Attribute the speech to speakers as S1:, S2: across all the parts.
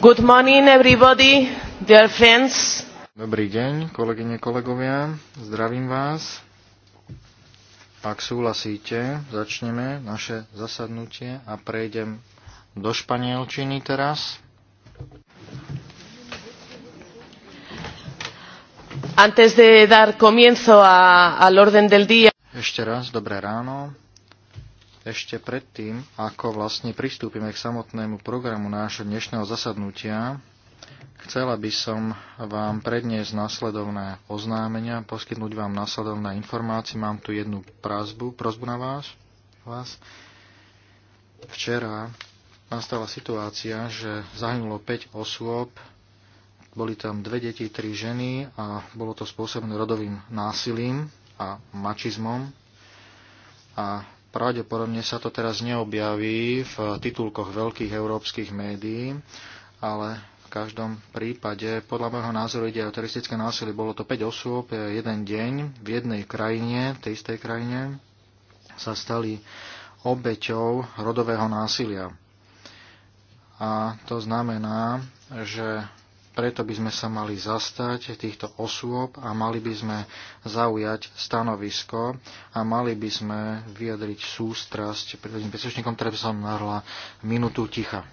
S1: Good morning everybody, dear friends.
S2: Dobrý deň, kolegyne, kolegovia. Zdravím vás. Ak súhlasíte, začneme naše zasadnutie a prejdem do španielčiny teraz.
S1: Antes de dar comienzo a, al orden del día.
S2: Ešte raz, dobré ráno ešte predtým, ako vlastne pristúpime k samotnému programu nášho dnešného zasadnutia, chcela by som vám predniesť nasledovné oznámenia, poskytnúť vám nasledovné informácie. Mám tu jednu prázbu, prozbu na vás. vás. Včera nastala situácia, že zahynulo 5 osôb, boli tam dve deti, tri ženy a bolo to spôsobené rodovým násilím a mačizmom. A Pravdepodobne sa to teraz neobjaví v titulkoch veľkých európskych médií, ale v každom prípade podľa môjho názoru ide o teroristické násilie. Bolo to 5 osôb, e, jeden deň v jednej krajine, tej istej krajine, sa stali obeťou rodového násilia. A to znamená, že preto by sme sa mali zastať týchto osôb a mali by sme zaujať stanovisko a mali by sme vyjadriť sústrasť prírodným príslušníkom, ktoré by som nahrla minútu ticha.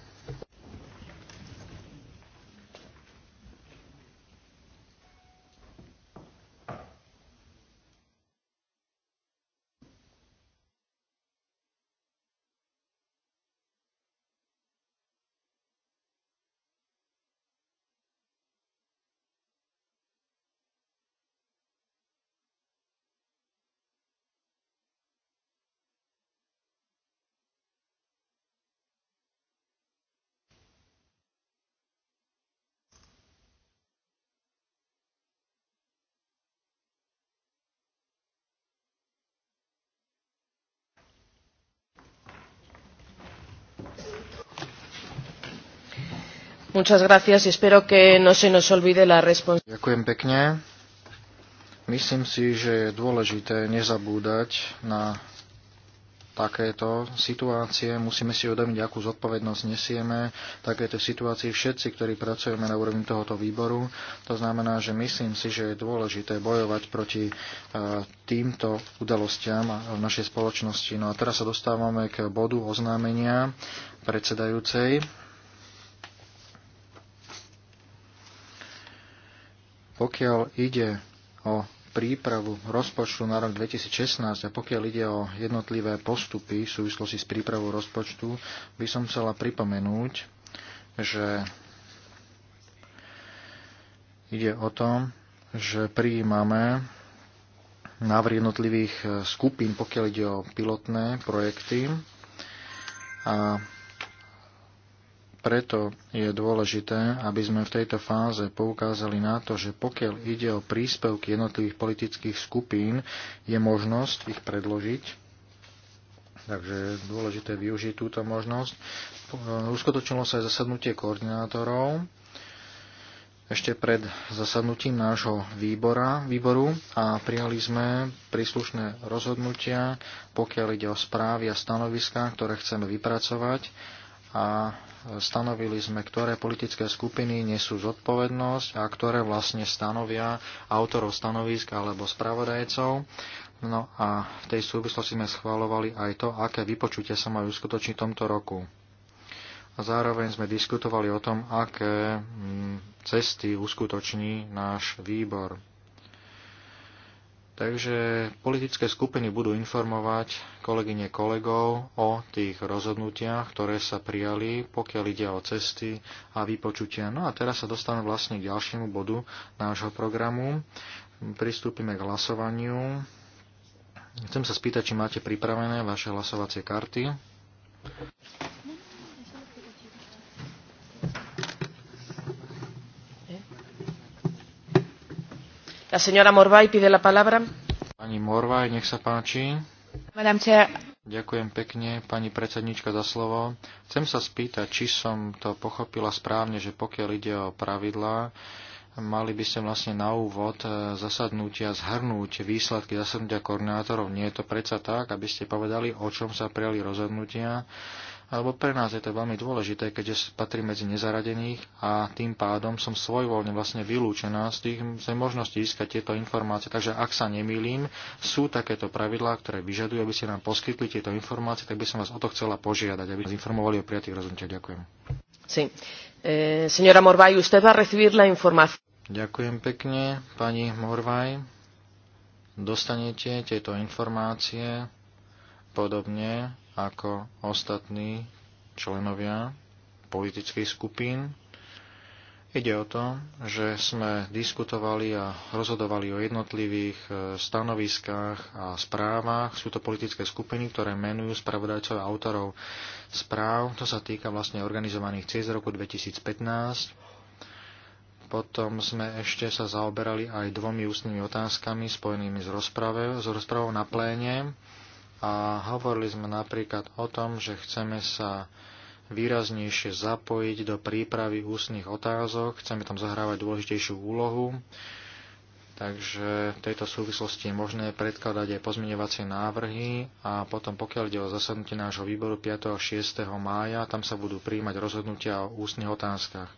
S1: Muchas gracias y espero que no se nos olvide la responsabilidad.
S2: Ďakujem pekne. Myslím si, že je dôležité nezabúdať na takéto situácie. Musíme si uvedomiť, akú zodpovednosť nesieme v takéto situácii všetci, ktorí pracujeme na úrovni tohoto výboru. To znamená, že myslím si, že je dôležité bojovať proti e, týmto udalostiam v našej spoločnosti. No a teraz sa dostávame k bodu oznámenia predsedajúcej. Pokiaľ ide o prípravu rozpočtu na rok 2016 a pokiaľ ide o jednotlivé postupy v súvislosti s prípravou rozpočtu, by som chcela pripomenúť, že ide o tom, že prijímame návrh jednotlivých skupín, pokiaľ ide o pilotné projekty. A preto je dôležité, aby sme v tejto fáze poukázali na to, že pokiaľ ide o príspevky jednotlivých politických skupín, je možnosť ich predložiť. Takže je dôležité využiť túto možnosť. Uskutočnilo sa aj zasadnutie koordinátorov ešte pred zasadnutím nášho výbora, výboru a prijali sme príslušné rozhodnutia, pokiaľ ide o správy a stanoviská, ktoré chceme vypracovať a stanovili sme, ktoré politické skupiny nesú zodpovednosť a ktoré vlastne stanovia autorov stanovisk alebo spravodajcov. No a v tej súvislosti sme schválovali aj to, aké vypočutie sa majú uskutočniť v tomto roku. A zároveň sme diskutovali o tom, aké mm, cesty uskutoční náš výbor. Takže politické skupiny budú informovať kolegyne kolegov o tých rozhodnutiach, ktoré sa prijali, pokiaľ ide o cesty a vypočutia. No a teraz sa dostaneme vlastne k ďalšiemu bodu nášho programu. Pristúpime k hlasovaniu. Chcem sa spýtať, či máte pripravené vaše hlasovacie karty.
S1: La señora Morvay pide la palabra.
S2: Pani Morvaj, nech sa páči. Ďakujem pekne, pani predsednička, za slovo. Chcem sa spýtať, či som to pochopila správne, že pokiaľ ide o pravidlá, mali by ste vlastne na úvod e, zasadnutia zhrnúť výsledky zasadnutia koordinátorov. Nie je to predsa tak, aby ste povedali, o čom sa prijali rozhodnutia alebo pre nás je to veľmi dôležité, keďže patrí medzi nezaradených a tým pádom som svojvoľne vlastne vylúčená z tých možností získať tieto informácie. Takže ak sa nemýlim, sú takéto pravidlá, ktoré vyžadujú, aby ste nám poskytli tieto informácie, tak by som vás o to chcela požiadať, aby nás informovali o prijatých rozhodnutiach. Ďakujem.
S1: Sí. Eh, señora usted va a recibir
S2: la información. Ďakujem pekne, pani Morvaj. Dostanete tieto informácie podobne ako ostatní členovia politických skupín. Ide o to, že sme diskutovali a rozhodovali o jednotlivých e, stanoviskách a správach. Sú to politické skupiny, ktoré menujú spravodajcov a autorov správ. To sa týka vlastne organizovaných cez roku 2015. Potom sme ešte sa zaoberali aj dvomi ústnymi otázkami spojenými s, rozprave, s rozpravou na pléne a hovorili sme napríklad o tom, že chceme sa výraznejšie zapojiť do prípravy ústnych otázok, chceme tam zahrávať dôležitejšiu úlohu, takže v tejto súvislosti je možné predkladať aj pozmeňovacie návrhy a potom pokiaľ ide o zasadnutie nášho výboru 5. a 6. mája, tam sa budú príjmať rozhodnutia o ústnych otázkach.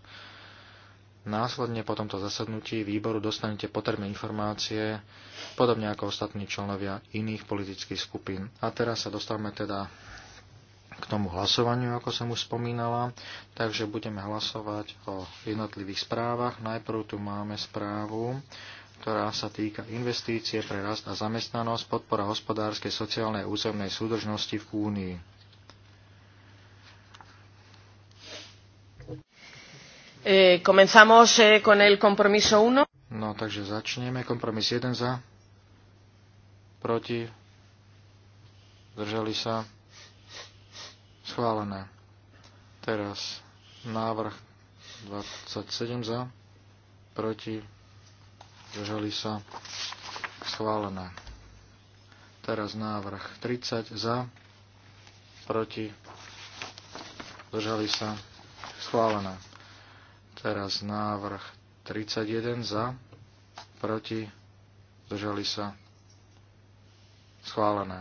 S2: Následne po tomto zasadnutí výboru dostanete potrebné informácie, podobne ako ostatní členovia iných politických skupín. A teraz sa dostávame teda k tomu hlasovaniu, ako som už spomínala. Takže budeme hlasovať o jednotlivých správach. Najprv tu máme správu, ktorá sa týka investície pre rast a zamestnanosť, podpora hospodárskej, sociálnej a územnej súdržnosti v Únii.
S1: Eh, comenzamos eh, con el compromiso 1.
S2: No, takže začneme. Kompromis 1 za. Proti. Zdržali sa. Schválené. Teraz návrh 27 za. Proti. Zdržali sa. Schválené. Teraz návrh 30 za. Proti. Zdržali sa. Schválené. Teraz návrh 31 za, proti, zdržali sa, schválené.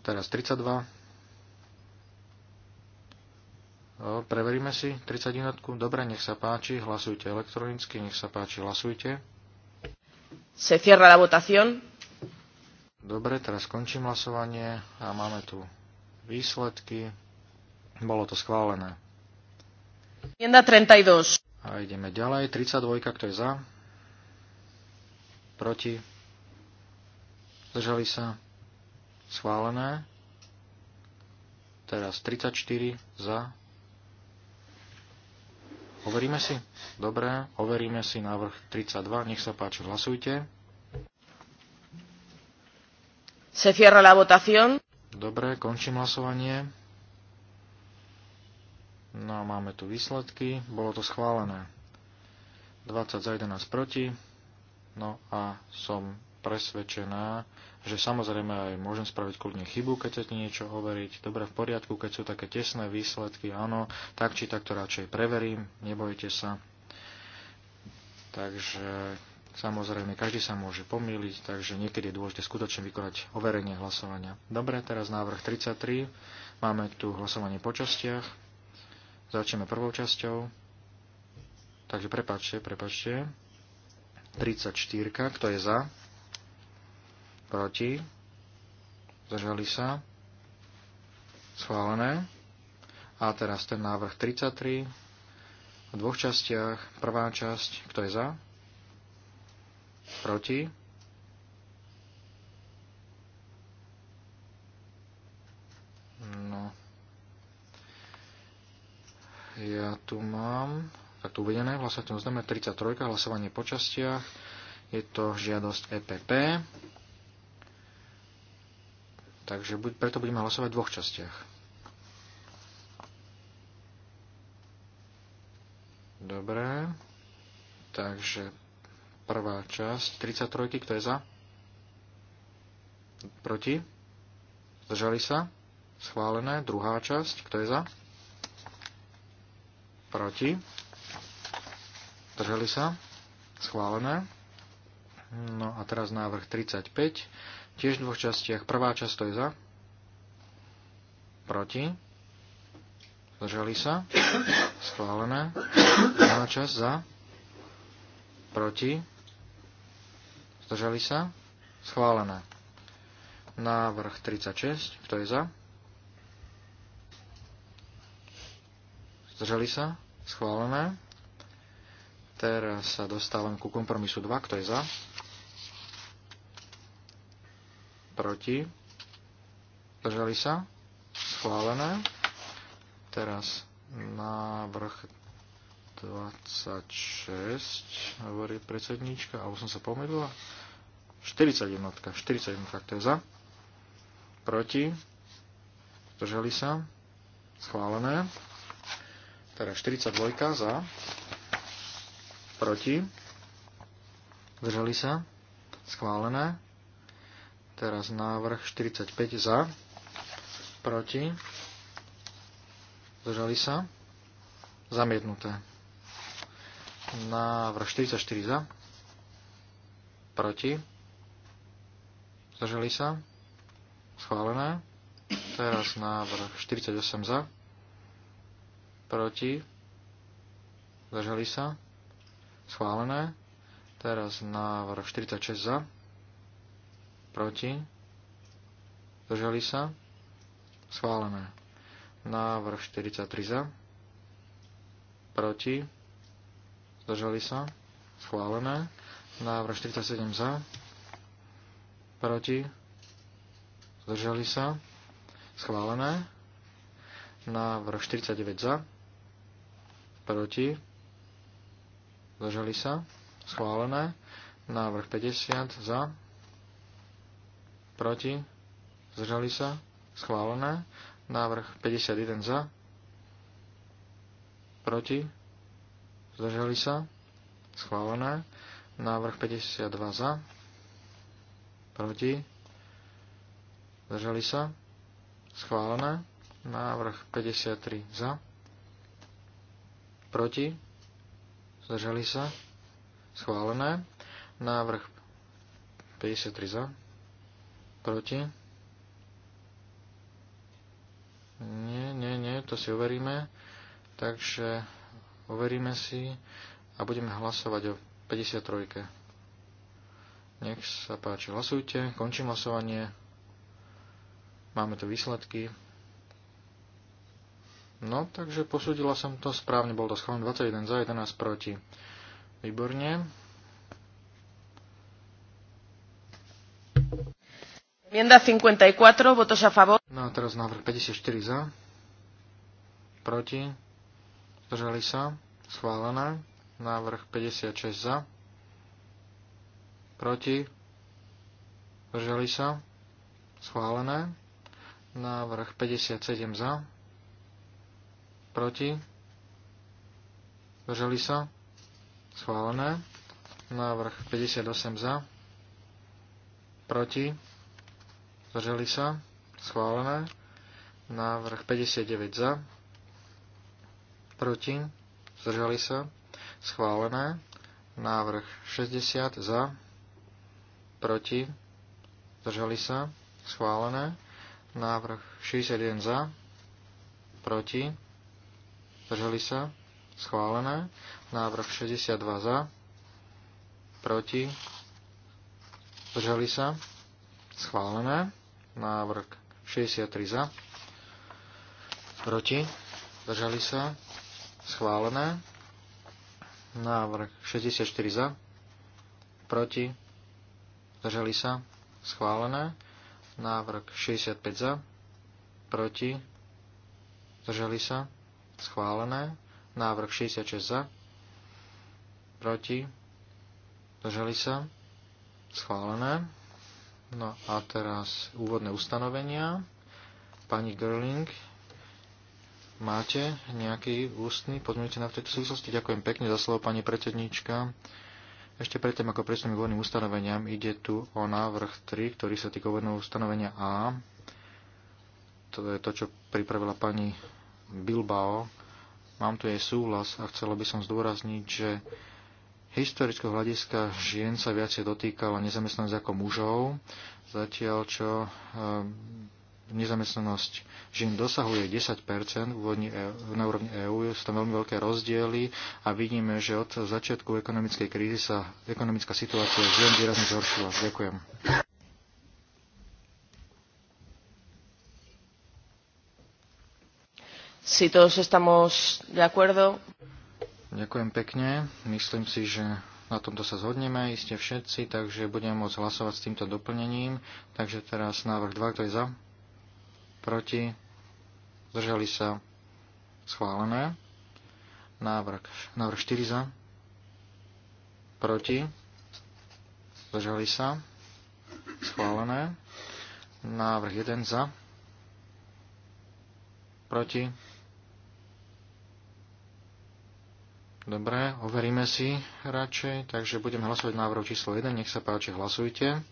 S2: Teraz 32. O, preveríme si 31. Dobre, nech sa páči, hlasujte elektronicky, nech sa páči, hlasujte.
S1: Se cierra la votación.
S2: Dobre, teraz skončím hlasovanie a máme tu výsledky. Bolo to schválené.
S1: A
S2: ideme ďalej. 32, kto je za? Proti? Zdržali sa? Schválené. Teraz 34 za. Overíme si? Dobre, overíme si návrh 32. Nech sa páči, hlasujte.
S1: Se cierra la votación.
S2: Dobre, končím hlasovanie. No a máme tu výsledky. Bolo to schválené. 20 za 11 proti. No a som presvedčená, že samozrejme aj môžem spraviť kľudne chybu, keď chcete niečo overiť. Dobre, v poriadku, keď sú také tesné výsledky, áno, tak či tak to radšej preverím, nebojte sa. Takže samozrejme, každý sa môže pomýliť, takže niekedy je dôležité skutočne vykonať overenie hlasovania. Dobre, teraz návrh 33. Máme tu hlasovanie po častiach. Začneme prvou časťou. Takže prepáčte, prepačte. 34. Kto je za? Proti? Zažali sa? Schválené. A teraz ten návrh 33. V dvoch častiach. Prvá časť. Kto je za? Proti? Ja tu mám, tak tu uvedené, v hlasovacom 33, hlasovanie po častiach. Je to žiadosť EPP. Takže buď, preto budeme hlasovať v dvoch častiach. Dobre. Takže prvá časť, 33, kto je za? Proti? Zdržali sa? Schválené. Druhá časť, kto je za? Proti. drželi sa. Schválené. No a teraz návrh 35. Tiež v dvoch častiach. Prvá časť to je za. Proti. Zdržali sa. Schválené. Druhá časť za. Proti. zdrželi sa. Schválené. Návrh 36. Kto je za? Zdržali sa? Schválené. Teraz sa dostávam ku kompromisu 2. Kto je za? Proti? Zdržali sa? Schválené. Teraz návrh 26, hovorí predsednička, alebo som sa pomýlila. 41, 41, to je za. Proti. Zdržali sa. Schválené teda 42 za, proti, zdrželi sa, schválené. Teraz návrh 45 za, proti, zdrželi sa, zamietnuté. Návrh 44 za, proti, zdrželi sa, schválené. Teraz návrh 48 za, proti, zdržali sa, schválené. Teraz návrh 46 za, proti, zdržali sa, schválené. Návrh 43 za, proti, zdržali sa, schválené. Návrh 47 za, proti, zdržali sa, schválené. Návrh 49 za, proti, zdržali sa, schválené. Návrh 50 za, proti, zdržali sa, schválené. Návrh 51 za, proti, zdržali sa, schválené. Návrh 52 za, proti, zdržali sa, schválené. Návrh 53 za, proti, zdržali sa, schválené. Návrh 53 za, proti. Nie, nie, nie, to si overíme. Takže overíme si a budeme hlasovať o 53. Nech sa páči, hlasujte. Končím hlasovanie. Máme tu výsledky. No, takže posúdila som to správne, bol to schválený 21 za, 11 proti. Výborne.
S1: Enmienda 54, votos a favor.
S2: No a teraz návrh 54 za. Proti. Zdržali sa. Schválené. Návrh 56 za. Proti. Zdržali sa. Schválené. Návrh 57 za proti, zdržali sa, schválené. Návrh 58 za, proti, zdrželi sa, schválené. Návrh 59 za, proti, zdržali sa, schválené. Návrh 60 za, proti, zdržali sa, schválené. Návrh 61 za, proti, Zdržali sa? Schválené. Návrh 62 za. Proti. Zdržali sa? Schválené. Návrh 63 za. Proti. Zdržali sa? Schválené. Návrh 64 za. Proti. Zdržali sa? Schválené. Návrh 65 za. Proti. Zdržali sa? schválené. Návrh 66 za, proti, zdržali sa, schválené. No a teraz úvodné ustanovenia. Pani Gerling, máte nejaký ústny podmienite na v tejto súvislosti? Ďakujem pekne za slovo, pani predsednička. Ešte predtým, ako prejdeme k ustanoveniam, ide tu o návrh 3, ktorý sa týka úvodného ustanovenia A. To je to, čo pripravila pani Bilbao. Mám tu aj súhlas a chcela by som zdôrazniť, že historického hľadiska žien sa viacej dotýkala nezamestnanosť ako mužov, zatiaľ čo ehm, nezamestnanosť žien dosahuje 10 e- na úrovni EÚ, sú tam veľmi veľké rozdiely a vidíme, že od začiatku ekonomickej krízy sa ekonomická situácia žien výrazne zhoršila. Ďakujem.
S1: Si todos estamos de acuerdo.
S2: Ďakujem pekne. Myslím si, že na tomto sa zhodneme, iste všetci, takže budeme môcť hlasovať s týmto doplnením. Takže teraz návrh 2, kto je za? Proti? Zdržali sa? Schválené. Návrh, návrh 4 za? Proti? Zdržali sa? Schválené. Návrh 1 za? Proti? Dobre, overíme si radšej, takže budeme hlasovať návrh číslo 1. Nech sa páči, hlasujte.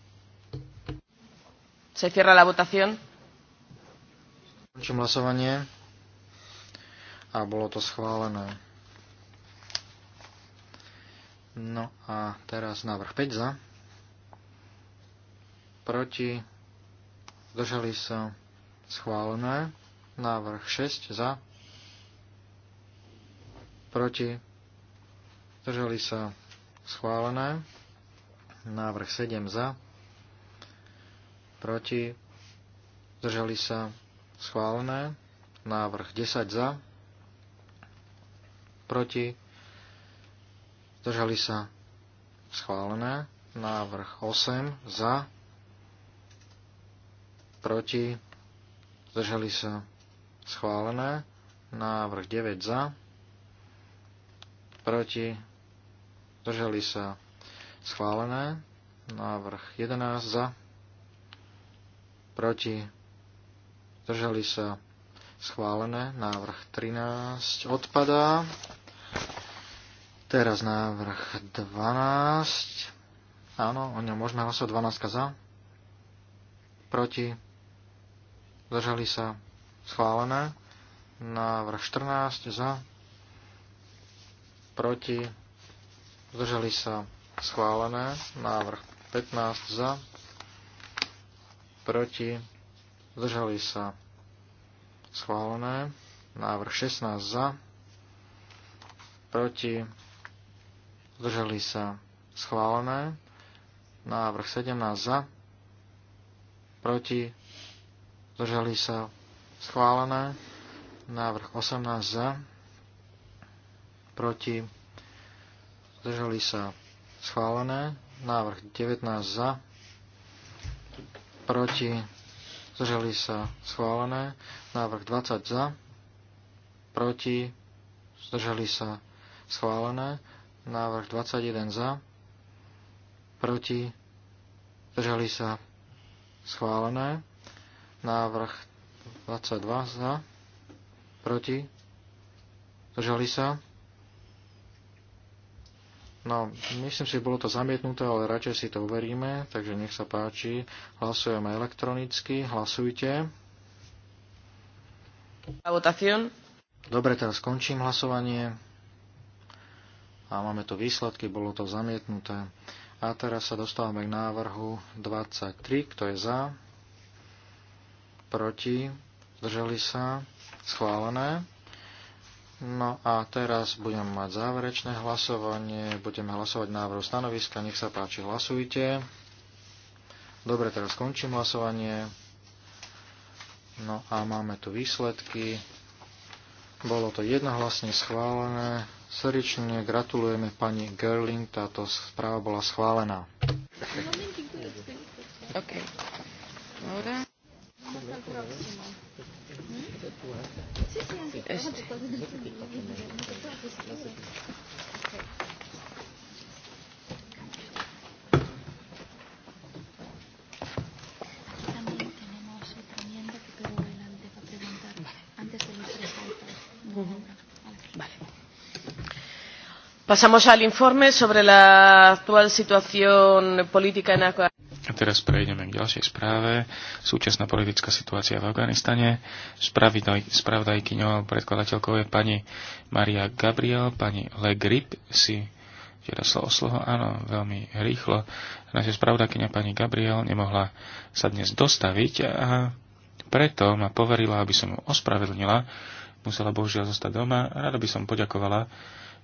S1: Se cierra la votación.
S2: Končím hlasovanie. A bolo to schválené. No a teraz návrh 5 za. Proti. Zdržali sa. Schválené. Návrh 6 za. Proti Zdržali sa schválené. Návrh 7 za. Proti. Zdržali sa schválené. Návrh 10 za. Proti. Zdržali sa schválené. Návrh 8 za. Proti. Zdržali sa schválené. Návrh 9 za. Proti Držali sa schválené. Návrh 11 za, proti, držali sa schválené. Návrh 13 odpadá. Teraz návrh 12. Áno, o ňom môžeme hlasovať 12 za. Proti. držali sa. Schválené. Návrh 14 za. Proti. Zdržali sa schválené. Návrh 15 za. Proti. Zdržali sa schválené. Návrh 16 za. Proti. Zdržali sa schválené. Návrh 17 za. Proti. Zdržali sa schválené. Návrh 18 za. Proti zdržali sa schválené, návrh 19 za, proti, zdržali sa schválené, návrh 20 za, proti, zdržali sa schválené, návrh 21 za, proti, zdržali sa schválené, návrh 22 za, proti, zdržali sa No, myslím si, že bolo to zamietnuté, ale radšej si to uveríme, takže nech sa páči. Hlasujeme elektronicky, hlasujte. Dobre, teraz skončím hlasovanie. A máme tu výsledky, bolo to zamietnuté. A teraz sa dostávame k návrhu 23, kto je za, proti, zdržali sa, schválené. No a teraz budem mať záverečné hlasovanie. Budeme hlasovať návrhu stanoviska. Nech sa páči, hlasujte. Dobre, teraz skončím hlasovanie. No a máme tu výsledky. Bolo to jednohlasne schválené. Srdečne gratulujeme pani Gerling. Táto správa bola schválená. Okay
S1: pasamos al informe sobre la actual situación política en
S3: a teraz prejdeme k ďalšej správe. Súčasná politická situácia v Afganistane. Spravdajkyňou predkladateľkou je pani Maria Gabriel, pani Le Grip si žiada slovo slovo, áno, veľmi rýchlo. Naša spravodákyňa pani Gabriel nemohla sa dnes dostaviť a preto ma poverila, aby som ju ospravedlnila. Musela bohužiaľ zostať doma. Rada by som poďakovala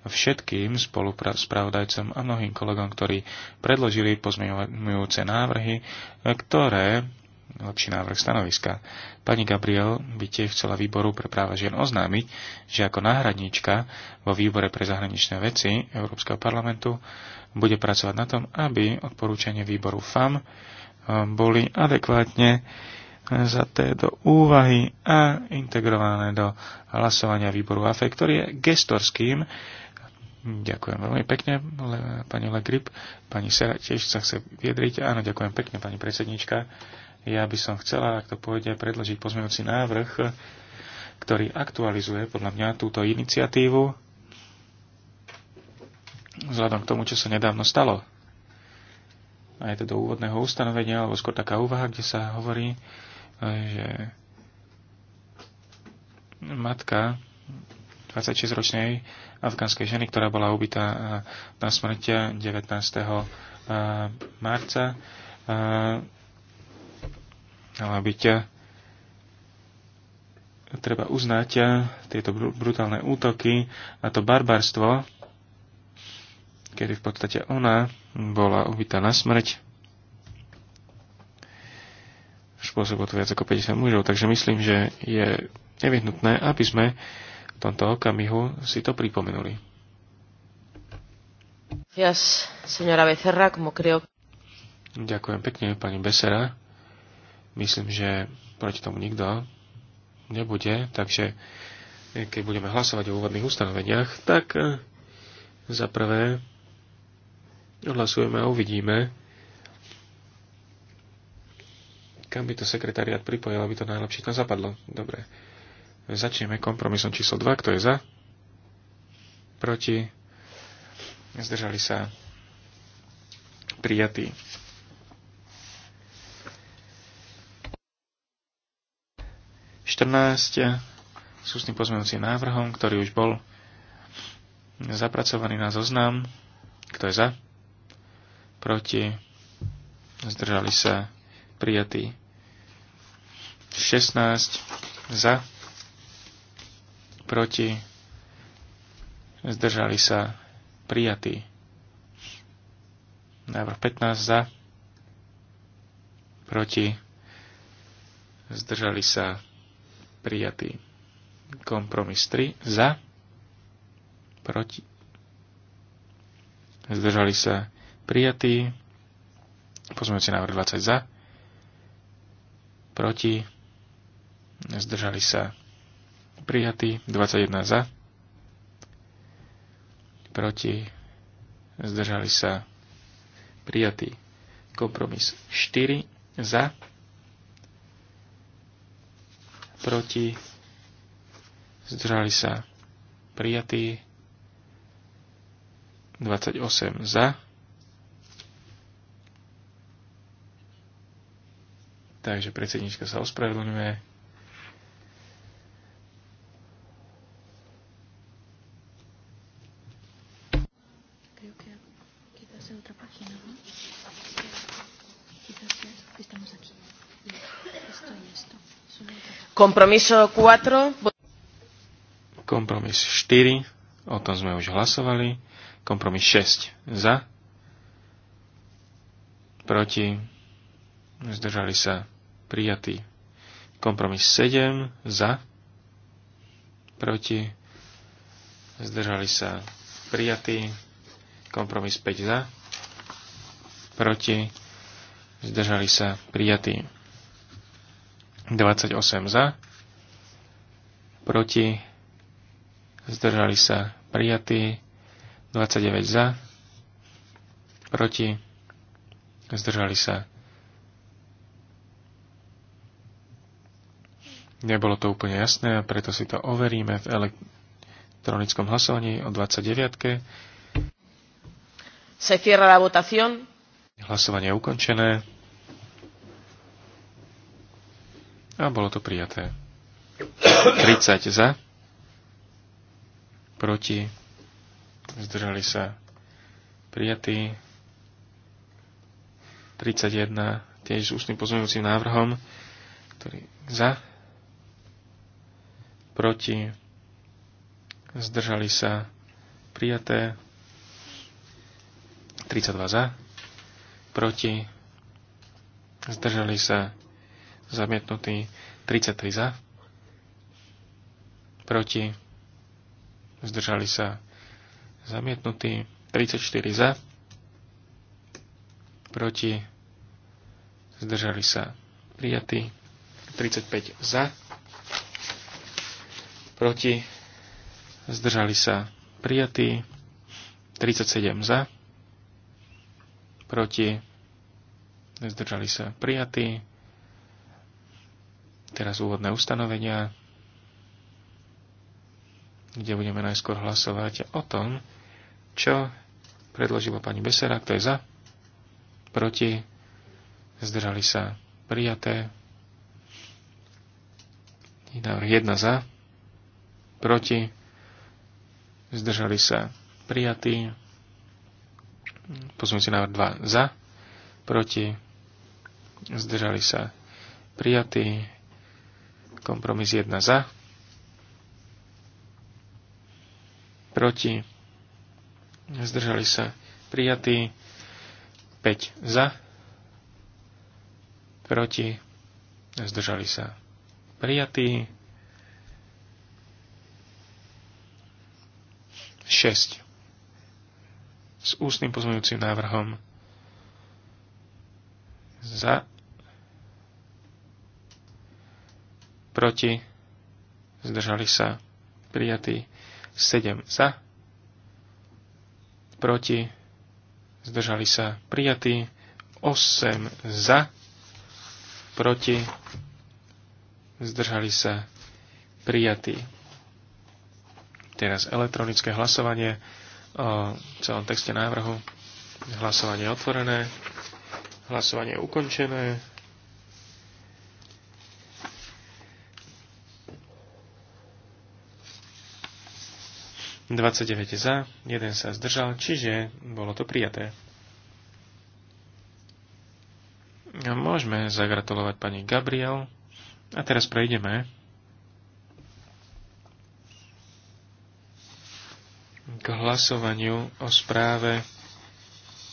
S3: všetkým spolupravodajcom a mnohým kolegom, ktorí predložili pozmeňujúce návrhy, ktoré lepší návrh stanoviska. Pani Gabriel by tiež chcela výboru pre práva žien oznámiť, že ako náhradníčka vo výbore pre zahraničné veci Európskeho parlamentu bude pracovať na tom, aby odporúčanie výboru FAM eh, boli adekvátne vzaté eh, do úvahy a integrované do hlasovania výboru AFE, ktorý je gestorským Ďakujem veľmi pekne, le, pani Legrip. Pani Sera tiež sa chce viedriť. Áno, ďakujem pekne, pani predsednička. Ja by som chcela, ak to pôjde, predložiť pozmeňujúci návrh, ktorý aktualizuje podľa mňa túto iniciatívu vzhľadom k tomu, čo sa nedávno stalo. A je to do úvodného ustanovenia, alebo skôr taká úvaha, kde sa hovorí, e, že matka 26-ročnej afgánskej ženy, ktorá bola ubitá e, na smrť 19. E, e, marca. Ale byť treba uznať tieto brutálne útoky a to barbarstvo, kedy v podstate ona bola ubitá na smrť. Spôsobilo to viac ako 50 mužov, takže myslím, že je nevyhnutné, aby sme uh, v tomto okamihu si to pripomenuli. Ďakujem pekne, pani Besera. Myslím, že proti tomu nikto nebude, takže e, keď budeme hlasovať o úvodných ustanoveniach, tak e, za prvé hlasujeme a uvidíme, kam by to sekretariat pripojil, aby to najlepšie tam zapadlo. Dobre. Začneme kompromisom číslo 2. Kto je za? Proti? Zdržali sa? Prijatí. Štrnáct tým pozmeňujúcim návrhom, ktorý už bol zapracovaný na zoznam. Kto je za? Proti? Zdržali sa? Prijatí. 16 za proti, zdržali sa prijatí. Návrh 15 za, proti, zdržali sa prijatí. Kompromis 3 za, proti, zdržali sa prijatí. Pozmeňujúci návrh 20 za, proti, zdržali sa prijatí prijatý, 21 za, proti, zdržali sa, prijatý. Kompromis 4 za, proti, zdržali sa, prijatý. 28 za. Takže predsednička sa ospravedlňuje.
S1: Kompromiso 4.
S3: Kompromis 4. O tom sme už hlasovali. Kompromis 6. Za. Proti. Zdržali sa. Prijatý. Kompromis 7. Za. Proti. Zdržali sa. Prijatý. Kompromis 5 za. Proti. Zdržali sa. Prijatý 28 za, proti, zdržali sa prijatí, 29 za, proti, zdržali sa. Nebolo to úplne jasné, preto si to overíme v elektronickom hlasovaní o 29.
S1: Se cierra la votación.
S3: Hlasovanie je ukončené. A bolo to prijaté. 30 za. Proti. Zdržali sa. Prijatí. 31 tiež s ústnym pozmeňujúcim návrhom, ktorý za. Proti. Zdržali sa. Prijaté. 32 za. Proti. Zdržali sa zamietnutý 33 za, proti, zdržali sa zamietnutý 34 za, proti, zdržali sa prijatí 35 za, proti, zdržali sa prijatí 37 za, proti, zdržali sa prijatí Teraz úvodné ustanovenia, kde budeme najskôr hlasovať o tom, čo predložila pani Besera, kto je za, proti, zdržali sa prijaté. Návrh 1 za, proti, zdržali sa prijatí. Pozmite návrh 2 za, proti, zdržali sa prijatí. Kompromis 1 za. Proti. Zdržali sa prijatí. 5 za. Proti. Zdržali sa prijatí. 6. S ústnym pozmeňujúcim návrhom za proti, zdržali sa prijatí 7 za, proti, zdržali sa prijatí 8 za, proti, zdržali sa prijatí. Teraz elektronické hlasovanie o celom texte návrhu. Hlasovanie otvorené, hlasovanie ukončené. 29 za, 1 sa zdržal, čiže bolo to prijaté. A môžeme zagratulovať pani Gabriel. A teraz prejdeme k hlasovaniu o správe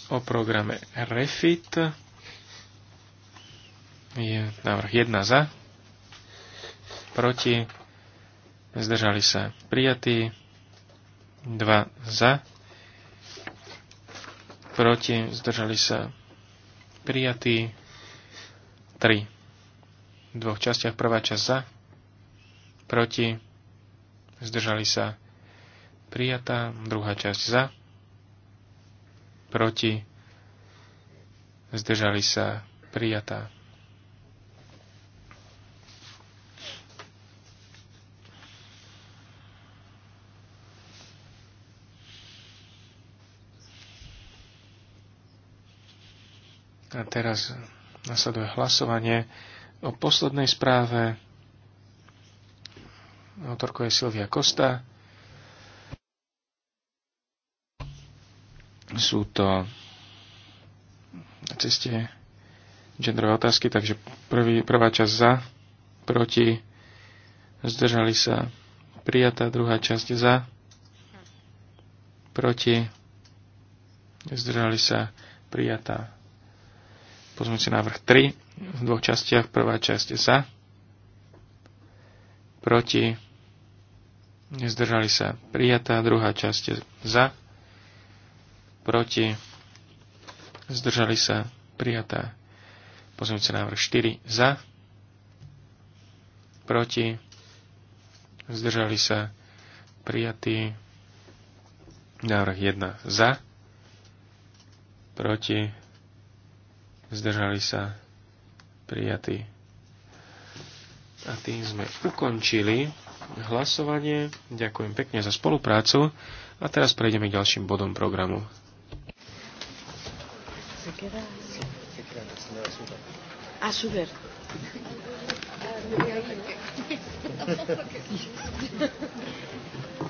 S3: o programe REFIT. Je návrh 1 za, proti, zdržali sa prijatí, 2 za, proti, zdržali sa prijatí 3. V dvoch častiach prvá časť za, proti, zdržali sa prijatá, druhá časť za, proti, zdržali sa prijatá. A teraz nasleduje hlasovanie o poslednej správe. Autorko je Silvia Kosta. Sú to na ceste genderové otázky, takže prvý, prvá časť za, proti, zdržali sa, prijatá druhá časť za, proti, zdržali sa, prijatá Pozmeňujúci návrh 3 v dvoch častiach. Prvá časť za, proti, nezdržali sa prijatá. Druhá časť za, proti, zdržali sa prijatá. Pozmeňujúci návrh 4 za, proti, zdržali sa prijatý. Návrh 1 za, proti, zdržali sa prijatí. A tým sme ukončili hlasovanie. Ďakujem pekne za spoluprácu a teraz prejdeme k ďalším bodom programu.
S1: A super.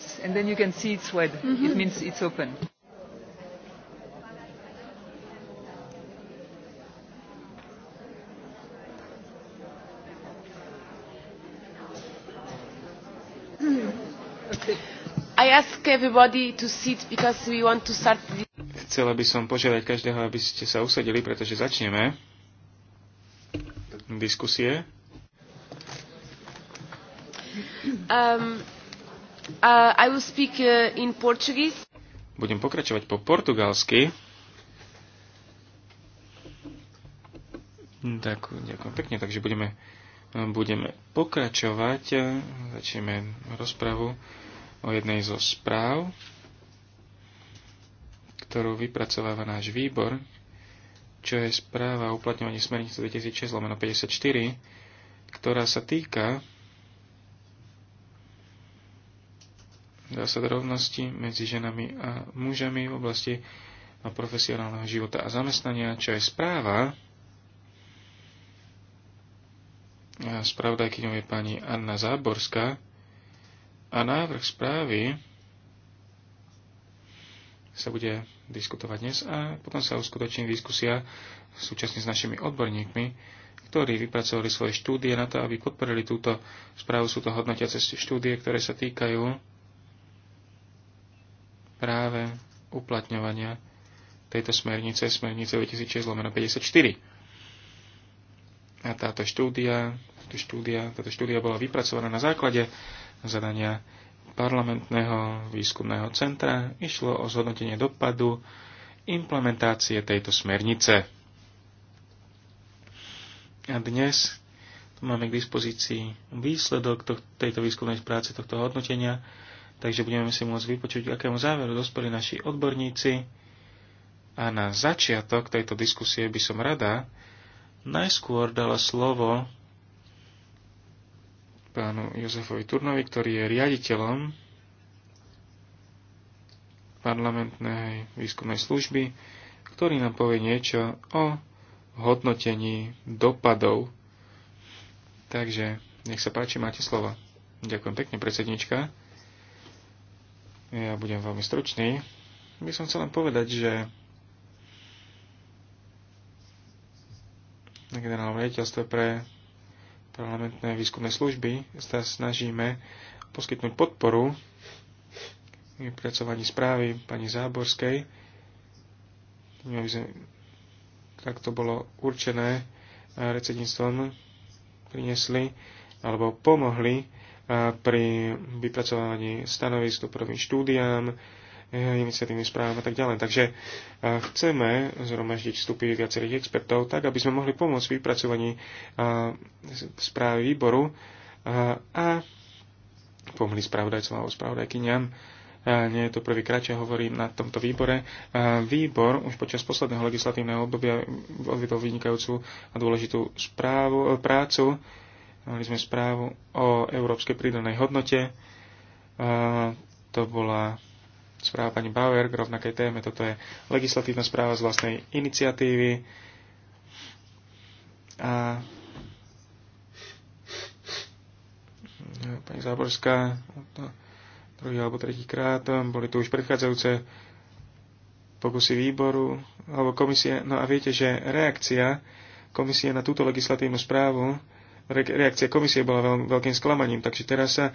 S4: yes, and then you can
S5: see it's web. Mm -hmm. It mm-hmm. means it's open.
S1: I ask everybody to sit because we want to start the...
S3: Chcela by som požiadať každého, aby ste sa usadili, pretože začneme diskusie.
S6: Um,
S1: Uh, I will speak uh, in Portuguese.
S3: Budem pokračovať po portugalsky. Tak, ďakujem pekne, takže budeme, budeme pokračovať. Začneme rozpravu o jednej zo správ, ktorú vypracováva náš výbor, čo je správa o uplatňovaní smernice 2006-54, ktorá sa týka zásad rovnosti medzi ženami a mužami v oblasti profesionálneho života a zamestnania, čo je správa. Spravodajkyňou je pani Anna Záborská a návrh správy sa bude diskutovať dnes a potom sa uskutoční diskusia súčasne s našimi odborníkmi, ktorí vypracovali svoje štúdie na to, aby podporili túto správu. Sú to hodnotiace štúdie, ktoré sa týkajú práve uplatňovania tejto smernice, smernice 2006-54. A táto štúdia, táto štúdia, táto štúdia bola vypracovaná na základe zadania parlamentného výskumného centra. Išlo o zhodnotenie dopadu implementácie tejto smernice. A dnes tu máme k dispozícii výsledok tohto, tejto výskumnej práce, tohto hodnotenia Takže budeme si môcť vypočuť, akému záveru dospeli naši odborníci. A na začiatok tejto diskusie by som rada najskôr dala slovo pánu Jozefovi Turnovi, ktorý je riaditeľom parlamentnej výskumnej služby, ktorý nám povie niečo o hodnotení dopadov. Takže nech sa páči, máte slovo. Ďakujem pekne, predsednička. Ja budem veľmi stručný. By som chcel len povedať, že na generálnom rejiteľstve pre parlamentné výskumné služby sa snažíme poskytnúť podporu vypracovaní správy pani Záborskej, tak to bolo určené recedníctvom, priniesli alebo pomohli pri vypracovaní stanovisku prvým štúdiám, eh, iniciatívnym správam a tak ďalej. Takže eh, chceme zhromaždiť vstupy viacerých expertov, tak aby sme mohli pomôcť v vypracovaní eh, správy výboru a pomohli spravodajcom alebo spravodajkyniam. Nie je to krát, čo hovorím na tomto výbore. Výbor už počas posledného legislatívneho obdobia odvedol vynikajúcu a dôležitú správu, prácu Mali sme správu o európskej prídanej hodnote. To bola správa pani Bauer k rovnakej téme. Toto je legislatívna správa z vlastnej iniciatívy. A pani Záborská druhý alebo tretí krát. Boli tu už predchádzajúce pokusy výboru alebo komisie. No a viete, že reakcia komisie na túto legislatívnu správu reakcia komisie bola veľ, veľkým sklamaním, takže teraz sa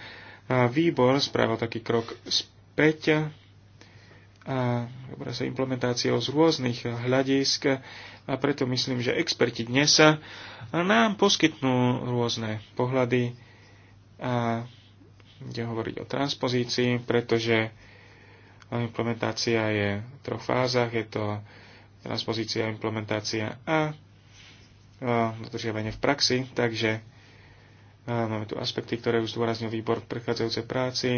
S3: výbor spravil taký krok späť a hovorí sa implementáciou z rôznych hľadisk a preto myslím, že experti dnes sa nám poskytnú rôzne pohľady a kde hovoriť o transpozícii, pretože implementácia je v troch fázach, je to transpozícia, implementácia a dodržiavanie v praxi, takže e, máme tu aspekty, ktoré už zdôraznil výbor v prechádzajúcej práci,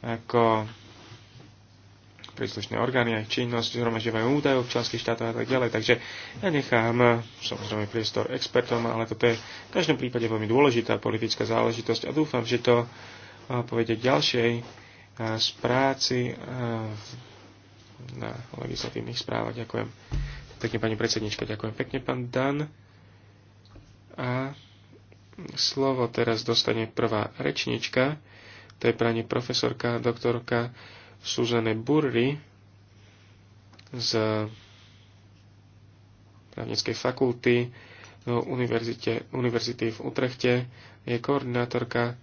S3: ako príslušné orgány a činnosť, zhromažďovajú údaje v členských štátoch a tak ďalej. Takže ja nechám e, samozrejme priestor expertom, ale toto je v každom prípade veľmi dôležitá politická záležitosť a dúfam, že to e, povede ďalšej z práci na legislatívnych správach. Ďakujem pekne pani predsednička, ďakujem pekne pán Dan. A slovo teraz dostane prvá rečnička, to je pani profesorka, doktorka Suzanne Burry z právnickej fakulty univerzite, univerzity v Utrechte. Je koordinátorka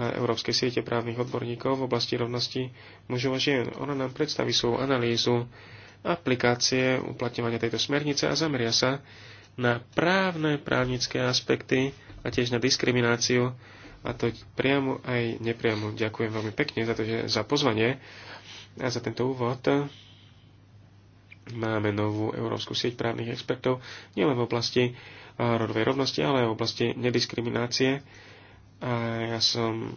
S3: Európskej siete právnych odborníkov v oblasti rovnosti mužov a žien. Ona nám predstaví svoju analýzu aplikácie uplatňovania tejto smernice a zameria sa na právne právnické aspekty a tiež na diskrimináciu a to priamo aj nepriamo. Ďakujem veľmi pekne za, to, že za pozvanie a za tento úvod. Máme novú Európsku sieť právnych expertov nielen v oblasti eh, rodovej rovnosti, ale aj v oblasti nediskriminácie. A ja som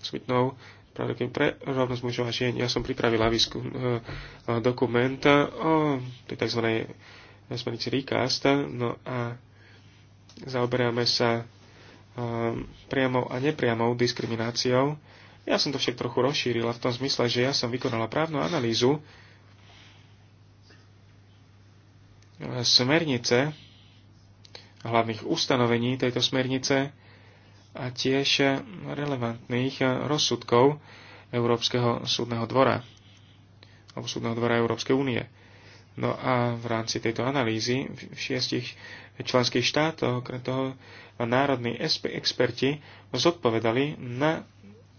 S3: smitnou pravdepodobne pre rovnosť mužov a žien. Ja som pripravila výskum, eh, dokument o tej tzv smernici Asta, No a zaoberáme sa ehm, priamou a nepriamou diskrimináciou. Ja som to však trochu rozšírila v tom zmysle, že ja som vykonala právnu analýzu smernice, hlavných ustanovení tejto smernice a tiež relevantných rozsudkov Európskeho súdneho dvora alebo súdneho dvora Európskej únie. No a v rámci tejto analýzy v šiestich členských štátoch, okrem toho národní experti zodpovedali na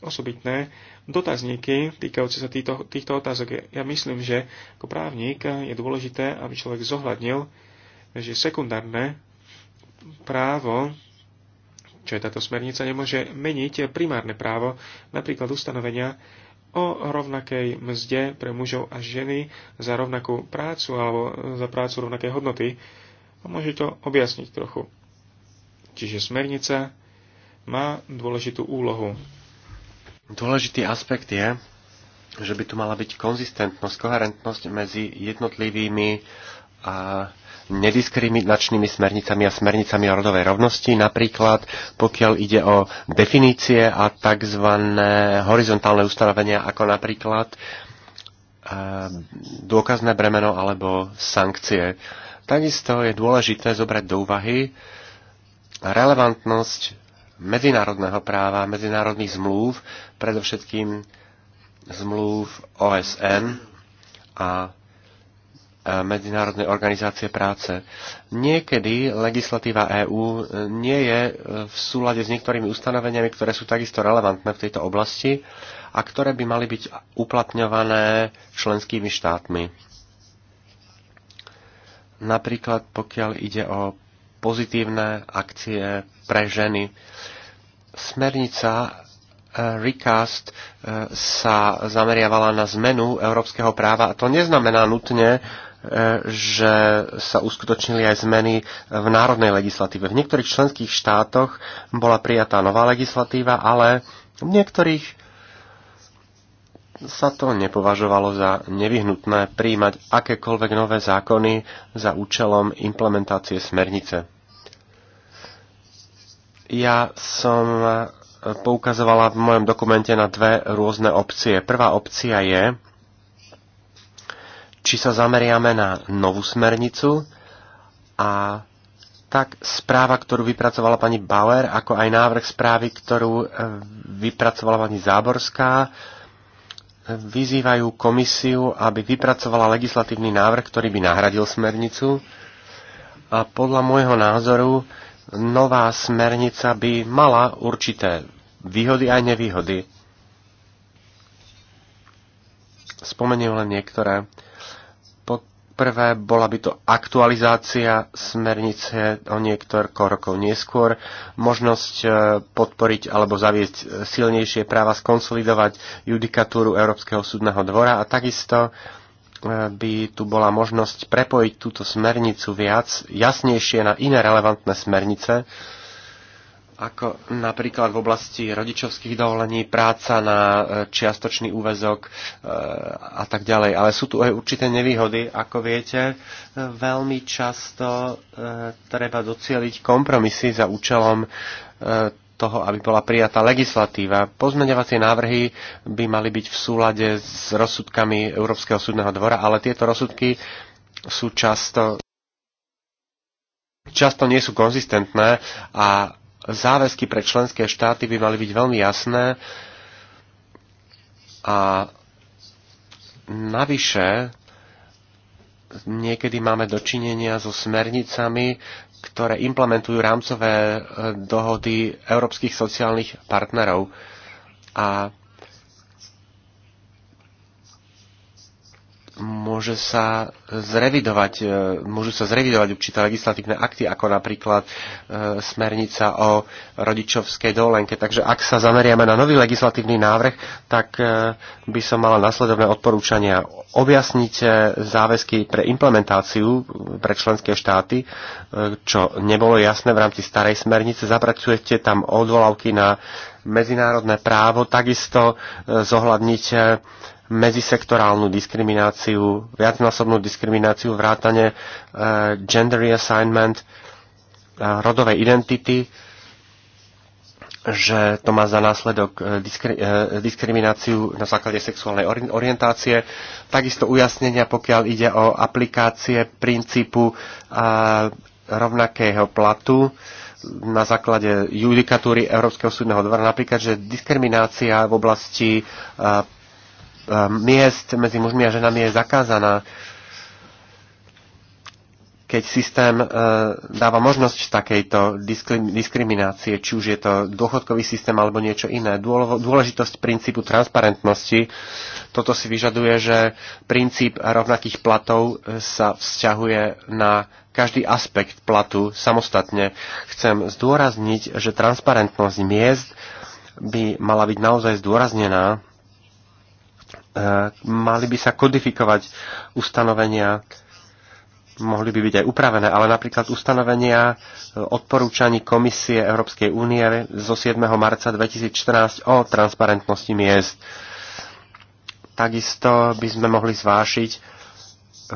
S3: osobitné dotazníky týkajúce sa týchto, týchto otázok. Ja myslím, že ako právnik je dôležité, aby človek zohľadnil, že sekundárne právo, čo je táto smernica, nemôže meniť primárne právo, napríklad ustanovenia o rovnakej mzde pre mužov a ženy za rovnakú prácu alebo za prácu rovnakej hodnoty. A môže to objasniť trochu.
S4: Čiže smernica má dôležitú úlohu. Dôležitý aspekt je, že by tu mala byť konzistentnosť, koherentnosť medzi jednotlivými a nediskriminačnými smernicami a smernicami o rodovej rovnosti, napríklad pokiaľ ide o definície a tzv. horizontálne ustanovenia, ako napríklad e, dôkazné bremeno alebo sankcie. Takisto je dôležité zobrať do úvahy relevantnosť medzinárodného práva, medzinárodných zmluv, predovšetkým zmluv OSN a E, Medzinárodnej organizácie práce. Niekedy legislatíva EÚ e, nie je e, v súlade s niektorými ustanoveniami, ktoré sú takisto relevantné v tejto oblasti a ktoré by mali byť uplatňované členskými štátmi. Napríklad pokiaľ ide o pozitívne akcie pre ženy. Smernica recast sa zameriavala na zmenu európskeho práva a to neznamená nutne E, že sa uskutočnili aj zmeny v národnej legislatíve. V niektorých členských štátoch bola prijatá nová legislatíva, ale v niektorých sa to nepovažovalo za nevyhnutné príjmať akékoľvek nové zákony za účelom implementácie smernice. Ja som poukazovala v mojom dokumente na dve rôzne opcie. Prvá opcia je, či sa zameriame na novú smernicu a tak správa, ktorú vypracovala pani Bauer, ako aj návrh správy, ktorú e, vypracovala pani Záborská, e, vyzývajú komisiu, aby vypracovala legislatívny návrh, ktorý by nahradil smernicu. A podľa môjho názoru nová smernica by mala určité výhody aj nevýhody. Spomeniem len niektoré. Prvé bola by to aktualizácia smernice o niektorko rokov neskôr, možnosť e, podporiť alebo zaviesť e, silnejšie práva, skonsolidovať judikatúru Európskeho súdneho dvora a takisto e, by tu bola možnosť prepojiť túto smernicu viac, jasnejšie na iné relevantné smernice, ako napríklad v oblasti rodičovských dovolení, práca na e, čiastočný úvezok e, a tak ďalej. Ale sú tu aj určité nevýhody, ako viete. E, veľmi často treba docieliť kompromisy za účelom toho, aby bola prijatá legislatíva. Pozmeňovacie návrhy by mali byť v súlade s rozsudkami Európskeho súdneho dvora, ale tieto rozsudky sú často často nie sú konzistentné a záväzky pre členské štáty by mali byť veľmi jasné a navyše niekedy máme dočinenia so smernicami, ktoré implementujú rámcové eh, dohody európskych sociálnych partnerov. A môže sa zrevidovať, e, môžu sa zrevidovať určité legislatívne akty, ako napríklad e, smernica o rodičovskej dovolenke. Takže ak sa zameriame na nový legislatívny návrh, tak e, by som mala nasledovné odporúčania. Objasnite záväzky pre implementáciu pre členské štáty, čo nebolo jasné v rámci starej smernice. Zapracujete tam odvolávky na medzinárodné právo, takisto zohľadnite medzisektorálnu diskrimináciu, viacnásobnú diskrimináciu, vrátane e, gender reassignment, e, rodovej identity, že to má za následok e, diskri- diskrimináciu na základe sexuálnej orientácie, takisto ujasnenia, pokiaľ ide o aplikácie princípu rovnakého platu na základe judikatúry Európskeho súdneho dvora, napríklad, že diskriminácia v oblasti Ehm, miest medzi mužmi a ženami je zakázaná. Keď systém eh, dáva možnosť takejto diskriminácie, či už je to dôchodkový systém alebo niečo iné, dôležitosť princípu transparentnosti, toto si vyžaduje, že princíp rovnakých platov eh, sa vzťahuje na každý aspekt platu samostatne. Chcem zdôrazniť, že transparentnosť miest by mala byť naozaj zdôraznená mali by sa kodifikovať ustanovenia, mohli by byť aj upravené, ale napríklad ustanovenia e, odporúčaní Komisie Európskej únie zo 7. marca 2014 o transparentnosti miest. Takisto by sme mohli zvášiť,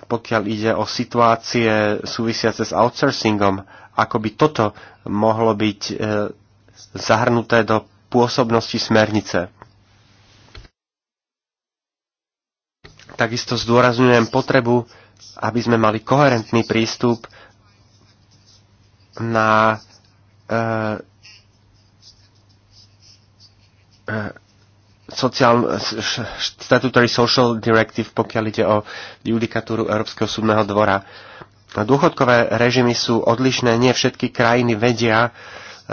S4: pokiaľ ide o situácie súvisiace s outsourcingom, ako by toto mohlo byť e, zahrnuté do pôsobnosti smernice. Takisto zdôrazňujem potrebu, aby sme mali koherentný prístup na e, e social, statutory social directive, pokiaľ ide o judikatúru Európskeho súdneho dvora. Dôchodkové režimy sú odlišné, nie všetky krajiny vedia e,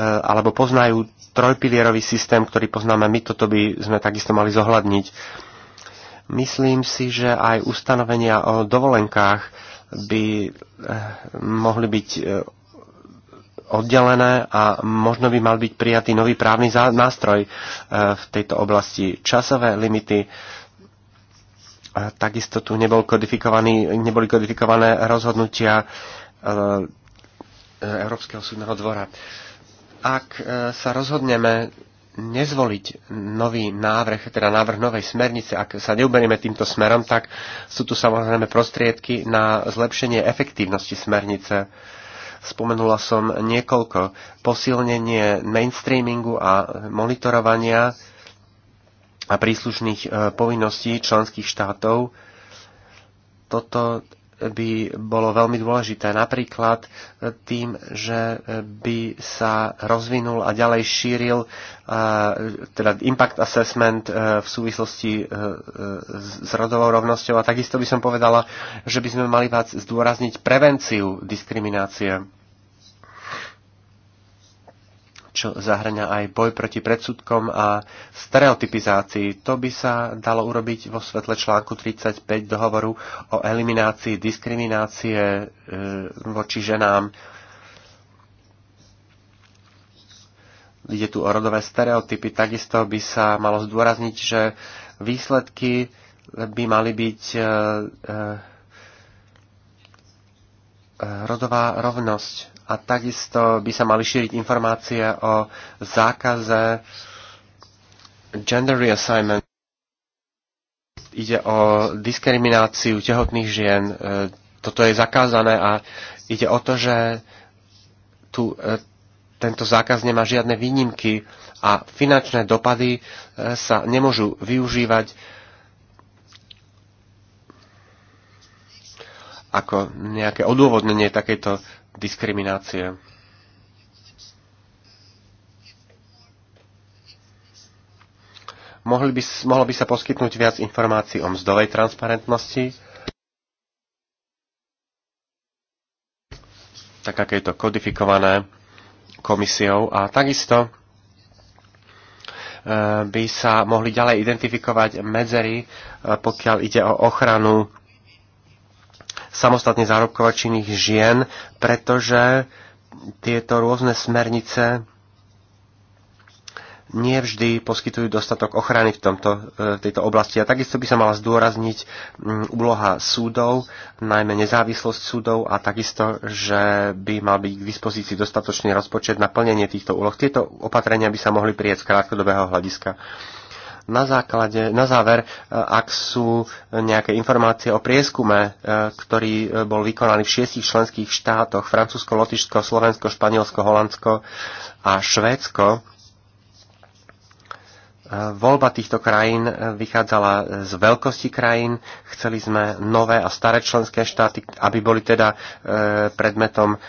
S4: alebo poznajú trojpilierový systém, ktorý poznáme my, toto by sme takisto mali zohľadniť Myslím si, že aj ustanovenia o dovolenkách by eh, mohli byť eh, oddelené a možno by mal byť prijatý nový právny nástroj eh, v tejto oblasti. Časové limity takisto tu nebol kodifikovaný, neboli kodifikované rozhodnutia Európskeho súdneho dvora. Ak sa rozhodneme nezvoliť nový návrh, teda návrh novej smernice, ak sa neuberieme týmto smerom, tak sú tu samozrejme prostriedky na zlepšenie efektívnosti smernice. Spomenula som niekoľko. Posilnenie mainstreamingu a monitorovania a príslušných e, povinností členských štátov. Toto by bolo veľmi dôležité. Napríklad tým, že by sa rozvinul a ďalej šíril e, teda impact assessment e, v súvislosti e, s rodovou rovnosťou. A takisto by som povedala, že by sme mali vás zdôrazniť prevenciu diskriminácie čo zahrňa aj boj proti predsudkom a stereotypizácii. To by sa dalo urobiť vo svetle článku 35 dohovoru o eliminácii diskriminácie e, voči ženám. Ide tu o rodové stereotypy. Takisto by sa malo zdôrazniť, že výsledky by mali byť e, e, rodová rovnosť a takisto by sa mali šíriť informácie o zákaze gender reassignment. Ide o diskrimináciu tehotných žien. E, toto je zakázané a ide o to, že tu, e, tento zákaz nemá žiadne výnimky a finančné dopady e, sa nemôžu využívať ako nejaké odôvodnenie takejto diskriminácie. Mohli by, mohlo by sa poskytnúť viac informácií o mzdovej transparentnosti, tak aké je to kodifikované komisiou a takisto e, by sa mohli ďalej identifikovať medzery, e, pokiaľ ide o ochranu samostatne zárobkovať činných žien, pretože tieto rôzne smernice nevždy poskytujú dostatok ochrany v, tomto, v e, tejto oblasti. A takisto by sa mala zdôrazniť úloha súdov, najmä nezávislosť súdov a takisto, že by mal byť k dispozícii dostatočný rozpočet na plnenie týchto úloh. Tieto opatrenia by sa mohli prieť z krátkodobého hľadiska na, základe, na záver, e, ak sú nejaké informácie o prieskume, e, ktorý e, bol vykonaný v šiestich členských štátoch, Francúzsko, Lotyšsko, Slovensko, Španielsko, Holandsko a Švédsko, Voľba týchto krajín vychádzala z veľkosti krajín. Chceli sme nové a staré členské štáty, aby boli teda predmetom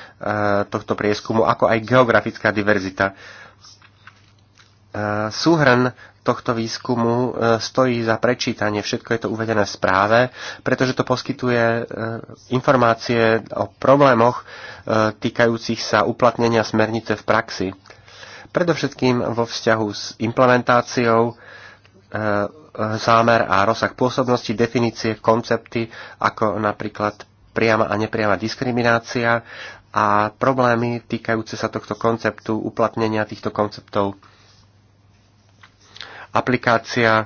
S4: tohto prieskumu, ako aj geografická diverzita. Súhrn tohto výskumu e, stojí za prečítanie. Všetko je to uvedené v správe, pretože to poskytuje e, informácie o problémoch e, týkajúcich sa uplatnenia smernice v praxi. Predovšetkým vo vzťahu s implementáciou zámer a rozsah pôsobnosti, definície, koncepty, ako napríklad priama a nepriama diskriminácia a problémy týkajúce sa tohto konceptu, uplatnenia týchto konceptov aplikácia e,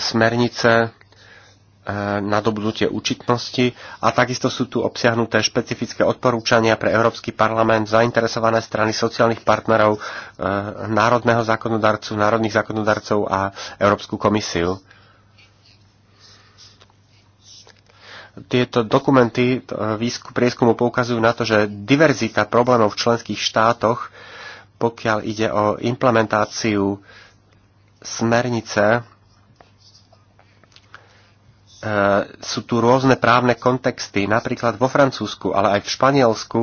S4: smernice e, na dobudnutie účitnosti a takisto sú tu obsiahnuté špecifické odporúčania pre Európsky parlament, zainteresované strany sociálnych partnerov, e, národného zákonodarcu, národných zákonodarcov a Európsku komisiu. Tieto dokumenty prieskumu poukazujú na to, že diverzita problémov v členských štátoch, pokiaľ ide o implementáciu smernice e, sú tu rôzne právne kontexty. Napríklad vo Francúzsku, ale aj v Španielsku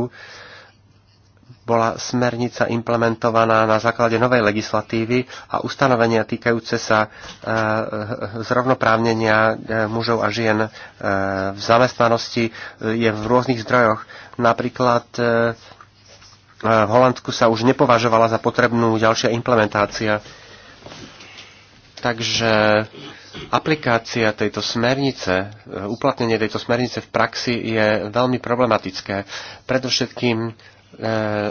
S4: bola smernica implementovaná na základe novej legislatívy a ustanovenia týkajúce sa e, zrovnoprávnenia e, mužov a žien v zamestnanosti je v rôznych zdrojoch. Napríklad v Holandsku sa už nepovažovala za potrebnú ďalšia implementácia Takže aplikácia tejto smernice, e, uplatnenie tejto smernice v praxi je veľmi problematické. Predovšetkým e,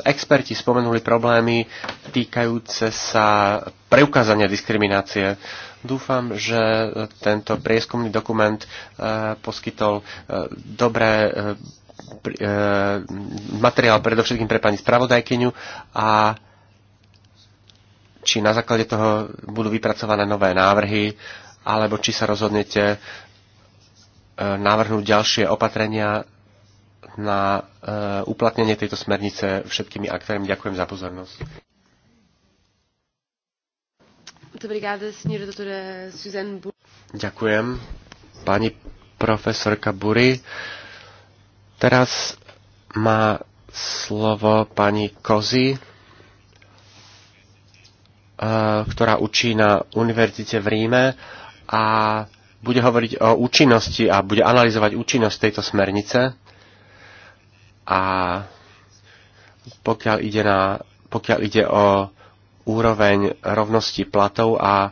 S4: experti spomenuli problémy týkajúce sa preukázania diskriminácie. Dúfam, že tento prieskumný dokument e, poskytol dobré materiál predovšetkým pre pani spravodajkyňu a či na základe toho budú vypracované nové návrhy, alebo či sa rozhodnete e, návrhnúť ďalšie opatrenia na e, uplatnenie tejto smernice všetkými aktérmi. Ďakujem za pozornosť. Ďakujem, pani profesorka Bury. Teraz má slovo pani Kozy E, ktorá učí na univerzite v Ríme a bude hovoriť o účinnosti a bude analyzovať účinnosť tejto smernice. A pokiaľ ide, na, pokiaľ ide o úroveň rovnosti platov a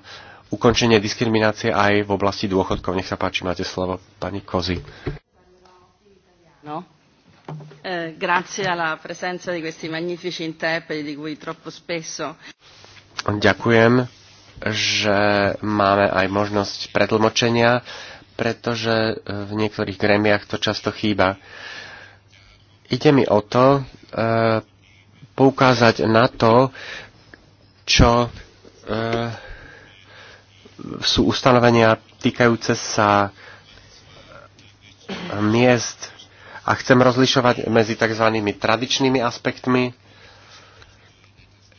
S4: ukončenie diskriminácie aj v oblasti dôchodkov. Nech sa páči, máte slovo, pani Kozy.
S5: No. Eh, grazie alla presenza di questi magnifici interpreti di cui troppo spesso
S4: Ďakujem, že máme aj možnosť pretlmočenia, pretože e, v niektorých gremiách to často chýba. Ide mi o to e, poukázať na to, čo e, sú ustanovenia týkajúce sa e, miest a chcem rozlišovať medzi tzv. tradičnými aspektmi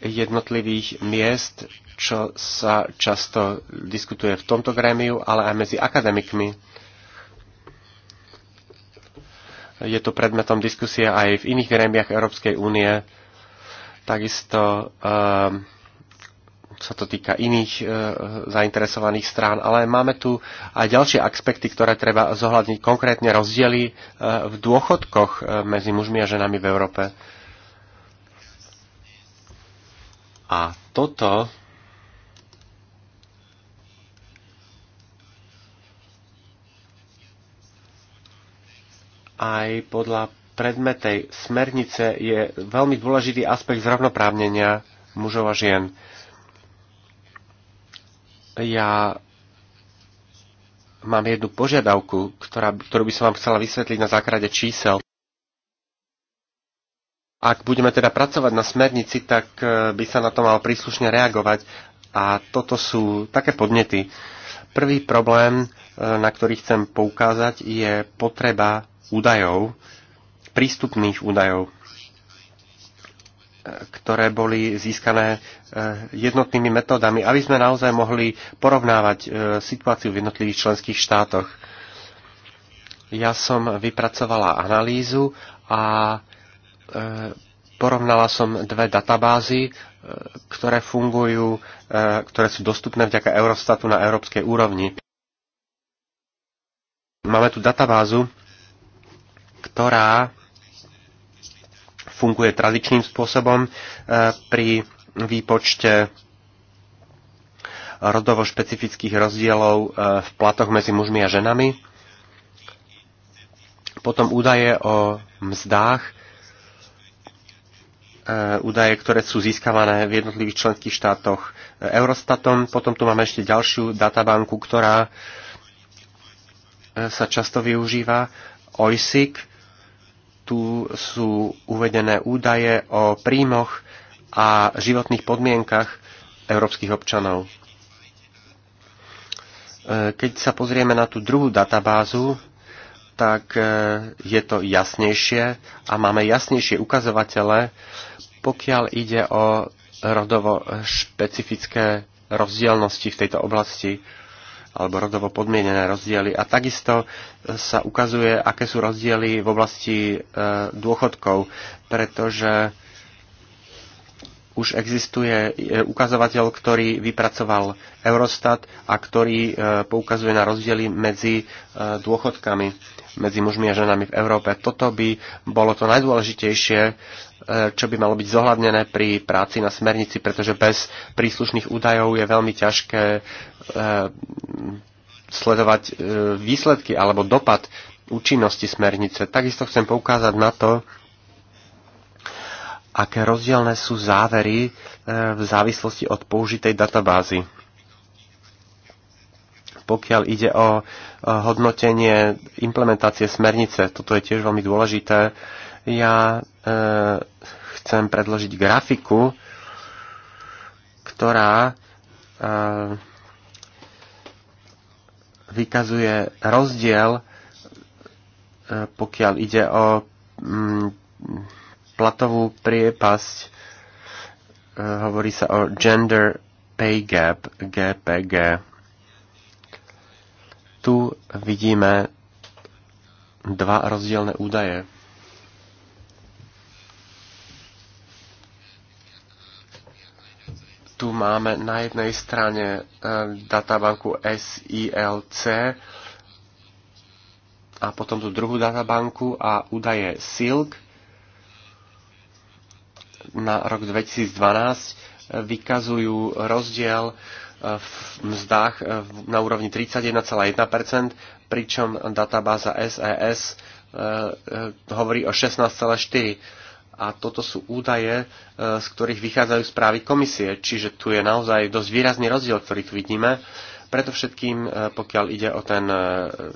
S4: jednotlivých miest, čo sa často diskutuje v tomto grémiu, ale aj medzi akademikmi. Je to predmetom diskusie aj v iných grémiach Európskej únie. Takisto um, sa to týka iných e, zainteresovaných strán, ale máme tu aj ďalšie aspekty, ktoré treba zohľadniť, konkrétne rozdiely e, v dôchodkoch e, medzi mužmi a ženami v Európe. E, A toto aj podľa predmetej smernice je veľmi dôležitý aspekt zrovnoprávnenia mužov a žien. Ja mám jednu požiadavku, ktorá, ktorú by som vám chcela vysvetliť na základe čísel. Ak budeme teda pracovať na smernici, tak e, by sa na to mal príslušne reagovať. A toto sú také podnety. Prvý problém, e, na ktorý chcem poukázať, je potreba údajov, prístupných údajov, e, ktoré boli získané jednotnými metódami, aby sme naozaj mohli porovnávať situáciu v jednotlivých členských štátoch. Ja som vypracovala analýzu a E, porovnala som dve databázy, e, ktoré fungujú, e, ktoré sú dostupné vďaka Eurostatu na európskej úrovni. Máme tu databázu, ktorá funguje tradičným spôsobom pri výpočte rodovo špecifických rozdielov v platoch medzi mužmi a ženami. Potom údaje o mzdách E, údaje, ktoré sú získavané v jednotlivých členských štátoch Eurostatom. Potom tu máme ešte ďalšiu databanku, ktorá e, sa často využíva, OISIC. Tu sú uvedené údaje o príjmoch a životných podmienkach európskych občanov. E, keď sa pozrieme na tú druhú databázu, tak e, je to jasnejšie a máme jasnejšie ukazovatele, pokiaľ ide o rodovo špecifické rozdielnosti v tejto oblasti alebo rodovo podmienené rozdiely. A takisto sa ukazuje, aké sú rozdiely v oblasti e, dôchodkov, pretože už existuje e, ukazovateľ, ktorý vypracoval Eurostat a ktorý e, poukazuje na rozdiely medzi e, dôchodkami, medzi mužmi a ženami v Európe. Toto by bolo to najdôležitejšie, čo by malo byť zohľadnené pri práci na smernici, pretože bez príslušných údajov je veľmi ťažké sledovať výsledky alebo dopad účinnosti smernice. Takisto chcem poukázať na to, aké rozdielne sú závery e, v závislosti od použitej databázy. Pokiaľ ide o e, hodnotenie implementácie smernice, toto je tiež veľmi dôležité, ja e, chcem predložiť grafiku, ktorá vykazuje rozdiel, pokiaľ ide o mm, platovú priepasť. E, hovorí sa o gender pay gap, GPG. Tu vidíme dva rozdielne údaje. Tu máme na jednej strane e, databanku SILC, a potom tú druhú databanku a údaje SILK na rok 2012 e, vykazujú rozdiel e, v mzdách e, na úrovni 31,1%, pričom databáza SES hovorí o 16,4%. A toto sú údaje, z ktorých vychádzajú správy komisie, čiže tu je naozaj dosť výrazný rozdiel, ktorý tu vidíme. Preto všetkým, pokiaľ ide o ten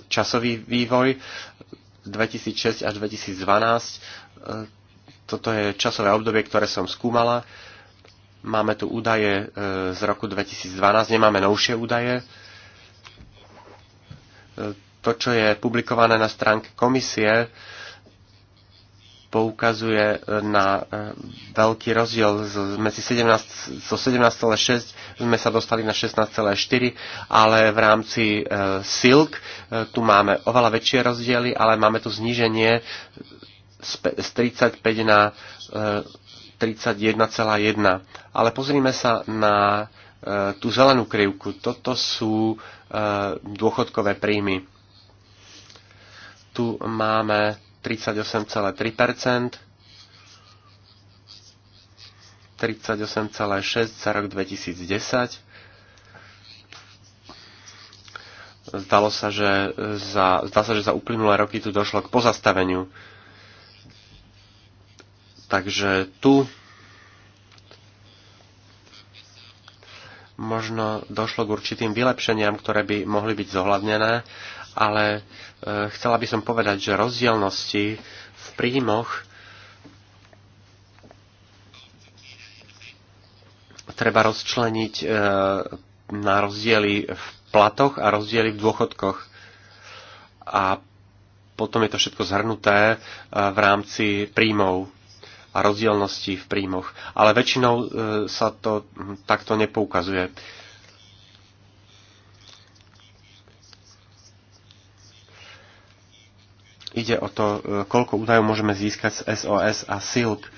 S4: časový vývoj 2006 až 2012, toto je časové obdobie, ktoré som skúmala. Máme tu údaje e, z roku 2012, nemáme novšie údaje. E, to, čo je publikované na stránke komisie, poukazuje na e, veľký rozdiel. Medzi 17, zo 17,6 sme sa dostali na 16,4, ale v rámci SILK tu máme oveľa väčšie rozdiely, ale máme tu zníženie z 35 na 31,1. E, Ale pozrime sa na e, tú zelenú krivku. Toto sú e, dôchodkové príjmy. Tu máme 38,3%, 38,6 za rok 2010. Zdalo sa, že za, zdá sa, že za uplynulé roky tu došlo k pozastaveniu uh, Takže tu možno došlo k určitým vylepšeniam, ktoré by mohli byť zohľadnené, ale e, chcela by som povedať, že rozdielnosti v príjmoch treba rozčleniť e, na rozdiely v platoch a rozdiely v dôchodkoch. A potom je to všetko zhrnuté e, v rámci príjmov a rozdielnosti v príjmoch. Ale väčšinou e, sa to hm, takto nepoukazuje. Ide o to, e, koľko údajov môžeme získať z SOS a SILK. E,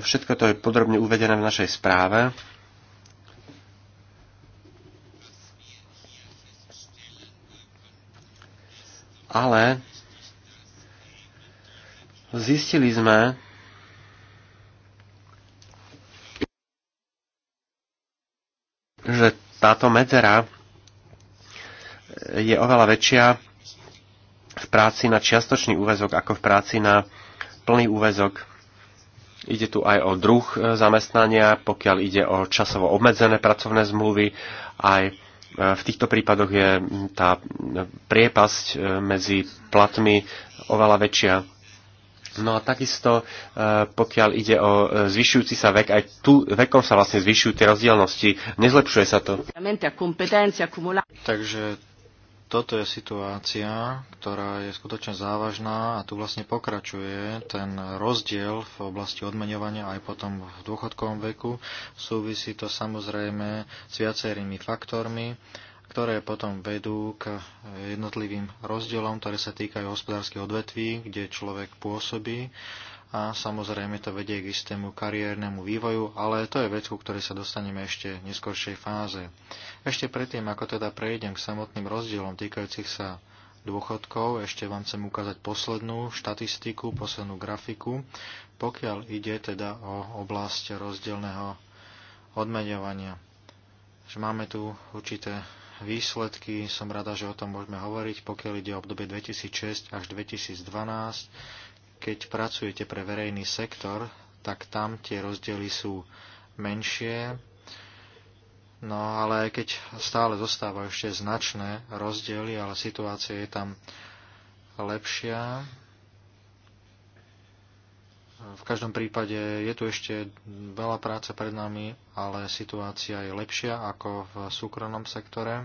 S4: všetko to je podrobne uvedené v našej správe. Ale Zistili sme, že táto medzera je oveľa väčšia v práci na čiastočný úvezok ako v práci na plný úvezok. Ide tu aj o druh e, zamestnania, pokiaľ ide o časovo obmedzené pracovné zmluvy. Aj e, v týchto prípadoch je tá priepasť e, medzi platmi oveľa väčšia. No a takisto, e, pokiaľ ide o e, zvyšujúci sa vek, aj tu vekom sa vlastne zvyšujú tie rozdielnosti. Nezlepšuje sa to.
S2: Takže toto je situácia, ktorá je skutočne závažná a tu vlastne pokračuje ten rozdiel v oblasti odmeňovania aj potom v dôchodkovom veku. Súvisí to samozrejme s viacerými faktormi ktoré potom vedú k jednotlivým rozdielom, ktoré sa týkajú hospodárskych odvetví, kde človek pôsobí a samozrejme to vedie k istému kariérnemu vývoju, ale to je vec, ku ktorej sa dostaneme ešte v neskoršej fáze. Ešte predtým, ako teda prejdem k samotným rozdielom týkajúcich sa dôchodkov, ešte vám chcem ukázať poslednú štatistiku, poslednú grafiku, pokiaľ ide teda o oblasť rozdielného odmeňovania. máme tu určité výsledky. Som rada, že o tom môžeme hovoriť, pokiaľ ide o obdobie 2006 až 2012. Keď pracujete pre verejný sektor, tak tam tie rozdiely sú menšie, no ale keď stále zostávajú ešte značné rozdiely, ale situácia je tam lepšia. V každom prípade je tu ešte veľa práce pred nami, ale situácia je lepšia ako v súkromnom sektore.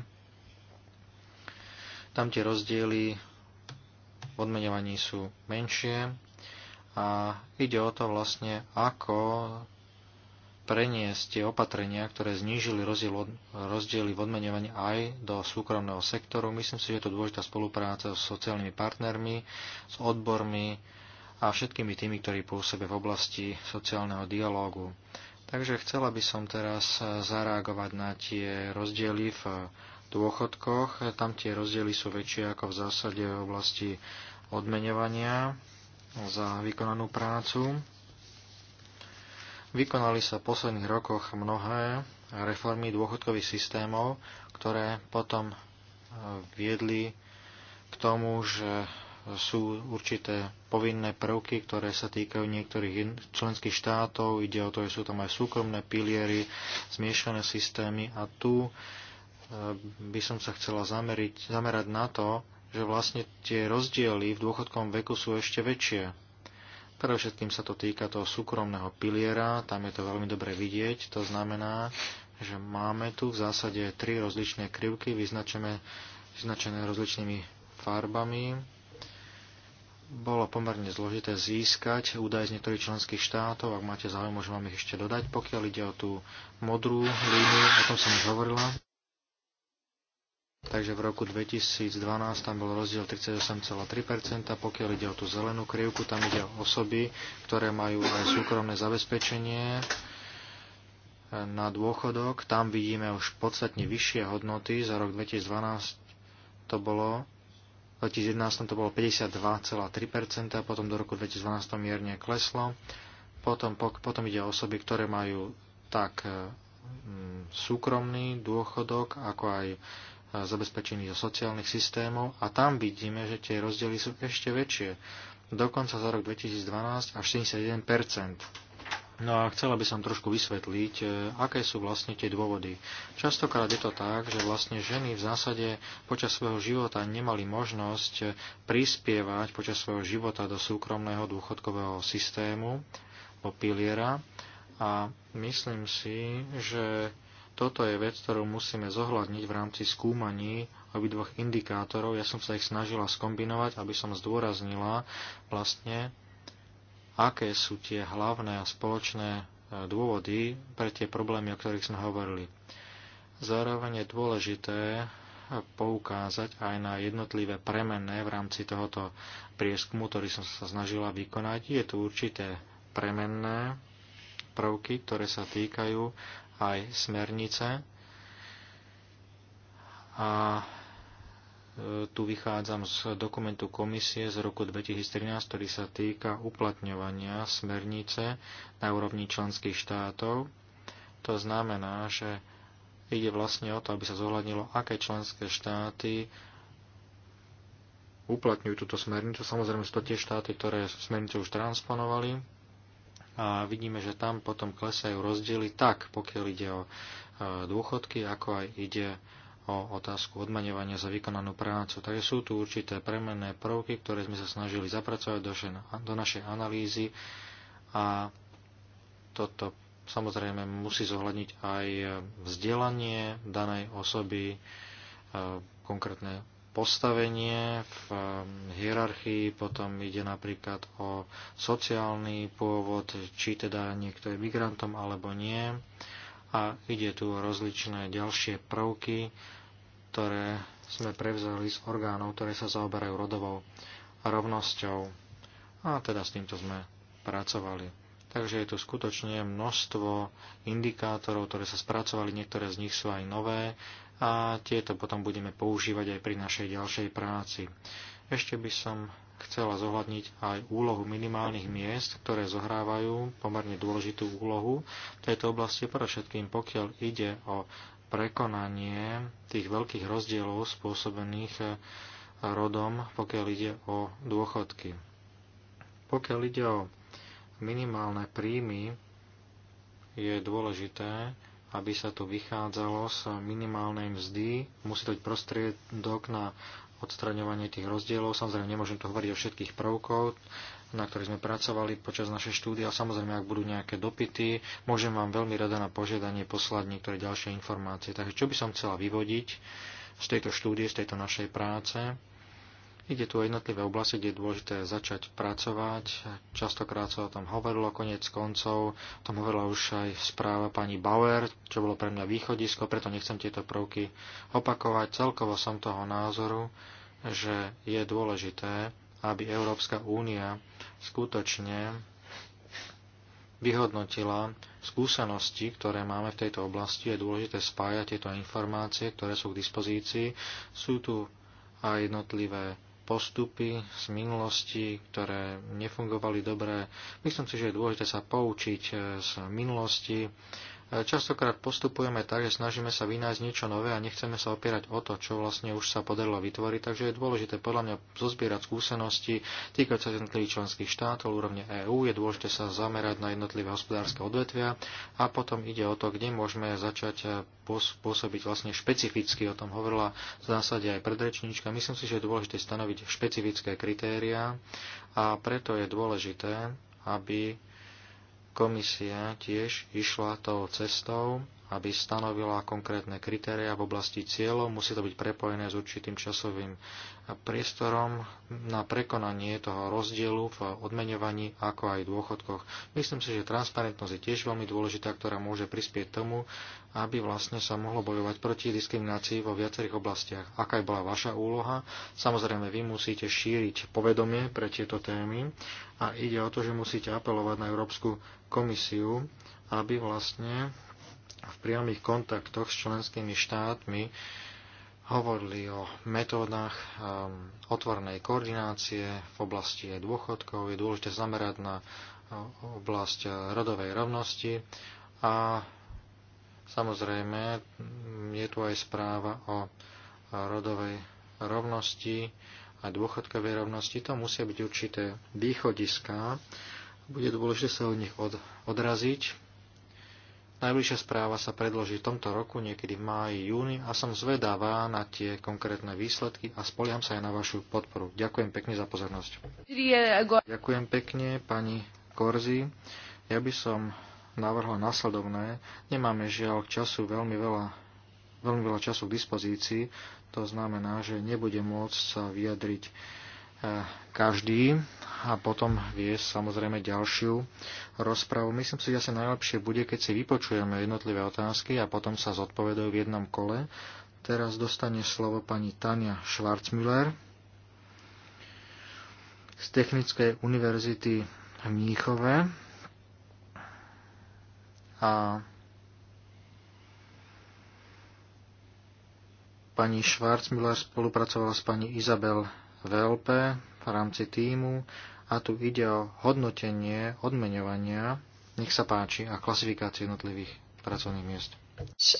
S2: Tam tie rozdiely v odmenovaní sú menšie a ide o to vlastne, ako preniesť tie opatrenia, ktoré znížili rozdiely v odmenovaní aj do súkromného sektoru. Myslím si, že je to dôležitá spolupráca s sociálnymi partnermi, s odbormi, a všetkými tými, ktorí pôsobia v oblasti sociálneho dialógu. Takže chcela by som teraz e, zareagovať na tie rozdiely v dôchodkoch. Tam tie rozdiely sú väčšie ako v zásade v oblasti odmenovania za vykonanú prácu. Vykonali sa v posledných rokoch mnohé reformy dôchodkových systémov, ktoré potom e, viedli k tomu, že sú určité povinné prvky, ktoré sa týkajú niektorých členských štátov. Ide o to, že sú tam aj súkromné piliery, zmiešané systémy a tu e, by som sa chcela zameriť, zamerať na to, že vlastne tie rozdiely v dôchodkom veku sú ešte väčšie. Pre všetkým sa to týka toho súkromného piliera, tam je to veľmi dobre vidieť, to znamená, že máme tu v zásade tri rozličné krivky, vyznačené rozličnými farbami, bolo pomerne zložité získať údaje z niektorých členských štátov. Ak máte záujem, môžem vám ich ešte dodať. Pokiaľ ide o tú modrú líniu, o tom som už hovorila. Takže v roku 2012 tam bol rozdiel 38,3%, pokiaľ ide o tú zelenú krivku, tam ide o osoby, ktoré majú aj súkromné zabezpečenie na dôchodok. Tam vidíme už podstatne vyššie hodnoty. Za rok 2012 to bolo v 2011 to bolo 52,3%, potom do roku 2012 mierne kleslo. Potom, potom ide o osoby, ktoré majú tak e, súkromný dôchodok, ako aj e, zabezpečený zo sociálnych systémov a tam vidíme, že tie rozdiely sú ešte väčšie. Dokonca za rok 2012 až 71 No a chcela by som trošku vysvetliť, e, aké sú vlastne tie dôvody. Častokrát je to tak, že vlastne ženy v zásade počas svojho života nemali možnosť e, prispievať počas svojho života do súkromného dôchodkového systému, do piliera. A myslím si, že toto je vec, ktorú musíme zohľadniť v rámci skúmaní obidvoch indikátorov. Ja som sa ich snažila skombinovať, aby som zdôraznila vlastne aké sú tie hlavné a spoločné e, dôvody pre tie problémy, o ktorých sme hovorili. Zároveň je dôležité poukázať aj na jednotlivé premenné v rámci tohoto prieskumu, ktorý som sa snažila vykonať. Je tu určité premenné prvky, ktoré sa týkajú aj smernice a E, tu vychádzam z dokumentu komisie z roku 2013, ktorý sa týka uplatňovania smernice na úrovni členských štátov. To znamená, že ide vlastne o to, aby sa zohľadnilo, aké členské štáty uplatňujú túto smernicu. Samozrejme sú to tie štáty, ktoré smernicu už transponovali a vidíme, že tam potom klesajú rozdiely tak, pokiaľ ide o e, dôchodky, ako aj ide o otázku odmaňovania za vykonanú prácu. Takže sú tu určité premenné prvky, ktoré sme sa snažili zapracovať do, do našej analýzy a toto samozrejme musí zohľadniť aj vzdelanie danej osoby, e, konkrétne postavenie v e, hierarchii, potom ide napríklad o sociálny pôvod, či teda niekto je migrantom alebo nie a ide tu o rozličné ďalšie prvky, ktoré sme prevzali z orgánov, ktoré sa zaoberajú rodovou rovnosťou. A teda s týmto sme pracovali. Takže je tu skutočne množstvo indikátorov, ktoré sa spracovali, niektoré z nich sú aj nové a tieto potom budeme používať aj pri našej ďalšej práci. Ešte by som chcela zohľadniť aj úlohu minimálnych miest, ktoré zohrávajú pomerne dôležitú úlohu v tejto oblasti, pre všetkým pokiaľ ide o prekonanie tých veľkých rozdielov spôsobených eh, rodom, pokiaľ ide o dôchodky. Pokiaľ ide o minimálne príjmy, je dôležité, aby sa tu vychádzalo z minimálnej mzdy. Musí to byť prostriedok na odstraňovanie tých rozdielov. Samozrejme, nemôžem to hovoriť o všetkých prvkov, na ktorých sme pracovali počas našej štúdie. A samozrejme, ak budú nejaké dopity, môžem vám veľmi rada na požiadanie poslať niektoré ďalšie informácie. Takže čo by som chcela vyvodiť z tejto štúdie, z tejto našej práce? Ide tu o jednotlivé oblasti, kde je dôležité začať pracovať. Častokrát sa o tom hovorilo konec koncov, o tom hovorila už aj správa pani Bauer, čo bolo pre mňa východisko, preto nechcem tieto prvky opakovať. Celkovo som toho názoru, že je dôležité, aby Európska únia skutočne vyhodnotila skúsenosti, ktoré máme v tejto oblasti. Je dôležité spájať tieto informácie, ktoré sú k dispozícii. Sú tu aj jednotlivé postupy z minulosti, ktoré nefungovali dobre. Myslím si, že je dôležité sa poučiť eh, z minulosti Častokrát postupujeme tak, že snažíme sa vynájsť niečo nové a nechceme sa opierať o to, čo vlastne už sa podarilo vytvoriť, takže je dôležité podľa mňa zozbierať skúsenosti týkajúce sa jednotlivých členských štátov, úrovne EÚ, je dôležité sa zamerať na jednotlivé hospodárske odvetvia a potom ide o to, kde môžeme začať eh, pôsobiť vlastne špecificky, o tom hovorila v zásade aj predrečníčka. Myslím si, že je dôležité stanoviť špecifické kritériá a preto je dôležité, aby komisia tiež išla tou cestou, aby stanovila konkrétne kritéria v oblasti cieľov. Musí to byť prepojené s určitým časovým priestorom na prekonanie toho rozdielu v odmeňovaní, ako aj dôchodkoch. Myslím si, že transparentnosť je tiež veľmi dôležitá, ktorá môže prispieť tomu, aby vlastne sa mohlo bojovať proti diskriminácii vo viacerých oblastiach. Aká je bola vaša úloha? Samozrejme, vy musíte šíriť povedomie pre tieto témy a ide o to, že musíte apelovať na Európsku komisiu, aby vlastne v priamých kontaktoch s členskými štátmi hovorili o metódach um, otvornej koordinácie v oblasti dôchodkov. Je dôležité zamerať na uh, oblasť uh, rodovej rovnosti a samozrejme mm, je tu aj správa o uh, rodovej rovnosti a dôchodkovej rovnosti. To musia byť určité východiská. Bude dôležité sa od nich odraziť Najbližšia správa sa predloží v tomto roku, niekedy v máji, júni a som zvedavá na tie konkrétne výsledky a spolieham sa aj na vašu podporu. Ďakujem pekne za pozornosť. Ďakujem pekne, pani Korzi. Ja by som navrhol nasledovné. Nemáme žiaľ času veľmi veľa, veľmi veľa času k dispozícii, to znamená, že nebude môcť sa vyjadriť každý a potom viesť samozrejme ďalšiu rozpravu. Myslím si, že asi najlepšie bude, keď si vypočujeme jednotlivé otázky a potom sa zodpovedajú v jednom kole. Teraz dostane slovo pani Tania Schwarzmüller z Technickej univerzity v Mníchove a pani Schwarzmüller spolupracovala s pani Izabel VLP v rámci týmu a tu ide o hodnotenie odmeňovania, nech sa páči, a klasifikácie jednotlivých pracovných miest.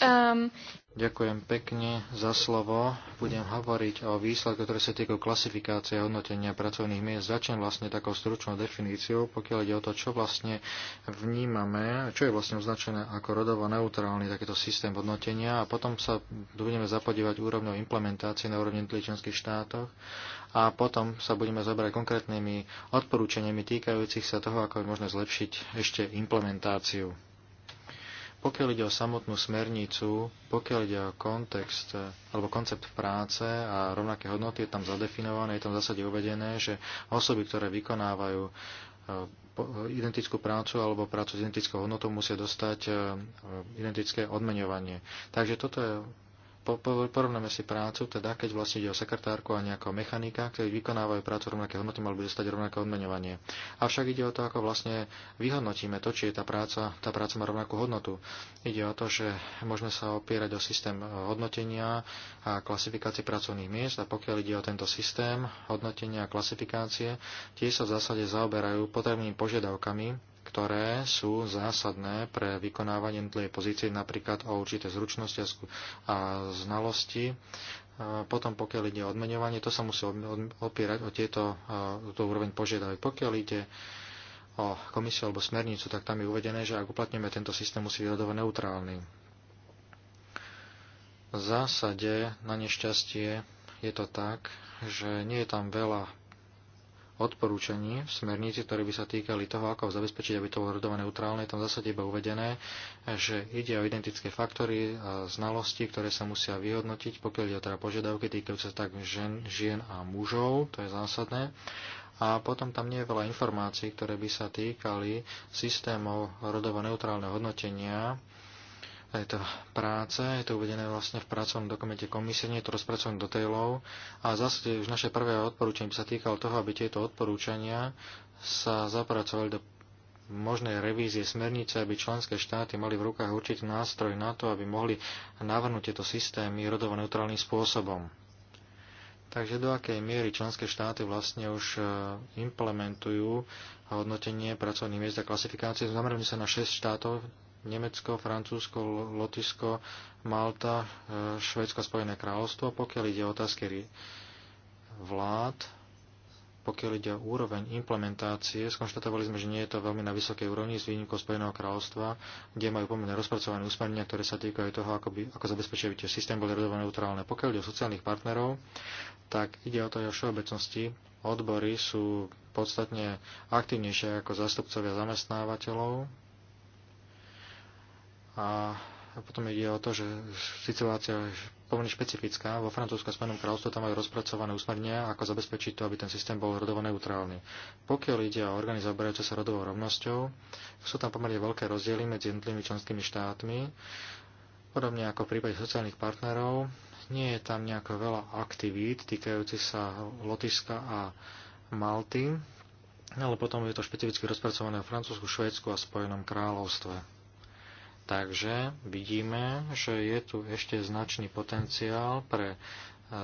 S2: Um... Ďakujem pekne za slovo. Budem hovoriť o výsledku, ktoré sa týkajú klasifikácie a hodnotenia pracovných miest. Začnem vlastne takou stručnou definíciou, pokiaľ ide o to, čo vlastne vnímame, čo je vlastne označené ako rodovo neutrálny takýto systém hodnotenia a potom sa budeme zapodívať úrovňou implementácie na úrovni členských štátoch a potom sa budeme zabrať konkrétnymi odporúčaniami týkajúcich sa toho, ako je možné zlepšiť ešte implementáciu. Pokiaľ ide o samotnú smernicu, pokiaľ ide o kontext eh, alebo koncept práce a rovnaké hodnoty je tam zadefinované, je tam v zásade uvedené, že osoby, ktoré vykonávajú eh, identickú prácu alebo prácu s identickou hodnotou musia dostať eh, identické odmeňovanie. Takže toto je porovnáme si prácu, teda keď vlastne ide o sekretárku a nejakého mechanika, ktorí vykonávajú prácu rovnaké hodnoty, mal by dostať rovnaké odmenovanie. Avšak ide o to, ako vlastne vyhodnotíme to, či je tá práca, tá práca má rovnakú hodnotu. Ide o to, že môžeme sa opierať o systém hodnotenia a klasifikácie pracovných miest a pokiaľ ide o tento systém hodnotenia a klasifikácie, tie sa v zásade zaoberajú potrebnými požiadavkami ktoré sú zásadné pre vykonávanie jednotlivej pozície, napríklad o určité zručnosti a znalosti. Potom, pokiaľ ide o odmenovanie, to sa musí opierať o tieto o tú úroveň požiadavek. Pokiaľ ide o komisiu alebo smernicu, tak tam je uvedené, že ak uplatňujeme tento systém, musí byť neutrálny. V zásade, na nešťastie, je to tak, že nie je tam veľa odporúčaní v smernici, ktoré by sa týkali toho, ako zabezpečiť, aby to bolo rodové neutrálne. Je tam v zásade iba uvedené, že ide o identické faktory a znalosti, ktoré sa musia vyhodnotiť, pokiaľ ide o teda požiadavky týkajúce sa tak žen, žien a mužov, to je zásadné. A potom tam nie je veľa informácií, ktoré by sa týkali systémov rodovo neutrálneho hodnotenia tejto to je to uvedené vlastne v pracovnom dokumente komisie, nie je to rozpracované do detailov a zase už naše prvé odporúčanie by sa týkalo toho, aby tieto odporúčania sa zapracovali do možnej revízie smernice, aby členské štáty mali v rukách určitý nástroj na to, aby mohli navrhnúť tieto systémy rodovo neutrálnym spôsobom. Takže do akej miery členské štáty vlastne už e, implementujú hodnotenie pracovných miest a klasifikácie. zamerujem sa na 6 štátov Nemecko, Francúzsko, Lotisko, Malta, e, Švedsko Spojené kráľovstvo, pokiaľ ide o otázky vlád, pokiaľ ide o úroveň implementácie, skonštatovali sme, že nie je to veľmi na vysokej úrovni s výnimkou Spojeného kráľovstva, kde majú pomerne rozpracované usmernenia, ktoré sa týkajú toho, ako, by, ako zabezpečia, aby systém boli rodovo neutrálne. Pokiaľ ide o sociálnych partnerov, tak ide o to aj o všeobecnosti. Odbory sú podstatne aktívnejšie ako zastupcovia zamestnávateľov, a potom ide o to, že situácia je pomerne špecifická. Vo Francúzsku a Spojenom kráľovstve tam majú rozpracované usmernenia, ako zabezpečiť to, aby ten systém bol rodovo neutrálny. Pokiaľ ide o orgány zaoberajúce sa rodovou rovnosťou, sú tam pomerne veľké rozdiely medzi jednotlivými členskými štátmi. Podobne ako v prípade sociálnych partnerov, nie je tam nejako veľa aktivít týkajúcich sa Lotiska a Malty, ale potom je to špecificky rozpracované v Francúzsku, Švédsku a Spojenom kráľovstve. Takže vidíme, že je tu ešte značný potenciál pre e,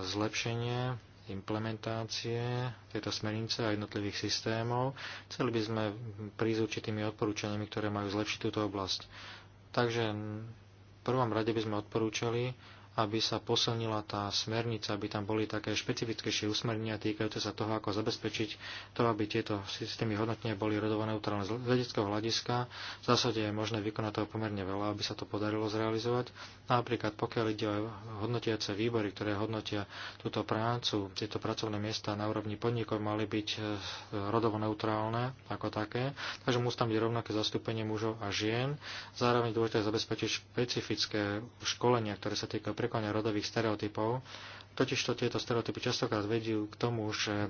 S2: zlepšenie implementácie tejto smernice a jednotlivých systémov. Chceli by sme prísť určitými odporúčaniami, ktoré majú zlepšiť túto oblasť. Takže v prvom rade by sme odporúčali aby sa posilnila tá smernica, aby tam boli také špecifickejšie usmernenia týkajúce sa toho, ako zabezpečiť to, aby tieto systémy hodnotne boli rodovo neutrálne. Z vedeckého hľadiska v zásade je možné vykonať toho pomerne veľa, aby sa to podarilo zrealizovať. Napríklad pokiaľ ide o hodnotiace výbory, ktoré hodnotia túto prácu, tieto pracovné miesta na úrovni podnikov mali byť e, rodovo neutrálne ako také, takže musí tam byť rovnaké zastúpenie mužov a žien. Zároveň dôležité zabezpečiť špecifické školenia, ktoré sa týkajú prekonania rodových stereotypov. Totižto tieto stereotypy častokrát vedú k tomu, že e,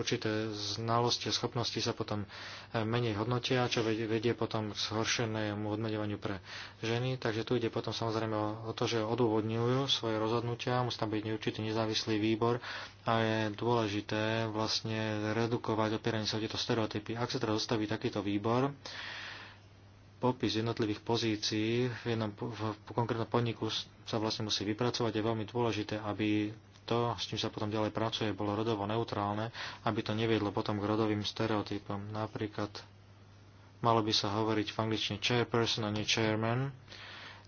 S2: určité znalosti a schopnosti sa potom e, menej hodnotia, čo vedie potom k zhoršenému odmeňovaniu pre ženy. Takže tu ide potom samozrejme o to, že odôvodňujú svoje rozhodnutia, musí tam byť určitý nezávislý výbor a je dôležité vlastne redukovať opieranie sa o tieto stereotypy. Ak sa teda zostaví takýto výbor, popis jednotlivých pozícií v jednom v konkrétnom podniku sa vlastne musí vypracovať. Je veľmi dôležité, aby to, s čím sa potom ďalej pracuje, bolo rodovo neutrálne, aby to neviedlo potom k rodovým stereotypom. Napríklad malo by sa hovoriť v angličtine chairperson a nie chairman.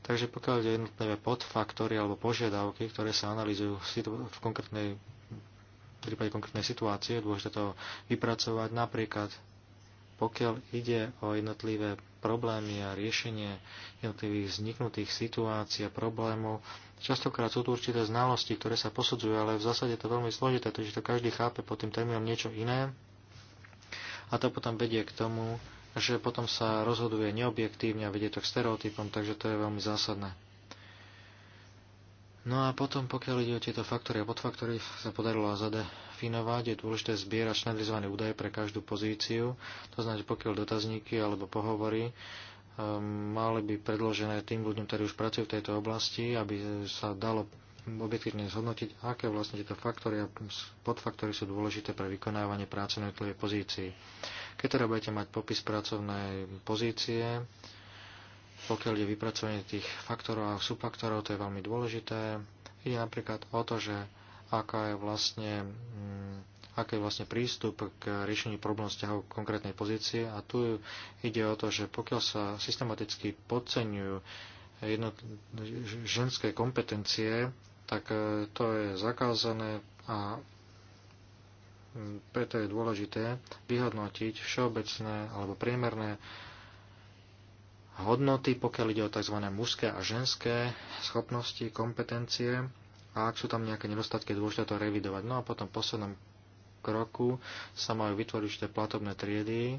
S2: Takže pokiaľ ide jednotlivé podfaktory alebo požiadavky, ktoré sa analýzujú v konkrétnej v prípade konkrétnej situácie, je dôležité to vypracovať. Napríklad pokiaľ ide o jednotlivé problémy a riešenie jednotlivých vzniknutých situácií a problémov, častokrát sú tu určité znalosti, ktoré sa posudzujú, ale v zásade je to veľmi zložité, takže to každý chápe pod tým termínom niečo iné. A to potom vedie k tomu, že potom sa rozhoduje neobjektívne a vedie to k stereotypom, takže to je veľmi zásadné. No a potom, pokiaľ ide o tieto faktory a podfaktory, sa podarilo zadefinovať, je dôležité zbierať štandardizované údaje pre každú pozíciu, to znamená, pokiaľ dotazníky alebo pohovory um, mali by predložené tým ľuďom, ktorí už pracujú v tejto oblasti, aby sa dalo objektívne zhodnotiť, aké vlastne tieto faktory a podfaktory sú dôležité pre vykonávanie práce na jednotlivej pozícii. Keď teda budete mať popis pracovnej pozície, pokiaľ je vypracovanie tých faktorov a subfaktorov, to je veľmi dôležité. Ide napríklad o to, že aká je vlastne, mm, aký je vlastne prístup k riešeniu problémov vzťahov konkrétnej pozície a tu ide o to, že pokiaľ sa systematicky podceňujú jednot, ženské kompetencie, tak e, to je zakázané a preto je dôležité vyhodnotiť všeobecné alebo priemerné hodnoty, pokiaľ ide o tzv. mužské a ženské schopnosti, kompetencie a ak sú tam nejaké nedostatky, dôležité to revidovať. No a potom v poslednom kroku sa majú vytvoriť určité platobné triedy,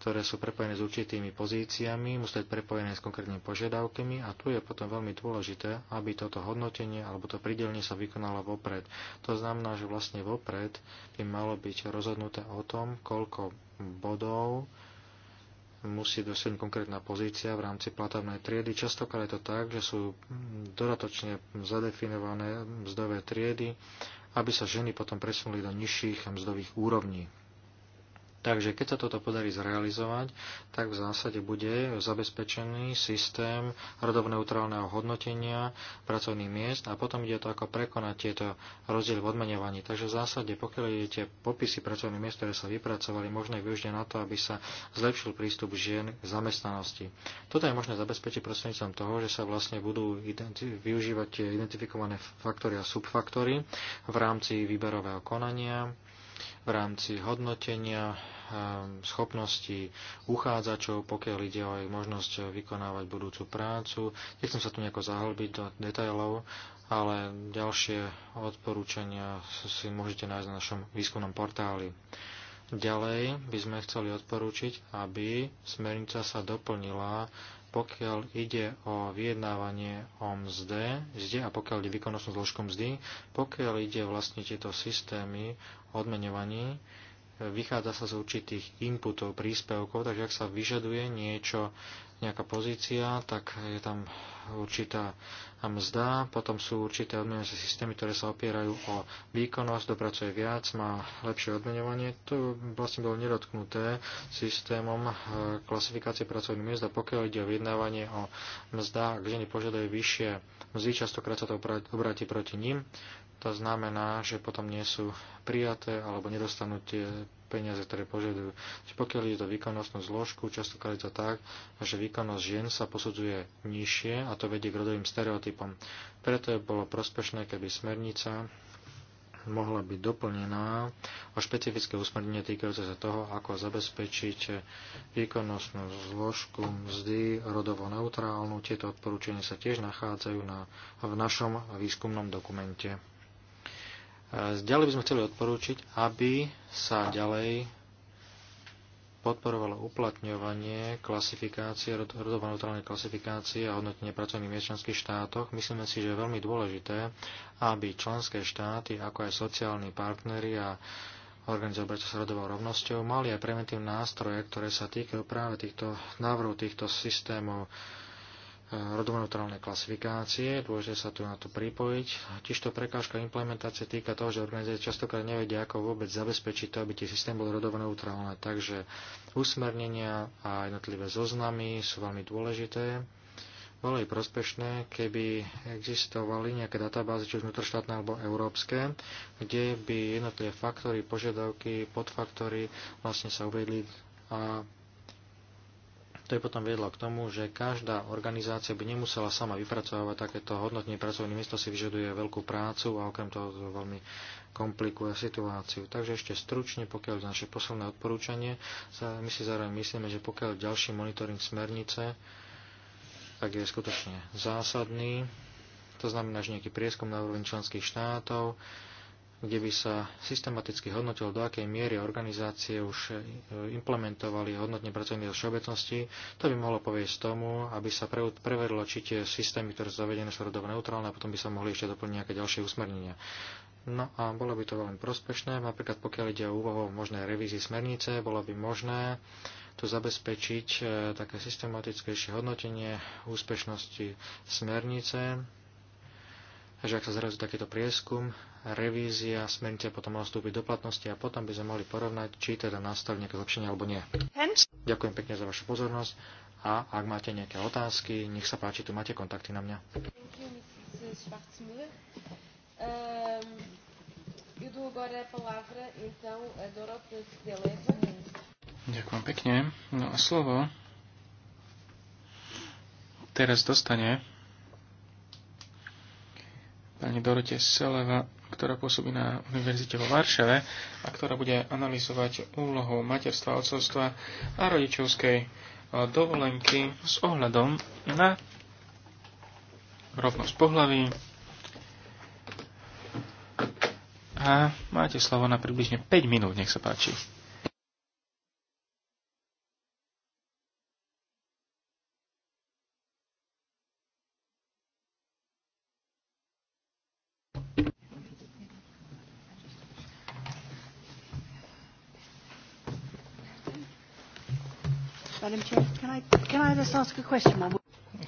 S2: ktoré sú prepojené s určitými pozíciami, musia byť prepojené s konkrétnymi požiadavkami a tu je potom veľmi dôležité, aby toto hodnotenie alebo to pridelenie sa vykonalo vopred. To znamená, že vlastne vopred by malo byť rozhodnuté o tom, koľko bodov musí dosiahnuť konkrétna pozícia v rámci platobnej triedy. Častokrát je to tak, že sú dodatočne zadefinované mzdové triedy, aby sa ženy potom presunuli do nižších mzdových úrovní. Takže keď sa toto podarí zrealizovať, tak v zásade bude zabezpečený systém rodovneutrálneho hodnotenia pracovných miest a potom ide to ako prekonať tieto rozdiely v odmenovaní. Takže v zásade, pokiaľ ide tie popisy pracovných miest, ktoré sa vypracovali, možné využiť na to, aby sa zlepšil prístup žien k zamestnanosti. Toto je možné zabezpečiť prostredníctvom toho, že sa vlastne budú využívať tie identifikované faktory a subfaktory v rámci výberového konania v rámci hodnotenia eh, schopností uchádzačov, pokiaľ ide o ich možnosť vykonávať budúcu prácu. Nechcem sa tu nejako zahlbiť do detajlov, ale ďalšie odporúčania si môžete nájsť na našom výskumnom portáli. Ďalej by sme chceli odporúčiť, aby smernica sa doplnila pokiaľ ide o vyjednávanie o mzde, zde a pokiaľ ide výkonnostnú zložku mzdy, pokiaľ ide vlastne tieto systémy odmenovaní, vychádza sa z určitých inputov, príspevkov, takže ak sa vyžaduje niečo, nejaká pozícia, tak je tam určitá mzda, potom sú určité odmenovacie systémy, ktoré sa opierajú o výkonnosť, dopracuje viac, má lepšie odmenovanie. To vlastne bolo nedotknuté systémom e, klasifikácie pracovných miest a pokiaľ ide o vyjednávanie o mzdách, kde požiadajú vyššie mzdy, častokrát sa to obráti proti ním. To znamená, že potom nie sú prijaté alebo nedostanú tie peniaze, ktoré požadujú. Čiže pokiaľ ide to výkonnostnú zložku, častokrát je to tak, že výkonnosť žien sa posudzuje nižšie a to vedie k rodovým stereotypom. Preto je bolo prospešné, keby smernica mohla byť doplnená o špecifické usmernenie týkajúce sa toho, ako zabezpečiť výkonnostnú zložku mzdy rodovo neutrálnu. Tieto odporúčania sa tiež nachádzajú na, v našom výskumnom dokumente. Ďalej by sme chceli odporúčiť, aby sa ďalej podporovalo uplatňovanie klasifikácie, rodovo neutrálnej klasifikácie a hodnotenie pracovných miest v členských štátoch. Myslíme si, že je veľmi dôležité, aby členské štáty, ako aj sociálni partnery a organizovať s rodovou rovnosťou, mali aj preventívne nástroje, ktoré sa týkajú práve týchto návrhov, týchto systémov rodovneutrálnej klasifikácie, dôležité sa tu na to pripojiť. Tiež to prekážka implementácie týka toho, že organizácie častokrát nevedia, ako vôbec zabezpečiť to, aby tie systém bol rodovneutrálne. Takže usmernenia a jednotlivé zoznamy sú veľmi dôležité. Bolo i prospešné, keby existovali nejaké databázy, či už vnútroštátne alebo európske, kde by jednotlivé faktory, požiadavky, podfaktory vlastne sa uvedli a to je potom viedlo k tomu, že každá organizácia by nemusela sama vypracovať takéto hodnotenie pracovných miesto si vyžaduje veľkú prácu a okrem toho to veľmi komplikuje situáciu. Takže ešte stručne, pokiaľ je naše posledné odporúčanie, my si zároveň myslíme, že pokiaľ ďalší monitoring smernice, tak je skutočne zásadný. To znamená, že nejaký prieskum na úrovni členských štátov, kde by sa systematicky hodnotilo, do akej miery organizácie už e, implementovali hodnotne pracovných všeobecnosti. To by mohlo povieť tomu, aby sa preverilo, či tie systémy, ktoré sú zavedené, sú rodovo neutrálne a potom by sa mohli ešte doplniť nejaké ďalšie usmernenia. No a bolo by to veľmi prospešné, napríklad pokiaľ ide o úvahu o možnej revízii smernice, bolo by možné tu zabezpečiť e, také systematickejšie hodnotenie úspešnosti smernice, Takže ak sa zrazu takýto prieskum, revízia, smernice potom mohla vstúpiť do platnosti a potom by sme mohli porovnať, či teda nastali nejaké zlepšenie alebo nie. Ďakujem pekne za vašu pozornosť a ak máte nejaké otázky, nech sa páči, tu máte kontakty na mňa.
S6: Ehm,
S3: Ďakujem pekne. No a slovo teraz dostane pani Dorote Seleva, ktorá pôsobí na Univerzite vo Varšave a ktorá bude analyzovať úlohu materstva, otcovstva a rodičovskej e, dovolenky s ohľadom na rovnosť pohlaví. A máte slovo na približne 5 minút, nech sa páči.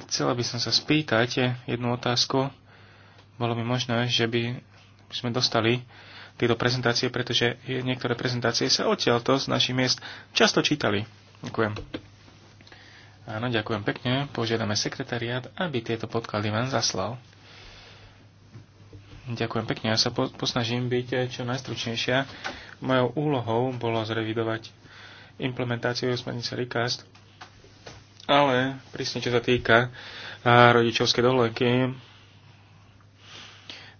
S3: Chcela by som sa spýtať jednu otázku. Bolo by možné, že by sme dostali tieto prezentácie, pretože niektoré prezentácie sa odtiaľto z našich miest často čítali. Ďakujem. Áno, ďakujem pekne. Požiadame sekretariát, aby tieto podklady vám zaslal. Ďakujem pekne. Ja sa po- posnažím byť čo najstručnejšia. Mojou úlohou bolo zrevidovať implementáciu smernice Recast ale prísne, čo sa týka rodičovskej dovolenky,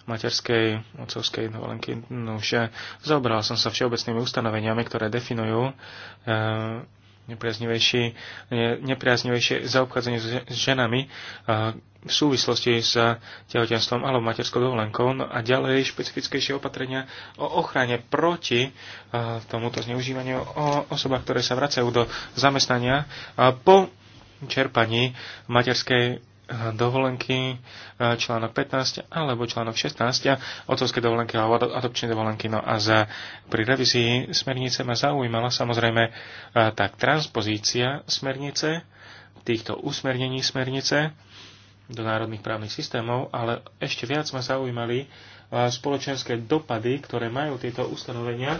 S3: materskej, otcovskej dovolenky, no už e, zaoberal som sa všeobecnými ustanoveniami, ktoré definujú e, nepriaznivejšie, nepriaznivejšie zaobchádzanie s ženami e, v súvislosti s tehotenstvom alebo materskou dovolenkou no a ďalej špecifickejšie opatrenia o ochrane proti tomuto zneužívaniu o osobách, ktoré sa vracajú do zamestnania po čerpaní materskej eh, dovolenky, eh, článok 15 alebo článok 16, eh, otcovské dovolenky alebo adopčné dovolenky. No a za, pri revízii smernice ma zaujímala samozrejme tak transpozícia smernice, týchto usmernení smernice do národných právnych systémov, ale ešte viac ma zaujímali spoločenské dopady, ktoré majú tieto ustanovenia.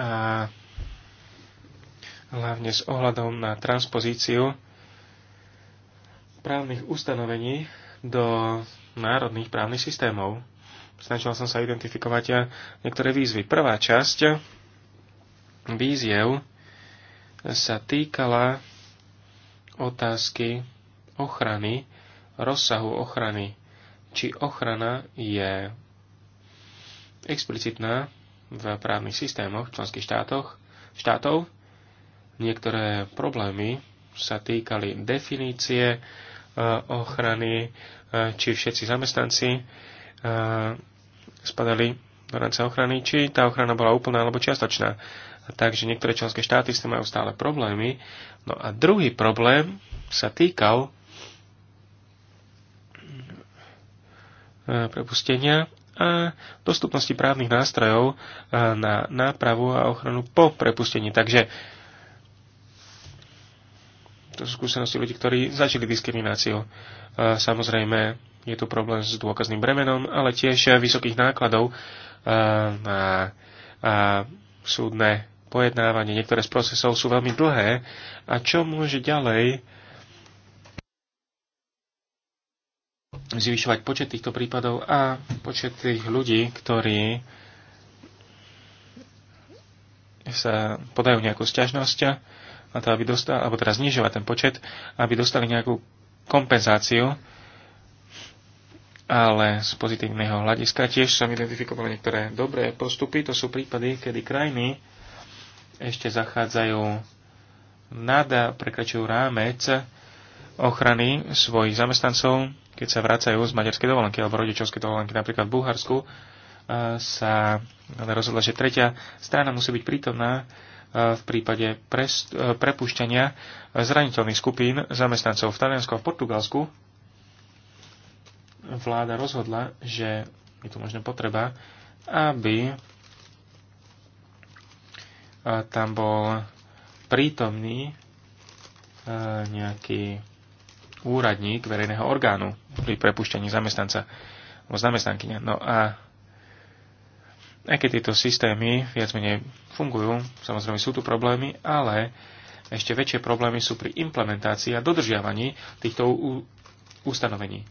S3: A hlavne s ohľadom na transpozíciu právnych ustanovení do národných právnych systémov. Snažil som sa identifikovať niektoré výzvy. Prvá časť výziev sa týkala otázky ochrany, rozsahu ochrany. Či ochrana je explicitná v právnych systémoch členských štátoch, štátov Niektoré problémy sa týkali definície e, ochrany, e, či všetci zamestnanci e, spadali do rámca ochrany, či tá ochrana bola úplná alebo čiastočná. Takže niektoré členské štáty s tým majú stále problémy. No a druhý problém sa týkal prepustenia a dostupnosti právnych nástrojov na nápravu a ochranu po prepustení. Takže to sú skúsenosti ľudí, ktorí zažili diskrimináciu. E, samozrejme, je tu problém s dôkazným bremenom, ale tiež vysokých nákladov e, na súdne pojednávanie. Niektoré z procesov sú veľmi dlhé. A čo môže ďalej zvyšovať počet týchto prípadov a počet tých ľudí, ktorí sa podajú nejakú sťažnosť na to, aby dostali, alebo teraz znižovať ten počet, aby dostali nejakú kompenzáciu, ale z pozitívneho hľadiska tiež som identifikoval niektoré dobré postupy. To sú prípady, kedy krajiny ešte zachádzajú nad, prekračujú rámec ochrany svojich zamestnancov, keď sa vracajú z maďarskej dovolenky alebo rodičovskej dovolenky, napríklad v Bulharsku, sa rozhodla, že tretia strana musí byť prítomná v prípade e, prepušťania zraniteľných skupín zamestnancov v Taliansku a v Portugalsku vláda rozhodla, že je tu možno potreba, aby e, tam bol prítomný e, nejaký úradník verejného orgánu pri prepušťaní zamestnanca alebo zamestnankyňa. No a aj keď tieto systémy viac menej fungujú, samozrejme sú tu problémy, ale ešte väčšie problémy sú pri implementácii a dodržiavaní týchto ustanovení.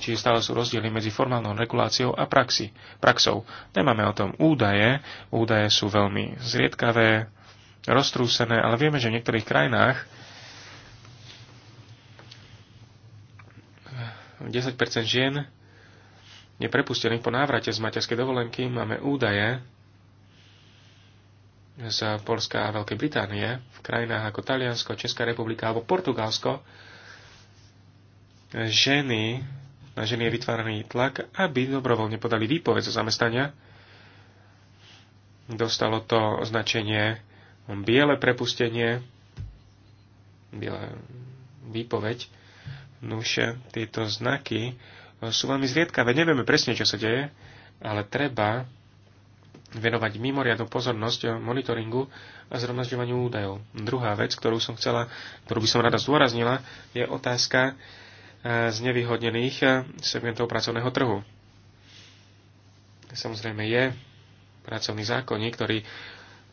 S3: Čiže stále sú rozdiely medzi formálnou reguláciou a praxi, praxou. Nemáme o tom údaje, údaje sú veľmi zriedkavé, roztrúsené, ale vieme, že v niektorých krajinách 10% žien neprepustených po návrate z materskej dovolenky. Máme údaje z Polska a Veľkej Británie v krajinách ako Taliansko, Česká republika alebo Portugalsko. Ženy, na ženy je vytváraný tlak, aby dobrovoľne podali výpoveď zo zamestnania. Dostalo to označenie biele prepustenie, biele výpoveď. Nuše, tieto znaky E, sú veľmi zriedkavé. Nevieme presne, čo sa deje, ale treba venovať mimoriadnu pozornosť monitoringu a zhromažďovaniu údajov. Druhá vec, ktorú som chcela, ktorú by som rada zdôraznila, je otázka e, znevýhodnených e, segmentov pracovného trhu. Samozrejme je pracovný zákonník, ktorý,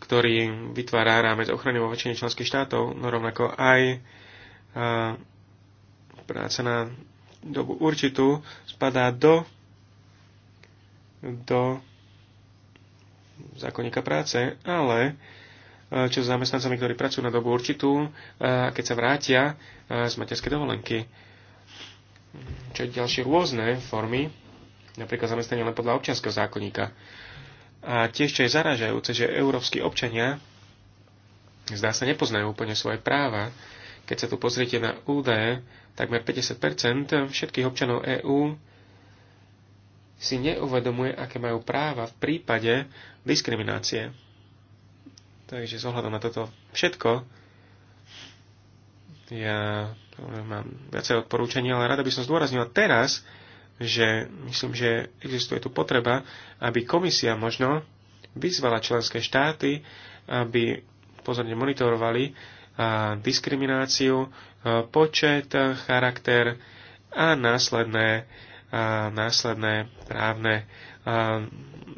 S3: ktorý vytvára rámec ochrany vo väčšine členských štátov, no rovnako aj práca na dobu určitú spadá do, do zákonníka práce, ale eh, čo s zamestnancami, ktorí pracujú na dobu určitú, eh, keď sa vrátia eh, z materskej dovolenky. Čo je ďalšie rôzne formy, napríklad zamestnanie len podľa občianského zákonníka. A tiež, čo je zaražajúce, že európsky občania zdá sa nepoznajú úplne svoje práva, keď sa tu pozriete na údaje, takmer 50 všetkých občanov EÚ si neuvedomuje, aké majú práva v prípade diskriminácie. Takže z ohľadom na toto všetko, ja mám viacej odporúčaní, ale rada by som zdôraznila teraz, že myslím, že existuje tu potreba, aby komisia možno vyzvala členské štáty, aby pozorne monitorovali diskrimináciu, počet, charakter a následné, a následné právne a,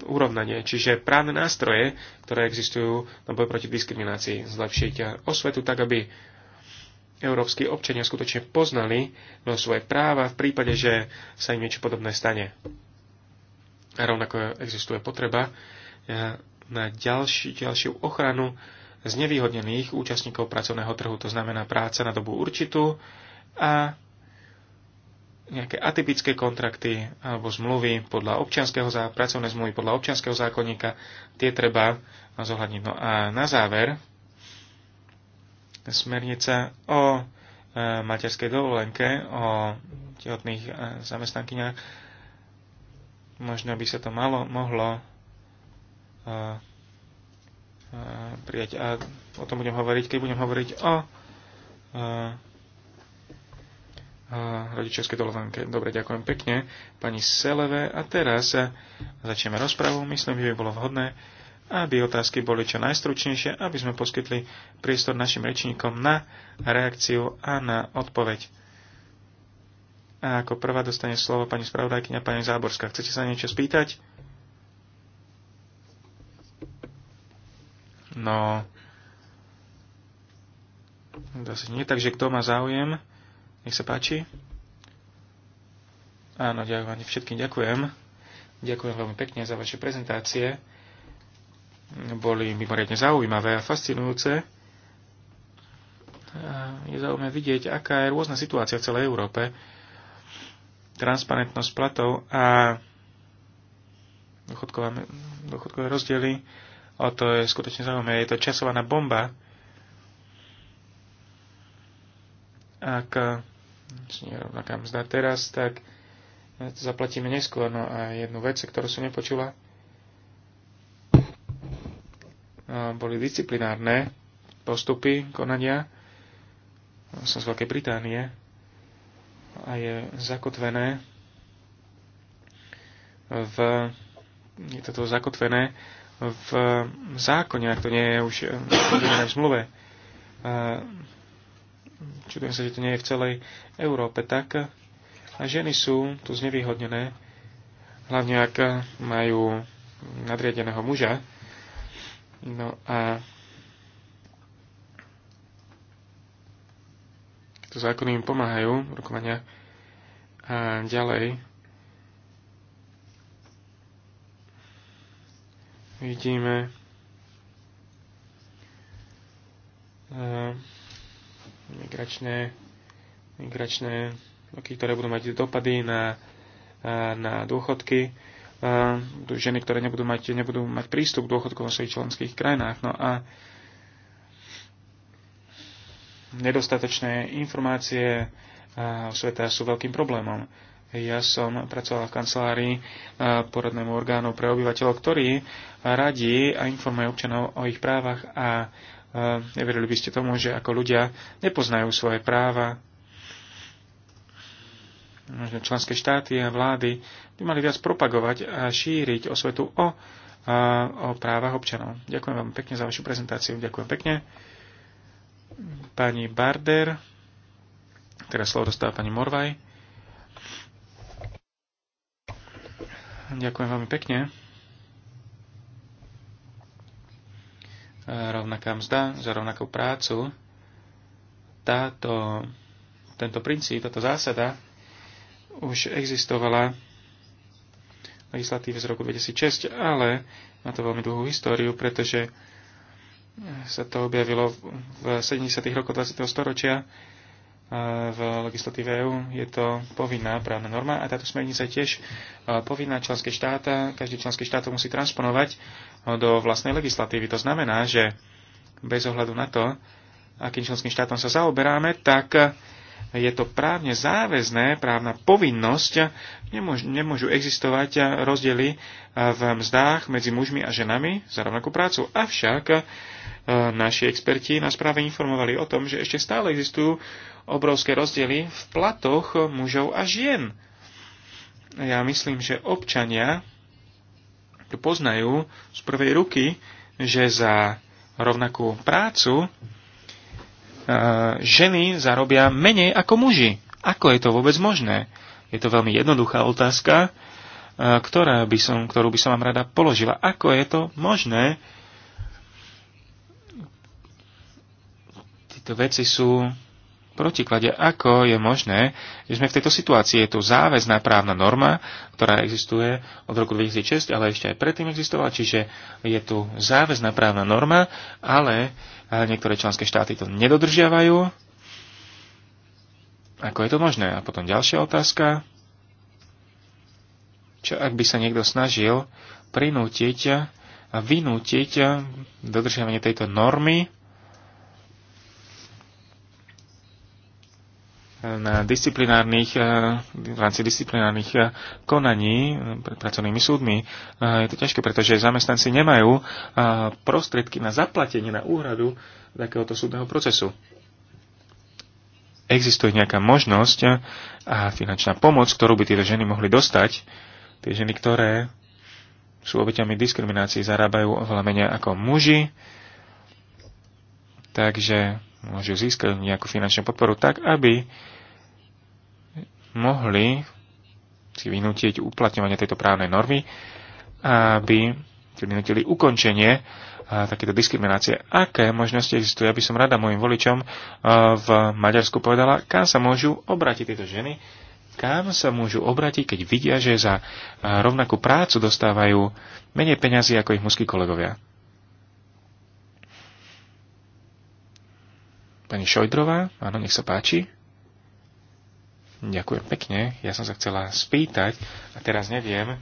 S3: urovnanie, čiže právne nástroje, ktoré existujú na boj proti diskriminácii, zlepšiť osvetu tak, aby európsky občania skutočne poznali no svoje práva v prípade, že sa im niečo podobné stane. A rovnako existuje potreba na ďalší, ďalšiu ochranu znevýhodnených účastníkov pracovného trhu, to znamená práca na dobu určitú a nejaké atypické kontrakty alebo zmluvy podľa občianského pracovné zmluvy podľa občianského zákonníka, tie treba zohľadniť. No a na záver smernica o e, materskej dovolenke, o tehotných e, zamestnankyniach, možno by sa to malo, mohlo e, E, prijať. A o tom budem hovoriť, keď budem hovoriť o e, e, rodičovskej dovolenke. Dobre, ďakujem pekne pani Seleve. A teraz začneme rozpravu. Myslím, že by bolo vhodné, aby otázky boli čo najstručnejšie, aby sme poskytli priestor našim rečníkom na reakciu a na odpoveď. A ako prvá dostane slovo pani spravodajkyňa, pani Záborská. Chcete sa niečo spýtať? No, zase nie, takže kto má záujem, nech sa páči. Áno, ďakujem všetkým, ďakujem. Ďakujem veľmi pekne za vaše prezentácie. Boli mimoriadne zaujímavé a fascinujúce. Je zaujímavé vidieť, aká je rôzna situácia v celej Európe. Transparentnosť platov a dochodkové rozdiely O to je skutočne zaujímavé. Je to časovaná bomba. Ak rovnaká eh, mzda teraz, tak to eh, zaplatíme neskôr. No a jednu vec, ktorú som nepočula, eh, boli disciplinárne postupy konania. Som z Veľkej Británie a je zakotvené v, je toto zakotvené v zákone, ak to nie je už v v zmluve. Čudujem sa, že to nie je v celej Európe tak. A ženy sú tu znevýhodnené, hlavne ak majú nadriadeného muža. No a to zákony im pomáhajú, rokovania a ďalej vidíme eh, migračné, migračné roky, ktoré budú mať dopady na, eh, na dôchodky, eh, ženy, ktoré nebudú mať, nebudú mať prístup k dôchodkom vo svojich členských krajinách. No a nedostatočné informácie sveta sú veľkým problémom. Ja som pracoval v kancelárii e, poradnému orgánu pre obyvateľov, ktorí radí a informuje občanov o ich právach a e, neverili by ste tomu, že ako ľudia nepoznajú svoje práva. Možno členské štáty a vlády by mali viac propagovať a šíriť osvetu o, o právach občanov. Ďakujem vám pekne za vašu prezentáciu. Ďakujem pekne. Pani Barder. Teraz slovo dostáva pani Morvaj. Ďakujem veľmi pekne. Rovnaká mzda za rovnakú prácu. Táto, tento princíp, táto zásada už existovala v legislatíve z roku 2006, ale má to veľmi dlhú históriu, pretože sa to objavilo v 70. rokoch 20. storočia v legislatíve EU je to povinná právna norma a táto smernica je tiež povinná členské štáta. Každý členský štát to musí transponovať do vlastnej legislatívy. To znamená, že bez ohľadu na to, akým členským štátom sa zaoberáme, tak je to právne záväzné, právna povinnosť. Nemôžu, nemôžu existovať rozdiely v mzdách medzi mužmi a ženami za rovnakú prácu. Avšak E, naši experti nás práve informovali o tom, že ešte stále existujú obrovské rozdiely v platoch mužov a žien. Ja myslím, že občania to poznajú z prvej ruky, že za rovnakú prácu e, ženy zarobia menej ako muži. Ako je to vôbec možné? Je to veľmi jednoduchá otázka, e, ktorá by som, ktorú by som vám rada položila. Ako je to možné, Tieto veci sú protiklade, ako je možné, že sme v tejto situácii. Je tu záväzná právna norma, ktorá existuje od roku 2006, ale ešte aj predtým existovala, čiže je tu záväzná právna norma, ale niektoré členské štáty to nedodržiavajú. Ako je to možné? A potom ďalšia otázka. Čo ak by sa niekto snažil prinútiť a vynútiť dodržiavanie tejto normy, na disciplinárnych, eh, v rámci disciplinárnych eh, konaní eh, pred pracovnými súdmi. Je to ťažké, pretože zamestnanci nemajú prostriedky na zaplatenie, na úhradu takéhoto súdneho procesu. Existuje nejaká možnosť a finančná pomoc, ktorú by tie ženy mohli dostať, tie ženy, ktoré sú obeťami diskriminácií, zarábajú oveľa menej ako muži, takže môžu získať nejakú finančnú podporu tak, aby mohli si vynútiť uplatňovanie tejto právnej normy, aby si vynútili ukončenie eh, takéto diskriminácie. Aké možnosti existujú? Ja by som rada mojim voličom eh, v Maďarsku povedala, kam sa môžu obratiť tieto ženy, kam sa môžu obratiť, keď vidia, že za eh, rovnakú prácu dostávajú menej peňazí ako ich mužskí kolegovia. Pani Šojdrová, áno, nech sa páči. Ďakujem pekne. Ja som sa chcela spýtať, a teraz neviem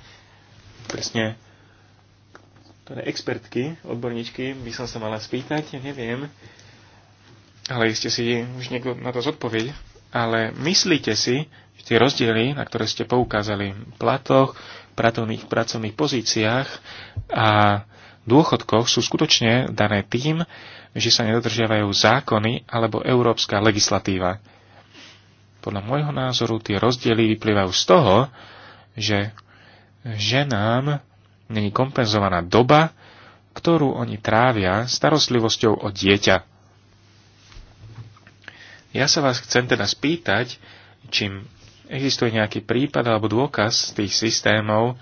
S3: presne, ktoré expertky, odborníčky by som sa mala spýtať, neviem, ale ste si už niekto na to zodpovie, ale myslíte si, že tie rozdiely, na ktoré ste poukázali v platoch, pracovných, pracovných pozíciách a dôchodkoch sú skutočne dané tým, že sa nedodržiavajú zákony alebo európska legislatíva podľa môjho názoru tie rozdiely vyplývajú z toho, že ženám není kompenzovaná doba, ktorú oni trávia starostlivosťou o dieťa. Ja sa vás chcem teda spýtať, čím existuje nejaký prípad alebo dôkaz z tých systémov,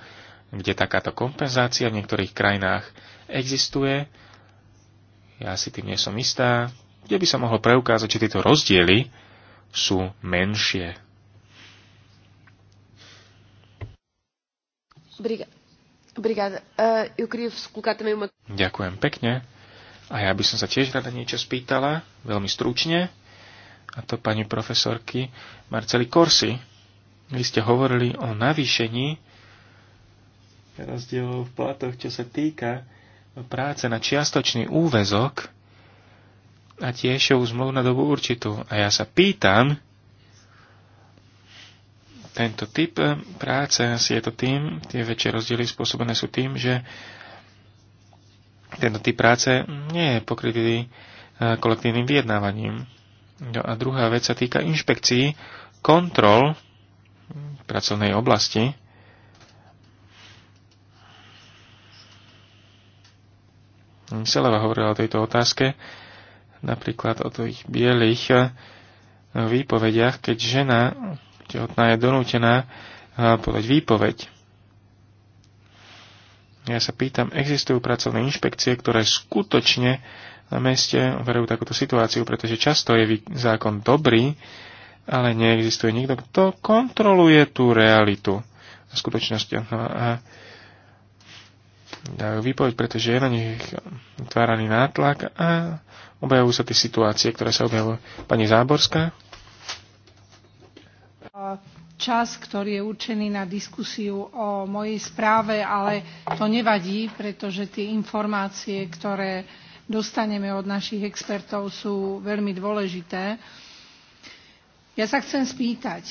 S3: kde takáto kompenzácia v niektorých krajinách existuje. Ja si tým nie som istá. Kde by sa mohlo preukázať, či tieto rozdiely sú menšie. E, Ďakujem pekne. A ja by som sa tiež rada niečo spýtala, veľmi stručne, a to pani profesorky Marceli Korsi. Vy ste hovorili o navýšení rozdielov v platoch, čo sa týka práce na čiastočný úvezok a tiež je zmluv na dobu určitú. A ja sa pýtam, tento typ eh, práce asi je to tým, tie väčšie rozdiely spôsobené sú tým, že tento typ práce nie je pokrytý eh, kolektívnym vyjednávaním. No a druhá vec sa týka inšpekcií, kontrol v pracovnej oblasti. Seleva hovorila o tejto otázke napríklad o tých bielých eh, výpovediach, keď žena tehotná je donútená eh, podať výpoveď. Ja sa pýtam, existujú pracovné inšpekcie, ktoré skutočne na meste verujú takúto situáciu, pretože často je zákon dobrý, ale neexistuje nikto, kto kontroluje tú realitu a skutočnosť. No a dajú výpoveď, pretože je na nich vytváraný nátlak a objavujú sa tie situácie, ktoré sa objavujú. Pani Záborská?
S5: Čas, ktorý je určený na diskusiu o mojej správe, ale to nevadí, pretože tie informácie, ktoré dostaneme od našich expertov, sú veľmi dôležité. Ja sa chcem spýtať,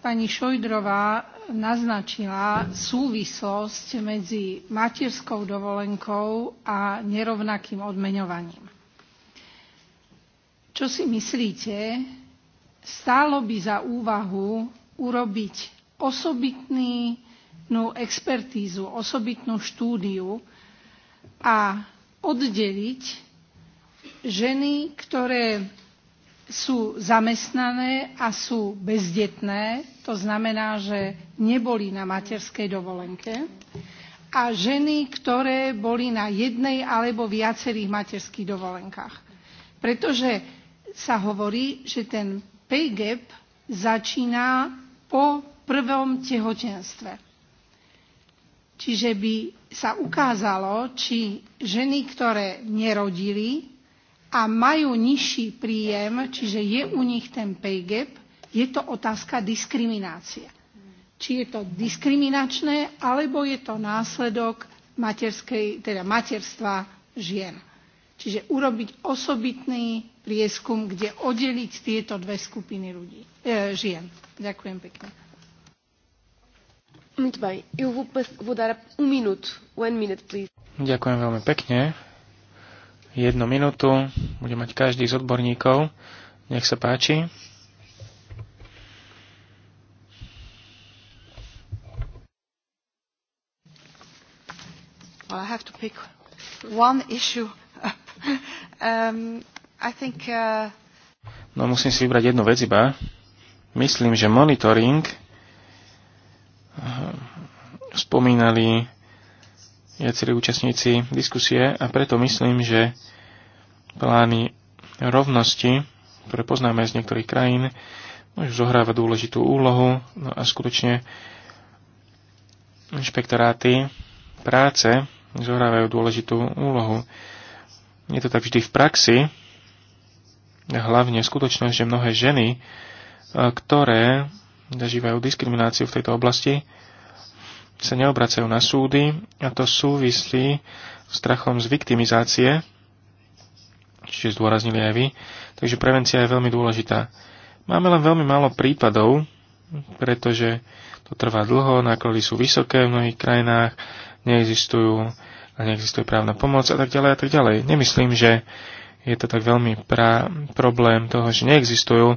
S5: pani Šojdrová naznačila súvislosť medzi materskou dovolenkou a nerovnakým odmeňovaním. Čo si myslíte, stálo by za úvahu urobiť osobitnú expertízu, osobitnú štúdiu a oddeliť ženy, ktoré sú zamestnané a sú bezdetné, to znamená, že neboli na materskej dovolenke, a ženy, ktoré boli na jednej alebo viacerých materských dovolenkách. Pretože sa hovorí, že ten pay gap začína po prvom tehotenstve. Čiže by sa ukázalo, či ženy, ktoré nerodili, a majú nižší príjem, čiže je u nich ten pay gap, je to otázka diskriminácie. Či je to diskriminačné, alebo je to následok materskej, teda materstva žien. Čiže urobiť osobitný prieskum, kde oddeliť tieto dve skupiny ľudí, e, žien. Ďakujem pekne. Muito bem. Eu vou, vou dar um minuto. One minute, please.
S3: Ďakujem veľmi pekne jednu minútu. Bude mať každý z odborníkov. Nech sa páči.
S7: Well, I have to pick
S5: one issue um, I think, uh...
S3: No musím si vybrať jednu vec iba. Myslím, že monitoring uh, spomínali viacerí účastníci diskusie a preto myslím, že plány rovnosti, ktoré poznáme z niektorých krajín, môžu zohrávať dôležitú úlohu no a skutočne inšpektoráty práce zohrávajú dôležitú úlohu. Je to tak vždy v praxi, hlavne skutočnosť, že mnohé ženy, e, ktoré zažívajú diskrimináciu v tejto oblasti, sa neobracajú na súdy a to súvislí strachom z viktimizácie, čiže zdôraznili aj vy. Takže prevencia je veľmi dôležitá. Máme len veľmi málo prípadov, pretože to trvá dlho, náklady sú vysoké v mnohých krajinách, neexistujú a neexistuje právna pomoc a tak ďalej a tak ďalej. Nemyslím, že je to tak veľmi pra- problém toho, že neexistujú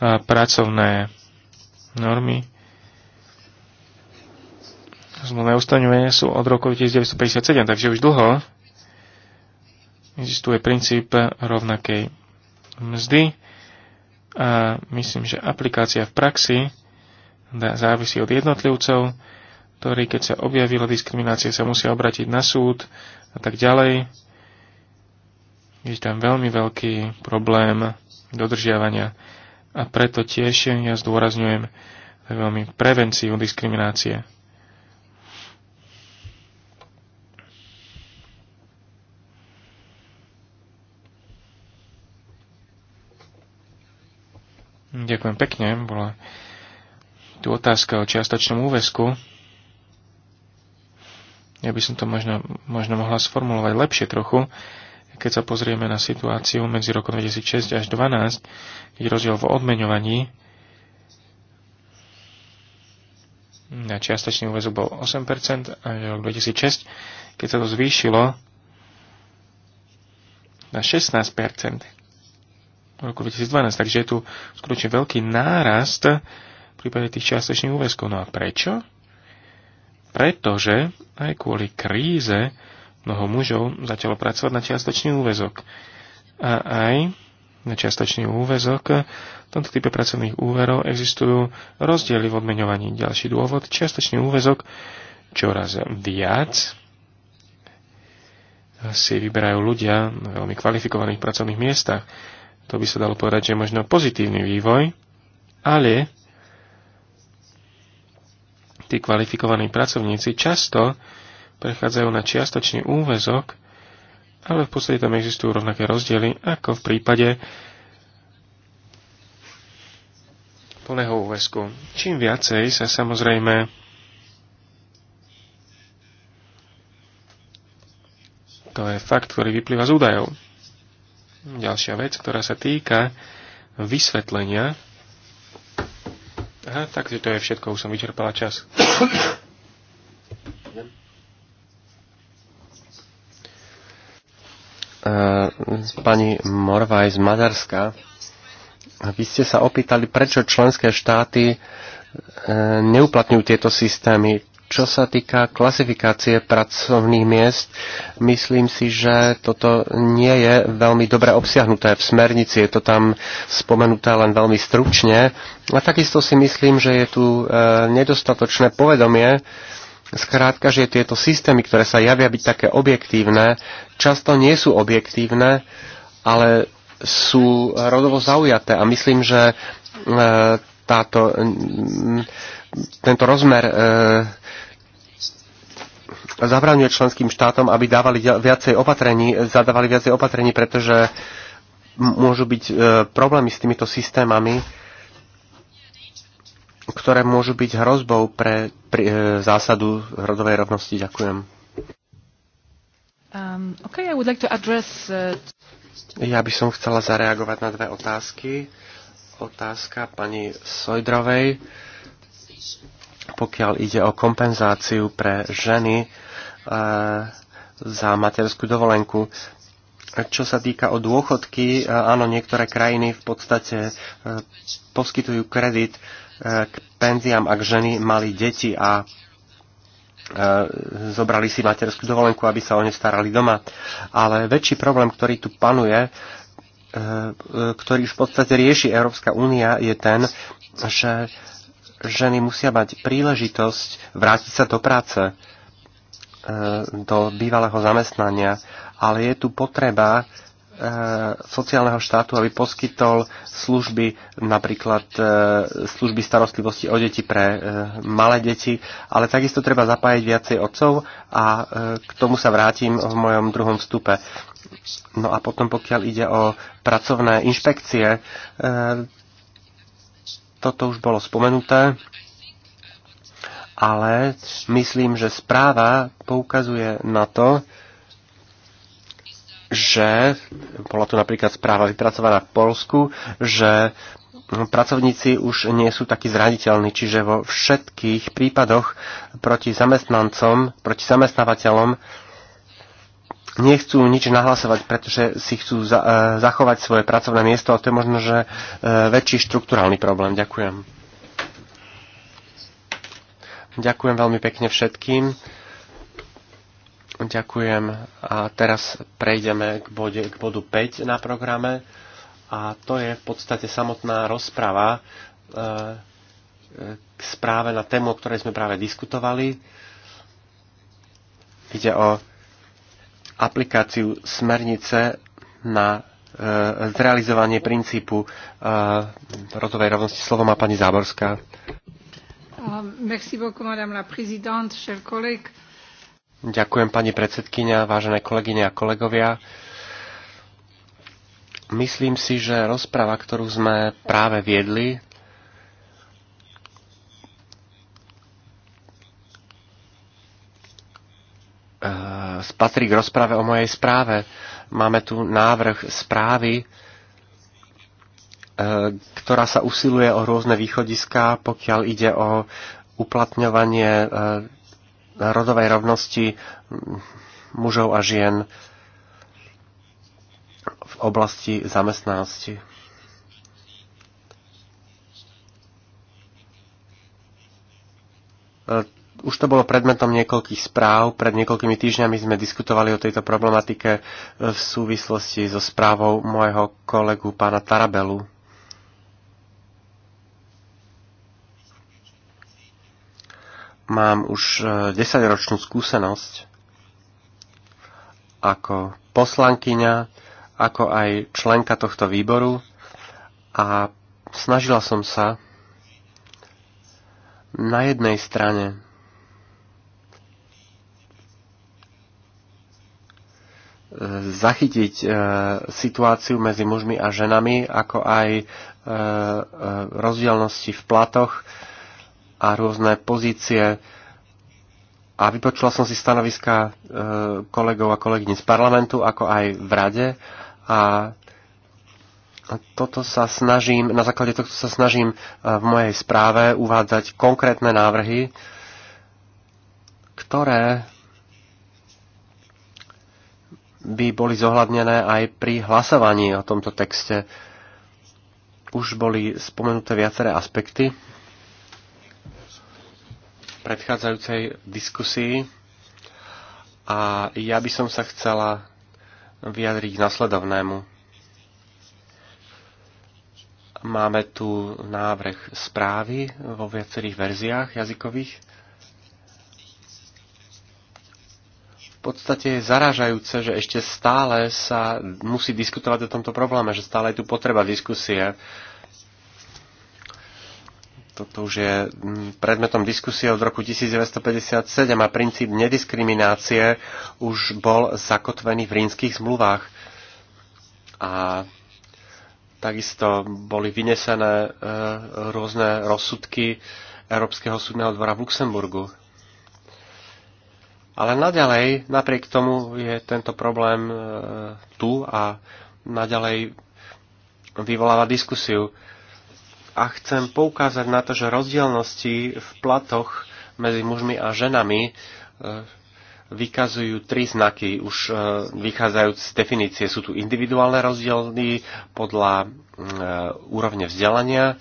S3: pracovné normy, zmluvné ustanovenia sú od roku 1957, takže už dlho existuje princíp rovnakej mzdy a myslím, že aplikácia v praxi závisí od jednotlivcov, ktorí, keď sa objavila diskriminácia, sa musia obratiť na súd a tak ďalej. Je tam veľmi veľký problém dodržiavania a preto tiež ja zdôrazňujem veľmi prevenciu diskriminácie. Ďakujem pekne. Bola tu otázka o čiastočnom úvesku. Ja by som to možno, možno mohla sformulovať lepšie trochu, keď sa pozrieme na situáciu medzi rokom 2006 až 2012, keď rozdiel v odmeňovaní na čiastočný úvezok bol 8% a v 2006, keď sa to zvýšilo na 16% v roku 2012. Takže je tu skutočne veľký nárast v prípade tých čiastočných úväzkov. No a prečo? Pretože aj kvôli kríze mnoho mužov začalo pracovať na čiastočný úväzok. A aj na čiastočný úväzok v tomto type pracovných úverov existujú rozdiely v odmeňovaní. Ďalší dôvod, čiastočný úväzok čoraz viac si vyberajú ľudia na veľmi kvalifikovaných pracovných miestach. To by sa dalo povedať, že je možno pozitívny vývoj, ale tí kvalifikovaní pracovníci často prechádzajú na čiastočný úvezok, ale v podstate tam existujú rovnaké rozdiely ako v prípade plného úvezku. Čím viacej sa samozrejme to je fakt, ktorý vyplýva z údajov ďalšia vec, ktorá sa týka vysvetlenia. Aha, takže to je všetko, už som vyčerpala čas.
S4: Pani Morvaj z Maďarska, vy ste sa opýtali, prečo členské štáty e, neuplatňujú tieto systémy. Čo sa týka klasifikácie pracovných miest, myslím si, že toto nie je veľmi dobre obsiahnuté v smernici. Je to tam spomenuté len veľmi stručne. A takisto si myslím, že je tu e, nedostatočné povedomie, Skrátka, že tieto systémy, ktoré sa javia byť také objektívne, často nie sú objektívne, ale sú rodovo zaujaté. A myslím, že e, táto, tento rozmer e, zabraňuje členským štátom, aby dávali viacej opatrení, zadávali viacej opatrení, pretože môžu byť e, problémy s týmito systémami, ktoré môžu byť hrozbou pre, pre zásadu rodovej rovnosti. Ďakujem.
S7: Um, okay, I would like to address, uh...
S4: Ja by som chcela zareagovať na dve otázky otázka pani Sojdrovej, pokiaľ ide o kompenzáciu pre ženy e, za materskú dovolenku. Čo sa týka o dôchodky, e, áno, niektoré krajiny v podstate e, poskytujú kredit e, k penziám, ak ženy mali deti a zobrali si materskú dovolenku, aby sa o ne starali doma. Ale väčší problém, ktorý tu panuje, Eh, ktorý v podstate rieši Európska únia, je ten, že ženy musia mať príležitosť vrátiť sa do práce, eh, do bývalého zamestnania, ale je tu potreba eh, sociálneho štátu, aby poskytol služby, napríklad služby starostlivosti o deti pre malé deti, ale takisto treba zapájať viacej otcov a k tomu sa vrátim v mojom druhom vstupe. No a potom, pokiaľ ide o pracovné inšpekcie, e, toto už bolo spomenuté, ale myslím, že správa poukazuje na to, že, bola tu napríklad správa vypracovaná v Polsku, že pracovníci už nie sú takí zraditeľní, čiže vo všetkých prípadoch proti zamestnancom, proti zamestnávateľom nechcú nič nahlasovať, pretože si chcú za, e, zachovať svoje pracovné miesto a to je možno, že e, väčší štruktúrálny problém. Ďakujem. Ďakujem veľmi pekne všetkým. Ďakujem. A teraz prejdeme k, bode, k bodu 5 na programe. A to je v podstate samotná rozprava e, k správe na tému, o ktorej sme práve diskutovali. Ide o aplikáciu smernice na e, zrealizovanie princípu e, rodovej rovnosti. Slovo má pani Záborská. Uh, Ďakujem pani predsedkynia, vážené kolegyne a kolegovia. Myslím si, že rozprava, ktorú sme práve viedli, Eh, spatrí k rozprave o mojej správe. Máme tu návrh správy, eh, ktorá sa usiluje o rôzne východiska, pokiaľ ide o uplatňovanie eh, rodovej rovnosti mm, mužov a žien v oblasti zamestnanosti už to bolo predmetom niekoľkých správ. Pred niekoľkými týždňami sme diskutovali o tejto problematike v súvislosti so správou môjho kolegu pána Tarabelu. Mám už 10-ročnú e, skúsenosť ako poslankyňa, ako aj členka tohto výboru a snažila som sa na jednej strane zachytiť e, situáciu medzi mužmi a ženami, ako aj e, e, rozdielnosti v platoch a rôzne pozície. A vypočula som si stanoviska kolegov a kolegyň z parlamentu, ako aj v rade. A toto sa snažím, na základe tohto sa snažím v mojej správe uvádzať konkrétne návrhy, ktoré by boli zohľadnené aj pri hlasovaní o tomto texte. Už boli spomenuté viaceré aspekty predchádzajúcej diskusii a ja by som sa chcela vyjadriť nasledovnému. Máme tu návrh správy vo viacerých verziách jazykových podstate je zaražajúce, že ešte stále sa musí diskutovať o tomto probléme, že stále je tu potreba diskusie. Toto už je mm, predmetom diskusie od roku 1957 a princíp nediskriminácie už bol zakotvený v rímskych zmluvách. A takisto boli vynesené e, rôzne rozsudky Európskeho súdneho dvora v Luxemburgu ale naďalej, napriek tomu je tento problém e, tu a naďalej vyvoláva diskusiu. A chcem poukázať na to, že rozdielnosti v platoch medzi mužmi a ženami e, vykazujú tri znaky, už e, vychádzajúc z definície. Sú tu individuálne rozdiely podľa úrovne vzdelania,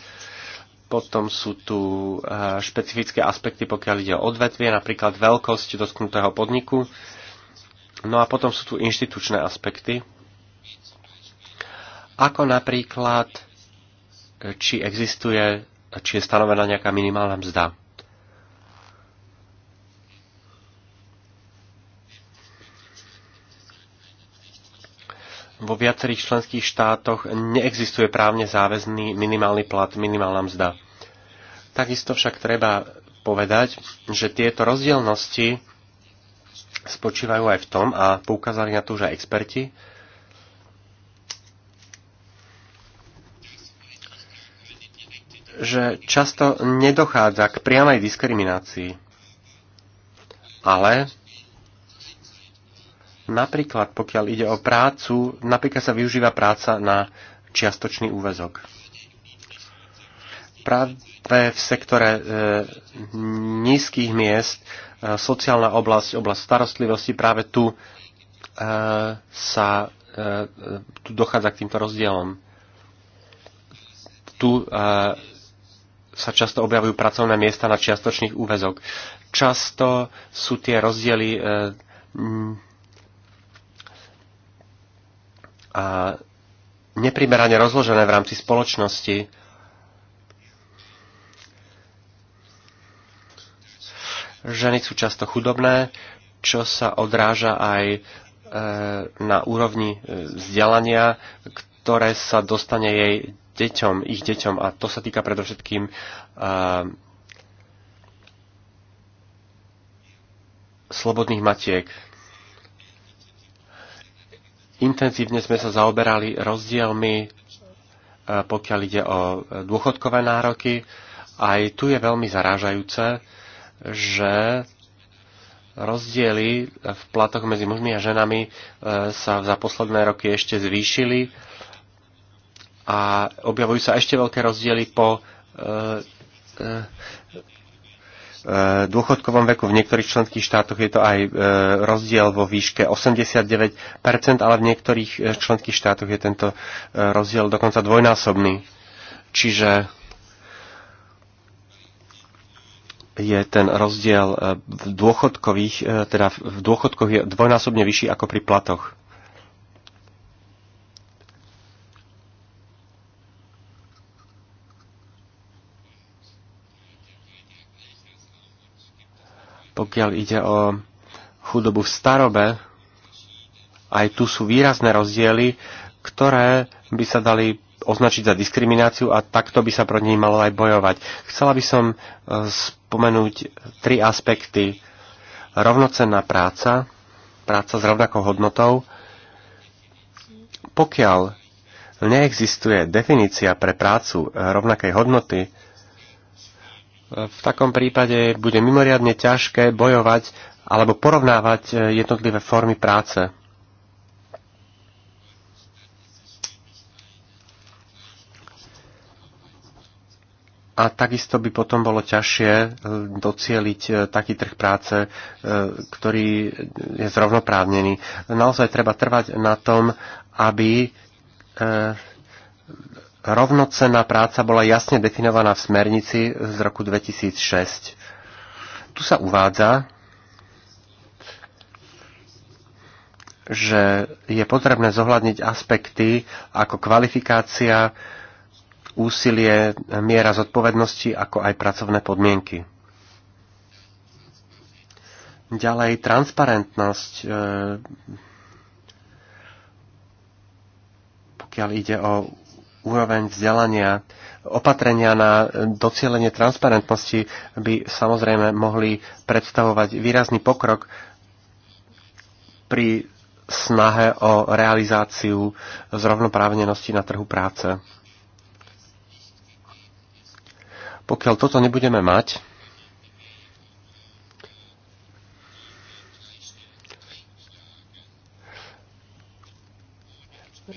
S4: potom sú tu e, špecifické aspekty, pokiaľ ide o odvetvie, napríklad veľkosť dotknutého podniku. No a potom sú tu inštitučné aspekty, ako napríklad, e, či existuje, či je stanovená nejaká minimálna mzda. vo viacerých členských štátoch neexistuje právne záväzný minimálny plat, minimálna mzda. Takisto však treba povedať, že tieto rozdielnosti spočívajú aj v tom, a poukázali na to už aj experti, že často nedochádza k priamej diskriminácii, ale Napríklad, pokiaľ ide o prácu, napríklad sa využíva práca na čiastočný úvezok. Práve v sektore e, nízkych miest, e, sociálna oblasť, oblasť starostlivosti, práve tu e, sa e, e tu dochádza k týmto rozdielom. Tu e, sa často objavujú pracovné miesta na čiastočných úvezok. Často sú tie rozdiely e, a neprimerane rozložené v rámci spoločnosti. Ženy sú často chudobné, čo sa odráža aj e, na úrovni e, vzdelania, ktoré sa dostane jej deťom, ich deťom. A to sa týka predovšetkým e, slobodných matiek. Intenzívne sme sa zaoberali rozdielmi, e, pokiaľ ide o dôchodkové nároky. Aj tu je veľmi zarážajúce, že rozdiely v platoch medzi mužmi a ženami e, sa za posledné roky ešte zvýšili a objavujú sa ešte veľké rozdiely po e, dôchodkovom veku. V niektorých členských štátoch je to aj e, rozdiel vo výške 89%, ale v niektorých e, členských štátoch je tento e, rozdiel dokonca dvojnásobný. Čiže je ten rozdiel v dôchodkových, teda v dôchodkoch je dvojnásobne vyšší ako pri platoch. Pokiaľ ide o chudobu v starobe, aj tu sú výrazné rozdiely, ktoré by sa dali označiť za diskrimináciu a takto by sa proti nej malo aj bojovať. Chcela by som e, spomenúť tri aspekty. Rovnocenná práca, práca s rovnakou hodnotou. Pokiaľ neexistuje definícia pre prácu e, rovnakej hodnoty, v takom prípade bude mimoriadne ťažké bojovať alebo porovnávať e, jednotlivé formy práce. a takisto by potom bolo ťažšie e, docieliť e, taký trh práce, ktorý je zrovnoprávnený. Naozaj treba trvať na tom, aby rovnocená práca bola jasne definovaná v smernici z roku 2006. Tu sa uvádza, že je potrebné zohľadniť aspekty ako kvalifikácia, úsilie, miera zodpovednosti, ako aj pracovné podmienky. Ďalej transparentnosť, e, pokiaľ ide o úroveň vzdelania, opatrenia na e, docielenie transparentnosti by samozrejme mohli predstavovať výrazný pokrok pri snahe o realizáciu zrovnoprávnenosti na trhu práce. Pokiaľ toto nebudeme mať,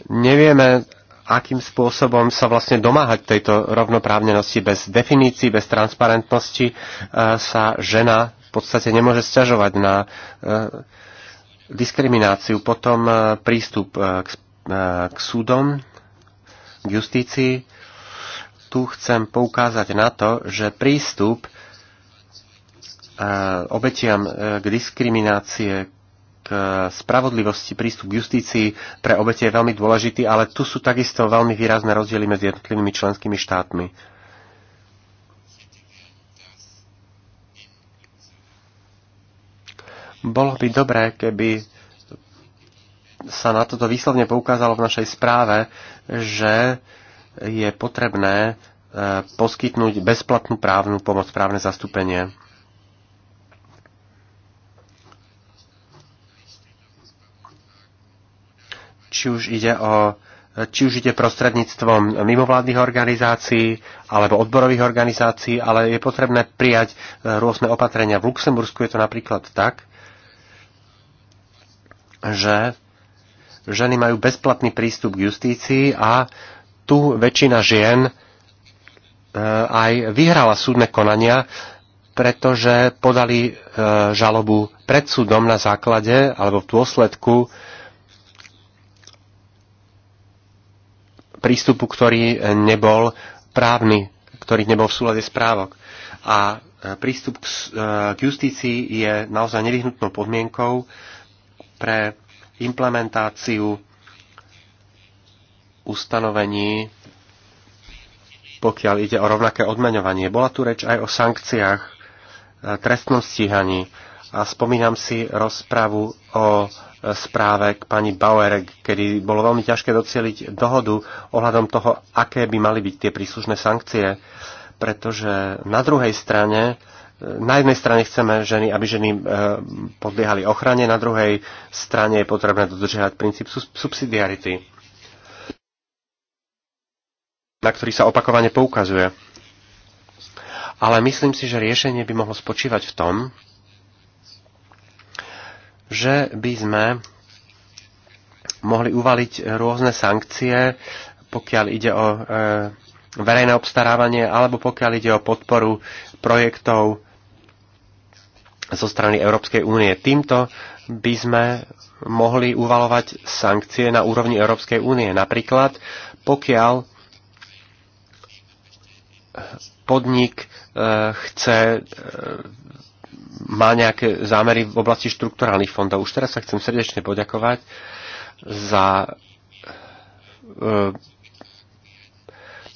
S4: nevieme akým spôsobom sa vlastne domáhať tejto rovnoprávnenosti. Bez definícií, bez transparentnosti e, sa žena v podstate nemôže sťažovať na e, diskrimináciu. Potom e, prístup k súdom, k justícii. Tu chcem poukázať na to, že prístup obetiam k diskriminácie Eh, spravodlivosti, prístup k justícii pre obete je veľmi dôležitý, ale tu sú takisto veľmi výrazné rozdiely medzi jednotlivými členskými štátmi. Bolo by dobré, keby sa na toto výslovne poukázalo v našej správe, že je potrebné eh, poskytnúť bezplatnú právnu pomoc, právne zastúpenie. či už ide o či už ide prostredníctvom mimovládnych organizácií alebo odborových organizácií, ale je potrebné prijať e, rôzne opatrenia. V Luxembursku je to napríklad tak, že ženy majú bezplatný prístup k justícii a tu väčšina žien e, aj vyhrala súdne konania, pretože podali e, žalobu pred súdom na základe alebo v dôsledku prístupu, ktorý e, nebol právny, ktorý nebol v súlade s právok. A e, prístup k, e, k justícii je naozaj nevyhnutnou podmienkou pre implementáciu ustanovení, pokiaľ ide o rovnaké odmeňovanie. Bola tu reč aj o sankciách, trestnom stíhaní a spomínam si rozpravu o e, správe k pani Bauer, kedy bolo veľmi ťažké docieliť dohodu ohľadom toho, aké by mali byť tie príslušné sankcie, pretože na druhej strane e, na jednej strane chceme ženy, aby ženy e, podliehali ochrane, na druhej strane je potrebné dodržiavať princíp subsidiarity, na ktorý sa opakovane poukazuje. Ale myslím si, že riešenie by mohlo spočívať v tom, že by sme mohli uvaliť rôzne sankcie, pokiaľ ide o e, verejné obstarávanie alebo pokiaľ ide o podporu projektov zo strany Európskej únie. Týmto by sme mohli uvalovať sankcie na úrovni Európskej únie. Napríklad, pokiaľ podnik e, chce e, má nejaké zámery v oblasti štrukturálnych fondov. Už teraz sa chcem srdečne poďakovať za e,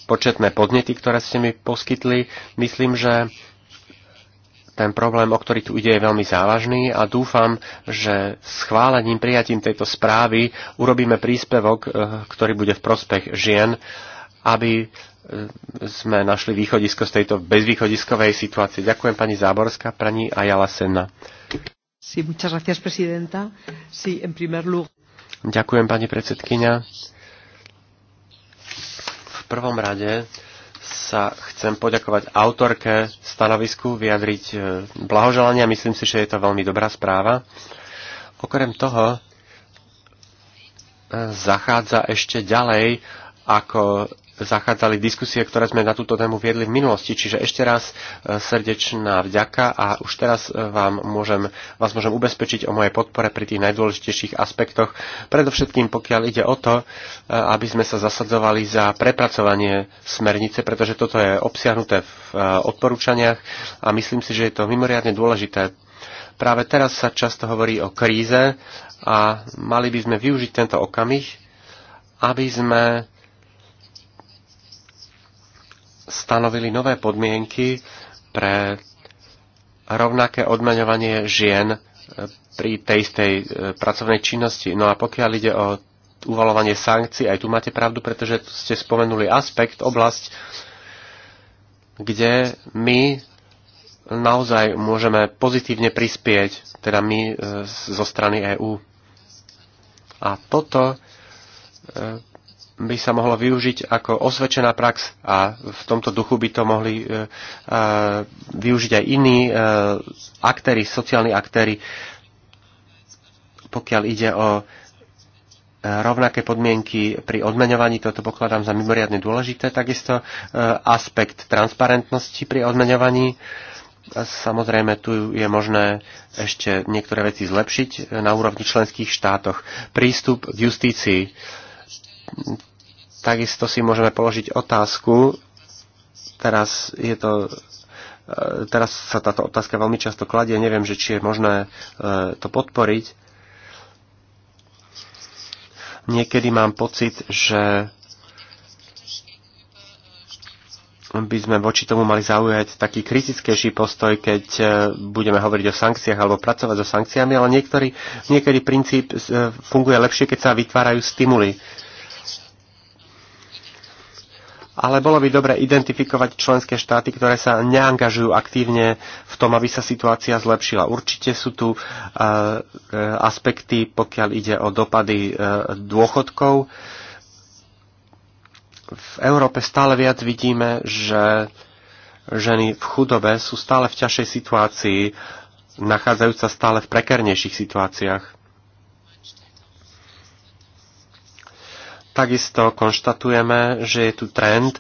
S4: početné podnety, ktoré ste mi poskytli. Myslím, že ten problém, o ktorý tu ide, je veľmi závažný a dúfam, že schválením, prijatím tejto správy urobíme príspevok, e, ktorý bude v prospech žien, aby sme našli východisko z tejto bezvýchodiskovej situácie. Ďakujem pani Záborská, pani Ajala Senna.
S1: Sí, muchas gracias, presidenta. Sí, en primer lugar...
S4: Ďakujem, pani predsedkynia. V prvom rade sa chcem poďakovať autorke stanovisku, vyjadriť e, blahoželania. Myslím si, že je to veľmi dobrá správa. Okrem toho e, zachádza ešte ďalej ako zachádzali diskusie, ktoré sme na túto tému viedli v minulosti. Čiže ešte raz e, srdečná vďaka a už teraz e, vám môžem, vás môžem ubezpečiť o mojej podpore pri tých najdôležitejších aspektoch. Predovšetkým, pokiaľ ide o to, e, aby sme sa zasadzovali za prepracovanie smernice, pretože toto je obsiahnuté v odporúčaniach a myslím si, že je to mimoriadne dôležité Práve teraz sa často hovorí o kríze a mali by sme využiť tento okamih, aby sme stanovili nové podmienky pre rovnaké odmaňovanie žien e, pri tej istej e, pracovnej činnosti. No a pokiaľ ide o uvalovanie sankcií, aj tu máte pravdu, pretože ste spomenuli aspekt, oblasť, kde my naozaj môžeme pozitívne prispieť, teda my e, zo strany EÚ. A toto by sa mohlo využiť ako osvedčená prax a v tomto duchu by to mohli e, e, využiť aj iní e, aktéry, sociálni aktéry, pokiaľ ide o rovnaké podmienky pri odmeňovaní, toto pokladám za mimoriadne dôležité, takisto aspekt transparentnosti pri odmeňovaní. Samozrejme, tu je možné ešte niektoré veci zlepšiť na úrovni členských štátoch. Prístup k justícii takisto si môžeme položiť otázku, teraz je to e, teraz sa táto otázka veľmi často kladie, neviem, že či je možné e, to podporiť. Niekedy mám pocit, že by sme voči tomu mali zaujať taký kritickejší postoj, keď e, budeme hovoriť o sankciách alebo pracovať so sankciami, ale niektorý, niekedy princíp funguje lepšie, keď sa vytvárajú stimuly ale bolo by dobre identifikovať členské štáty, ktoré sa neangažujú aktívne v tom, aby sa situácia zlepšila. Určite sú tu e, e, aspekty, pokiaľ ide o dopady e, dôchodkov. V Európe stále viac vidíme, že ženy v chudobe sú stále v ťažšej situácii, nachádzajú sa stále v prekernejších situáciách. Takisto konštatujeme, že je tu trend,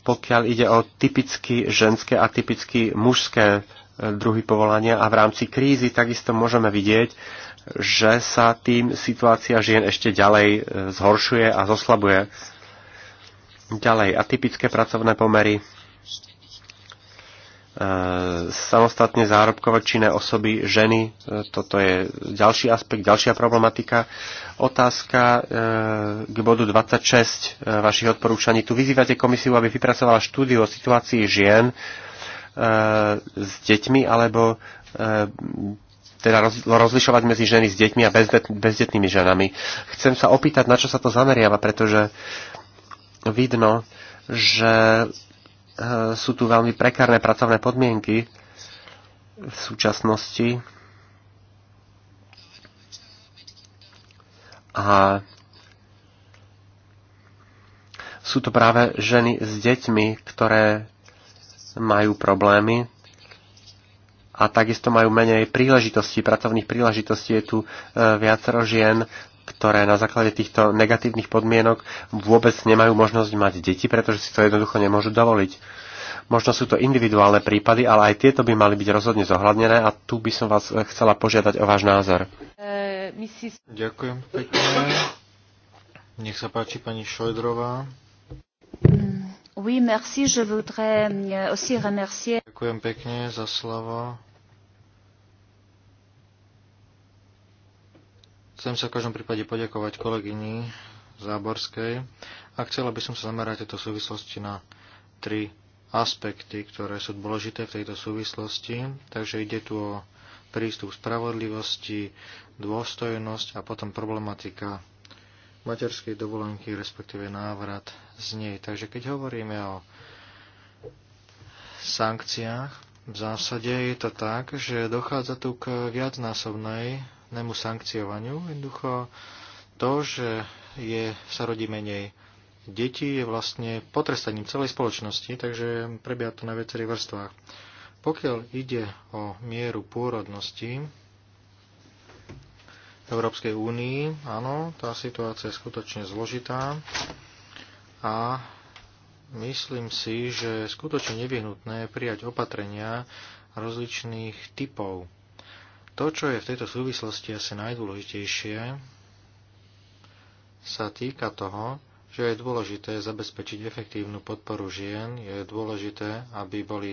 S4: pokiaľ ide o typicky ženské a typicky mužské e, druhy povolania a v rámci krízy takisto môžeme vidieť, že sa tým situácia žien ešte ďalej e, zhoršuje a zoslabuje. Ďalej, atypické pracovné pomery E, samostatne zárobkovať činné osoby, ženy, e, toto je ďalší aspekt, ďalšia problematika. Otázka e, k bodu 26 vašich odporúčaní. Tu vyzývate komisiu, aby vypracovala štúdiu o situácii žien s deťmi alebo teda rozlišovať medzi ženy s deťmi a bezdetnými ženami. Chcem sa opýtať, na čo sa to zameriava, pretože vidno, že Eh, sú tu veľmi prekárne pracovné podmienky v súčasnosti. A sú to práve ženy s deťmi, ktoré majú problémy a takisto majú menej príležitostí, pracovných príležitostí. Je tu eh, viacero žien ktoré na základe týchto negatívnych podmienok vôbec nemajú možnosť mať deti, pretože si to jednoducho nemôžu dovoliť. Možno sú to individuálne prípady, ale aj tieto by mali byť rozhodne zohľadnené a tu by som vás chcela požiadať o váš názor.
S2: Eh, Ďakujem pekne. Nech sa páči pani Šojdrová. Hmm, oui,
S6: merci. Je voudrais eh, aussi remercier.
S2: Ďakujem pekne za slovo. Chcem sa v každom prípade poďakovať kolegyni Záborskej a chcela by som sa zamerať tieto súvislosti na tri aspekty, ktoré sú dôležité v tejto súvislosti. Takže ide tu o prístup spravodlivosti, dôstojnosť a potom problematika materskej dovolenky, respektíve návrat z nej. Takže keď hovoríme o sankciách, v zásade je to tak, že dochádza tu k viacnásobnej samotnému sankciovaniu. Jednoducho to, že je, sa rodí menej detí, je vlastne potrestaním celej spoločnosti, takže prebieha to na viacerých vrstvách. Pokiaľ ide o mieru pôrodnosti v Európskej únii, áno, tá situácia je skutočne zložitá a myslím si, že skutočne nevyhnutné prijať opatrenia rozličných typov to, čo je v tejto súvislosti asi najdôležitejšie, sa týka toho, že je dôležité zabezpečiť efektívnu podporu žien, je dôležité, aby boli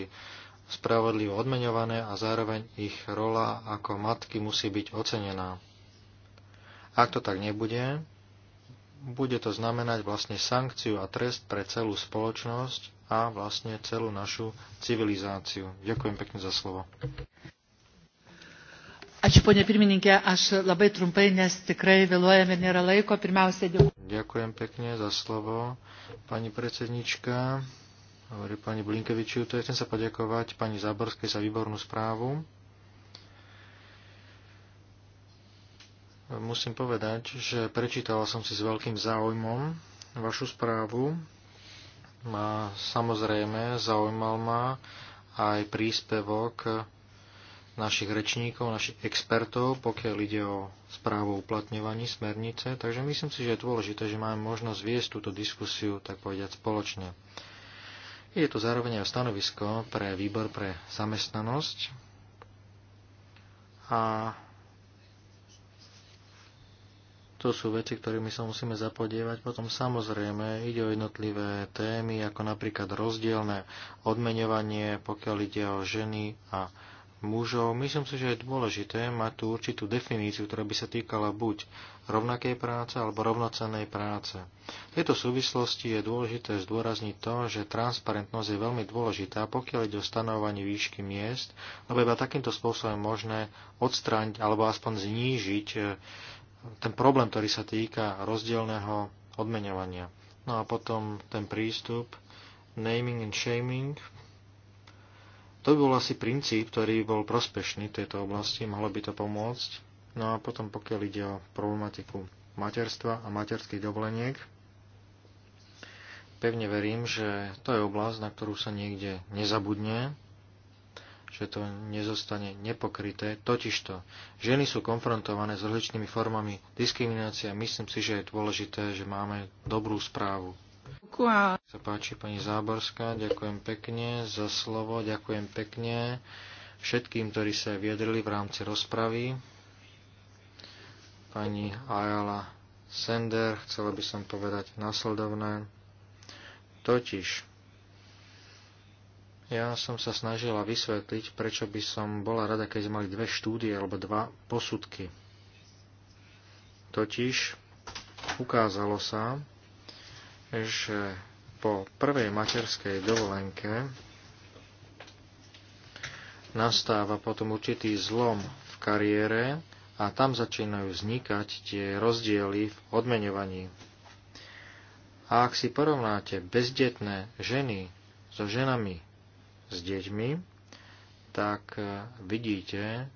S2: spravodlivo odmeňované a zároveň ich rola ako matky musí byť ocenená. Ak to tak nebude, bude to znamenať vlastne sankciu a trest pre celú spoločnosť a vlastne celú našu civilizáciu. Ďakujem pekne za slovo.
S5: Ačiū, ponė pirmininkė, aš labai trumpai, nes tikrai vėluojame nėra laiko. Pirmiausia, dėkuoju.
S2: Ďakujem pekne za slovo, pani predsednička. Hovorí pani Blinkevičiu, to chcem sa poďakovať pani Záborskej za výbornú správu. Musím povedať, že prečítala som si s veľkým záujmom vašu správu. A samozrejme, zaujímal ma aj príspevok našich rečníkov, našich expertov, pokiaľ ide o správu uplatňovaní smernice. Takže myslím si, že je dôležité, že máme možnosť viesť túto diskusiu, tak povediať, spoločne. Je to zároveň aj stanovisko pre výbor pre zamestnanosť. A to sú veci, ktorými sa musíme zapodievať. Potom samozrejme ide o jednotlivé témy, ako napríklad rozdielne odmeňovanie, pokiaľ ide o ženy a mužov. Myslím si, že je dôležité mať tú určitú definíciu, ktorá by sa týkala buď rovnakej práce alebo rovnocennej práce. V tejto súvislosti je dôležité zdôrazniť to, že transparentnosť je veľmi dôležitá, pokiaľ ide o stanovanie výšky miest, lebo iba takýmto spôsobom je možné odstrániť alebo aspoň znížiť e, ten problém, ktorý sa týka rozdielného odmeňovania. No a potom ten prístup naming and shaming, to by bol asi princíp, ktorý bol prospešný v tejto oblasti, mohlo by to pomôcť. No a potom pokiaľ ide o problematiku materstva a materských dovoleniek, pevne verím, že to je oblasť, na ktorú sa niekde nezabudne, že to nezostane nepokryté. Totižto, ženy sú konfrontované s rozličnými formami diskriminácie a myslím si, že je dôležité, že máme dobrú správu sa páči pani Záborská, ďakujem pekne za slovo, ďakujem pekne všetkým, ktorí sa viedrili v rámci rozpravy. Pani Ayala Sender, chcela by som povedať nasledovné. Totiž, ja som sa snažila vysvetliť, prečo by som bola rada, keď sme mali dve štúdie alebo dva posudky. Totiž ukázalo sa, že po prvej materskej dovolenke nastáva potom určitý zlom v kariére a tam začínajú vznikať tie rozdiely v odmeňovaní. A ak si porovnáte bezdetné ženy so ženami s deťmi, tak e, vidíte,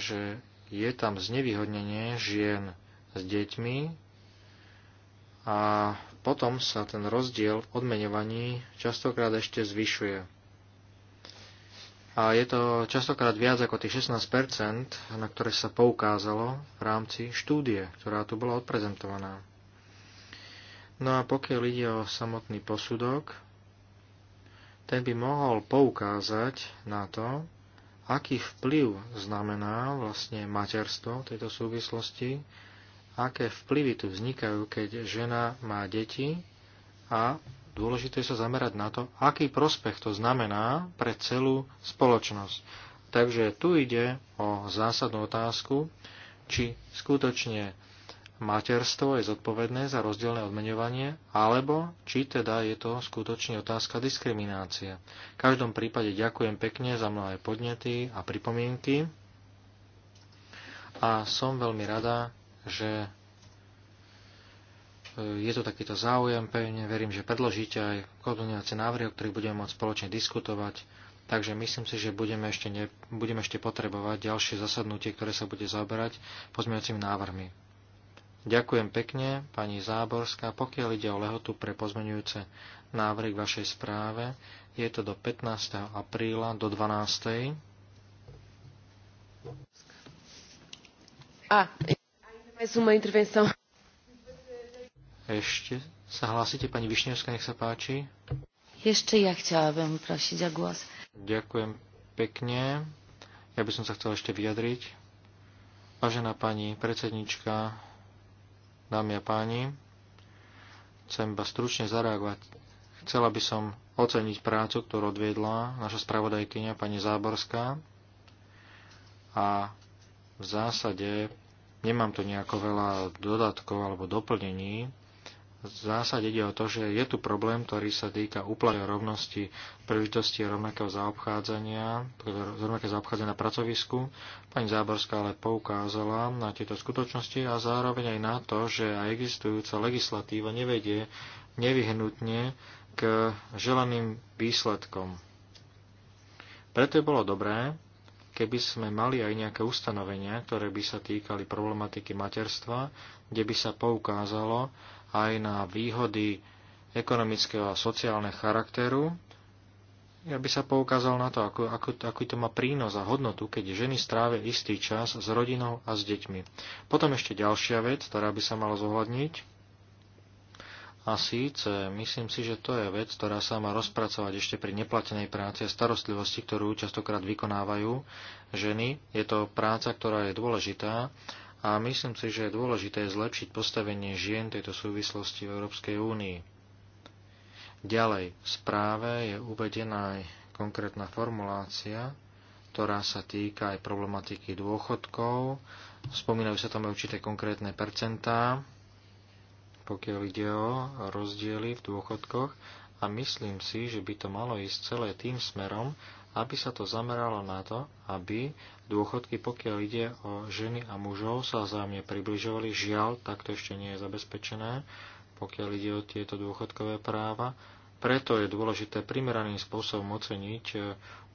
S2: že je tam znevýhodnenie žien s deťmi a potom sa ten rozdiel v odmeňovaní častokrát ešte zvyšuje. A je to častokrát viac ako tých 16%, na ktoré sa poukázalo v rámci štúdie, ktorá tu bola odprezentovaná. No a pokiaľ ide o samotný posudok, ten by mohol poukázať na to, aký vplyv znamená vlastne materstvo v tejto súvislosti aké vplyvy tu vznikajú, keď žena má deti a dôležité je sa zamerať na to, aký prospech to znamená pre celú spoločnosť. Takže tu ide o zásadnú otázku, či skutočne materstvo je zodpovedné za rozdielne odmeňovanie, alebo či teda je to skutočne otázka diskriminácie. V každom prípade ďakujem pekne za mnohé podnety a pripomienky a som veľmi rada, že e, je tu takýto záujem, pevne verím, že predložíte aj koordinujúce návrhy, o ktorých budeme môcť spoločne diskutovať. Takže myslím si, že budeme ešte, ne, budeme ešte potrebovať ďalšie zasadnutie, ktoré sa bude zaoberať pozmeňujúcimi návrhmi. Ďakujem pekne, pani Záborská. Pokiaľ ide o lehotu pre pozmeňujúce návrhy k vašej správe, je to do 15. apríla do 12.
S6: A, ešte
S2: sa hlásite, pani Višňovská, nech sa páči.
S1: Ešte ja chciałabym prosiť za głos.
S2: Ďakujem pekne. Ja by som sa chcel ešte vyjadriť. Vážená pani predsednička, dámy a páni, chcem iba stručne zareagovať. Chcela by som oceniť prácu, ktorú odviedla naša spravodajkynia pani Záborská a v zásade Nemám tu nejako veľa dodatkov alebo doplnení. V zásade ide o to, že je tu problém, ktorý sa týka úplnej rovnosti príležitosti rovnakého zaobchádzania, rovnakého zaobchádzania na pracovisku. Pani Záborská ale poukázala na tieto skutočnosti a zároveň aj na to, že aj existujúca legislatíva nevedie nevyhnutne k želaným výsledkom. Preto je bolo dobré, keby sme mali aj nejaké ustanovenia, ktoré by sa týkali problematiky materstva, kde by sa poukázalo aj na výhody ekonomického a sociálneho charakteru, ja by sa poukázal na to, ako, ako, aký to má prínos a hodnotu, keď ženy strávia istý čas s rodinou a s deťmi. Potom ešte ďalšia vec, ktorá by sa mala zohľadniť, a síce, myslím si, že to je vec, ktorá sa má rozpracovať ešte pri neplatenej práci a starostlivosti, ktorú častokrát vykonávajú ženy. Je to práca, ktorá je dôležitá a myslím si, že je dôležité zlepšiť postavenie žien tejto súvislosti v Európskej únii. Ďalej, v správe je uvedená aj konkrétna formulácia, ktorá sa týka aj problematiky dôchodkov. Spomínajú sa tam aj určité konkrétne percentá pokiaľ ide o rozdiely v dôchodkoch a myslím si, že by to malo ísť celé tým smerom, aby sa to zameralo na to, aby dôchodky, pokiaľ ide o ženy a mužov, sa vzájomne približovali. Žiaľ, tak to ešte nie je zabezpečené, pokiaľ ide o tieto dôchodkové práva. Preto je dôležité primeraným spôsobom oceniť e,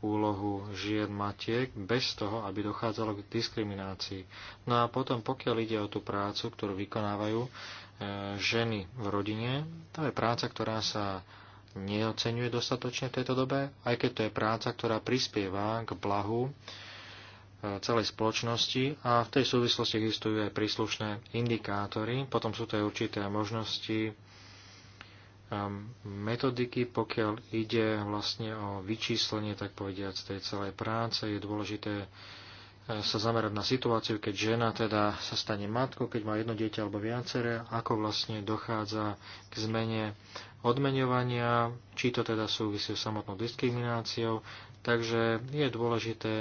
S2: úlohu žien matiek bez toho, aby dochádzalo k diskriminácii. No a potom, pokiaľ ide o tú prácu, ktorú vykonávajú, E, ženy v rodine. To je práca, ktorá sa neocenuje dostatočne v tejto dobe, aj keď to je práca, ktorá prispieva k blahu e, celej spoločnosti a v tej súvislosti existujú aj príslušné indikátory. Potom sú to aj určité možnosti e, metodiky, pokiaľ ide vlastne o vyčíslenie, tak povediať, tej celej práce. Je dôležité sa zamerať na situáciu, keď žena teda sa stane matkou, keď má jedno dieťa alebo viaceré, ako vlastne dochádza k zmene odmeňovania, či to teda súvisí s samotnou diskrimináciou. Takže je dôležité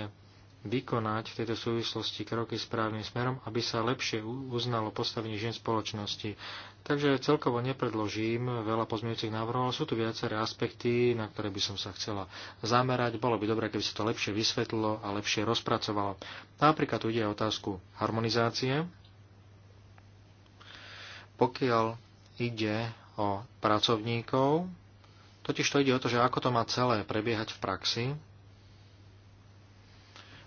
S2: vykonať v tejto súvislosti kroky správnym smerom, aby sa lepšie uznalo postavenie žien spoločnosti. Takže celkovo nepredložím veľa pozmeňujúcich návrhov, ale sú tu viaceré aspekty, na ktoré by som sa chcela zamerať. Bolo by dobré, keby sa to lepšie vysvetlilo a lepšie rozpracovalo. Napríklad tu ide o otázku harmonizácie. Pokiaľ ide o pracovníkov, totiž to ide o to, že ako to má celé prebiehať v praxi,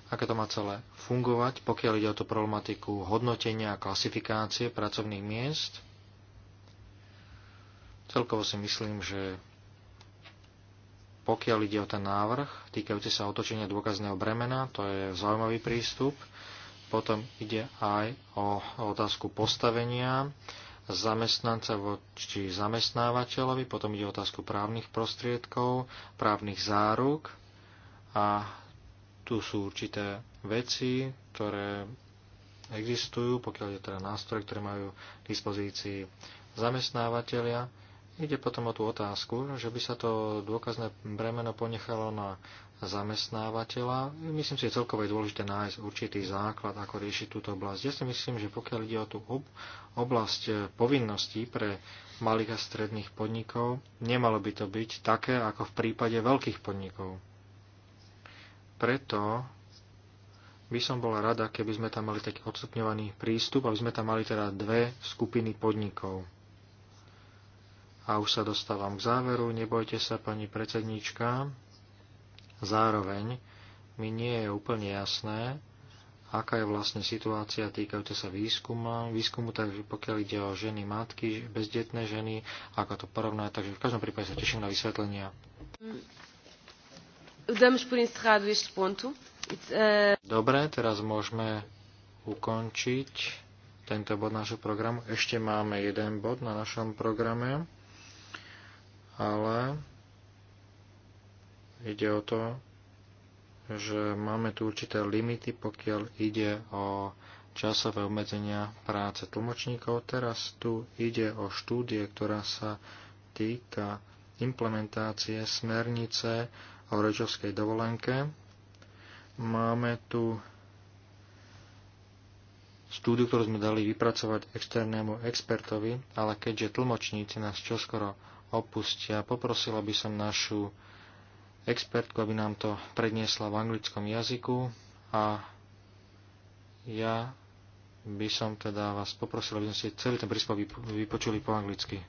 S2: ako to má celé fungovať, pokiaľ ide o tú problematiku hodnotenia a klasifikácie pracovných miest. Celkovo si myslím, že pokiaľ ide o ten návrh týkajúci sa otočenia dôkazného bremena, to je zaujímavý prístup. Potom ide aj o otázku postavenia zamestnanca voči zamestnávateľovi, potom ide o otázku právnych prostriedkov, právnych záruk a tu sú určité veci, ktoré existujú, pokiaľ je teda nástroje, ktoré majú k dispozícii zamestnávateľia. Ide potom o tú otázku, že by sa to dôkazné bremeno ponechalo na zamestnávateľa. Myslím si, že celkovo je dôležité nájsť určitý základ, ako riešiť túto oblasť. Ja si myslím, že pokiaľ ide o tú oblasť e, povinností pre malých a stredných podnikov, nemalo by to byť také, ako v prípade veľkých podnikov preto by som bola rada, keby sme tam mali taký odstupňovaný prístup, aby sme tam mali teda dve skupiny podnikov. A už sa dostávam k záveru, nebojte sa, pani predsedníčka. Zároveň mi nie je úplne jasné, aká je vlastne situácia týkajúca sa výskuma, výskumu, takže pokiaľ ide o ženy, matky, bezdetné ženy, ako to porovnať, takže v každom prípade sa teším na vysvetlenia.
S1: Uh,
S2: Dobre, teraz môžeme ukončiť tento bod našho programu. Ešte máme jeden bod na našom programe, ale ide o to, že máme tu určité limity, pokiaľ ide o časové obmedzenia práce tlmočníkov. Teraz tu ide o štúdie, ktorá sa týka implementácie smernice o rodičovskej dovolenke. Máme tu štúdiu, ktorú sme dali vypracovať externému expertovi, ale keďže tlmočníci nás čoskoro opustia, poprosila by som našu expertku, aby nám to predniesla v anglickom jazyku a ja by som teda vás poprosil, aby ste celý ten príspevok vypočuli po anglicky.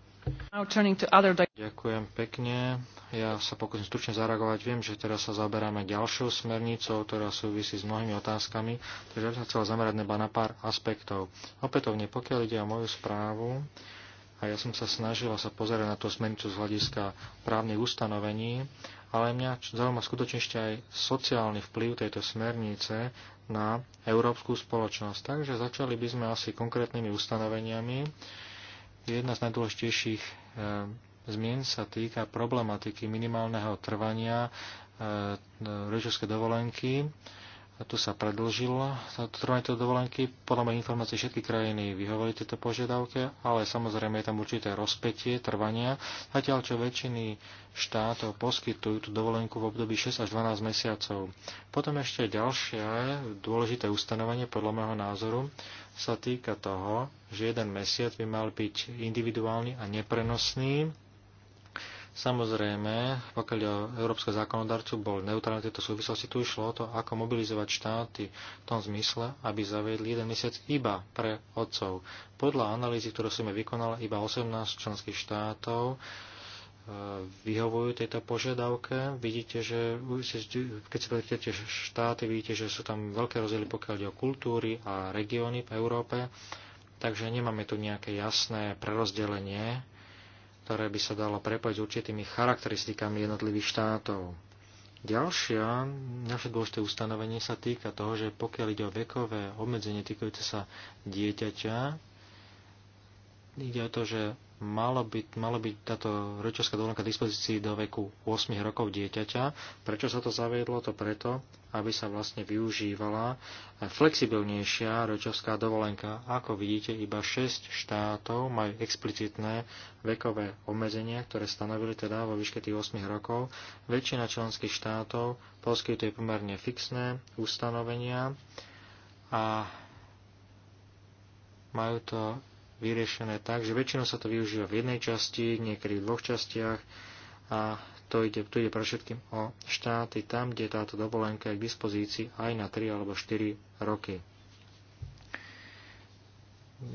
S2: Ďakujem pekne. Ja sa pokúsim stručne zareagovať. Viem, že teraz sa zaberáme ďalšou smernicou, ktorá súvisí s mnohými otázkami, takže ja by som chcel zamerať neba na pár aspektov. Opätovne, pokiaľ ide o moju správu, a ja som sa snažila sa pozerať na tú smernicu z hľadiska právnych ustanovení, ale mňa zaujíma skutočne ešte aj sociálny vplyv tejto smernice na európsku spoločnosť. Takže začali by sme asi konkrétnymi ustanoveniami, Jedna z najdôležitejších eh, zmien sa týka problematiky minimálneho trvania eh, rodičovskej dovolenky a tu sa predlžilo trvanie tejto dovolenky. Podľa mojej informácie všetky krajiny vyhovali tieto požiadavke, ale samozrejme je tam určité rozpetie trvania. Zatiaľ, čo väčšiny štátov poskytujú tú dovolenku v období 6 až 12 mesiacov. Potom ešte ďalšie dôležité ustanovenie podľa môjho názoru sa týka toho, že jeden mesiac by mal byť individuálny a neprenosný Samozrejme, pokiaľ o európske zákonodarcu bol neutrálne tieto súvislosti, tu išlo o to, ako mobilizovať štáty v tom zmysle, aby zaviedli jeden mesiac iba pre otcov. Podľa analýzy, ktorú sme vykonali, iba 18 členských štátov e, vyhovujú tejto požiadavke. Vidíte, že keď si pozrite štáty, vidíte, že sú tam veľké rozdiely, pokiaľ ide o kultúry a regióny v Európe. Takže nemáme tu nejaké jasné prerozdelenie ktoré by sa dalo prepojiť s určitými charakteristikami jednotlivých štátov. Ďalšia, ďalšie dôležité ustanovenie sa týka toho, že pokiaľ ide o vekové obmedzenie týkajúce sa dieťaťa, ide o to, že malo byť, malo byť táto rodičovská dovolenka k dispozícii do veku 8 rokov dieťaťa. Prečo sa to zaviedlo? To preto, aby sa vlastne využívala flexibilnejšia rodičovská dovolenka. Ako vidíte, iba 6 štátov majú explicitné vekové obmedzenia, ktoré stanovili teda vo výške tých 8 rokov. Väčšina členských štátov poskytuje pomerne fixné ustanovenia a majú to vyriešené tak, že väčšinou sa to využíva v jednej časti, niekedy v dvoch častiach a to ide, tu ide pre všetkým o štáty, tam, kde táto dovolenka je k dispozícii aj na 3 alebo 4 roky.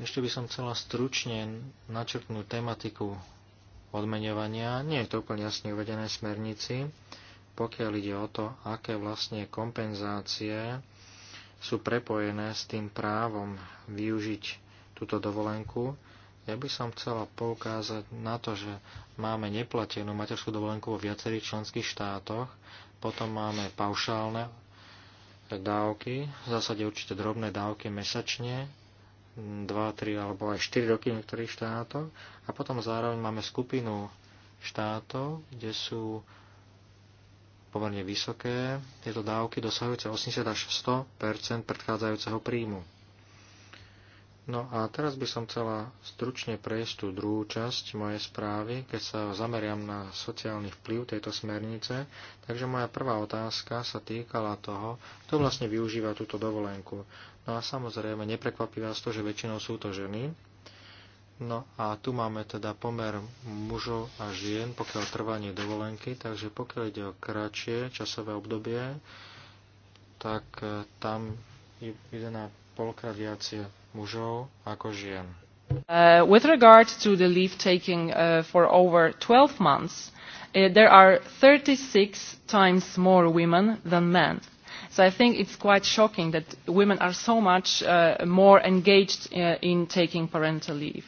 S2: Ešte by som chcela stručne načrtnúť tematiku odmeňovania. Nie je to úplne jasne uvedené smernici, pokiaľ ide o to, aké vlastne kompenzácie sú prepojené s tým právom využiť túto dovolenku. Ja by som chcela poukázať na to, že máme neplatenú materskú dovolenku vo viacerých členských štátoch, potom máme paušálne dávky, v zásade určite drobné dávky mesačne, 2, 3 alebo aj 4 roky v niektorých štátoch. A potom zároveň máme skupinu štátov, kde sú pomerne vysoké tieto dávky dosahujúce 80 až 100 predchádzajúceho príjmu. No a teraz by som chcela stručne prejsť tú druhú časť mojej správy, keď sa zameriam na sociálny vplyv tejto smernice. Takže moja prvá otázka sa týkala toho, kto vlastne využíva túto dovolenku. No a samozrejme, neprekvapí vás to, že väčšinou sú to ženy. No a tu máme teda pomer mužov a žien, pokiaľ trvanie dovolenky, takže pokiaľ ide o kratšie časové obdobie, tak eh, tam jedená polkrát viac mužov ako žien.
S7: Uh, with regard to the leave taking uh, for over 12 months, uh, there are 36 times more women than men. So I think it's quite shocking that women are so much uh, more engaged uh, in taking parental leave.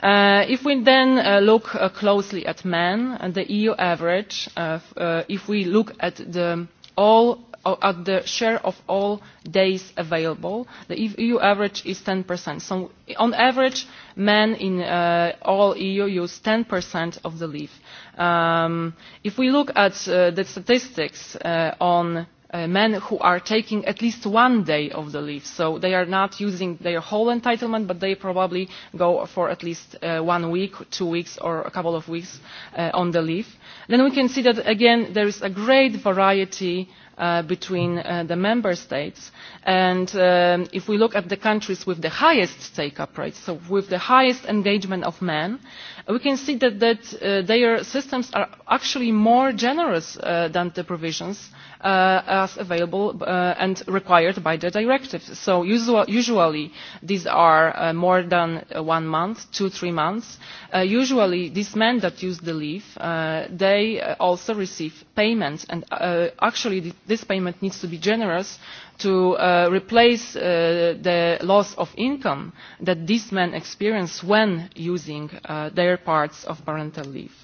S7: Uh, if we then uh, look uh, closely at men, and uh, the EU average, uh, uh, if we look at the all at the share of all days available. The EU e average is 10%. So on average, men in uh, all EU use 10% of the leave. Um, if we look at uh, the statistics uh, on uh, men who are taking at least one day of the leave. So they are not using their whole entitlement, but they probably go for at least uh, one week, two weeks, or a couple of weeks uh, on the leave. Then we can see that, again, there is a great variety uh, uh, between uh, the member states. And um, if we look at the countries with the highest take-up rates, so with the highest engagement of men, we can see that, that uh, their systems are actually more generous uh, than the provisions uh, uh, as available uh, and required by the directive. So usual, usually these are uh, more than one month, two, three months. Uh, usually these men that use the leave, uh, they uh, also receive payments and uh, actually th this payment needs to be generous to uh, replace uh, the loss of income that these men experience when using uh, their parts of parental leave.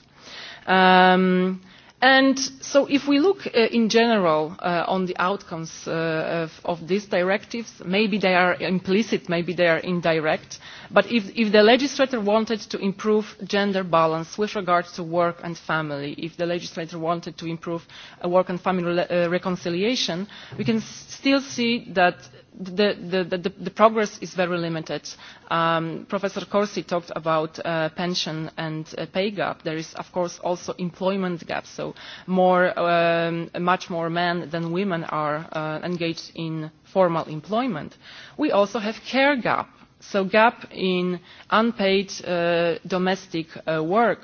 S7: Um, And so if we look uh, in general uh, on the outcomes uh, of, of these directives, maybe they are implicit, maybe they are indirect, but if, if the legislator wanted to improve gender balance with regard to work and family, if the legislator wanted to improve uh, work and family uh, reconciliation, we can still see that the, the, the, the progress is very limited. Um, Professor Corsi talked about uh, pension and uh, pay gap. There is, of course, also employment gap. So more, um, much more men than women are uh, engaged in formal employment. We also have care gap, so gap in unpaid uh, domestic uh, work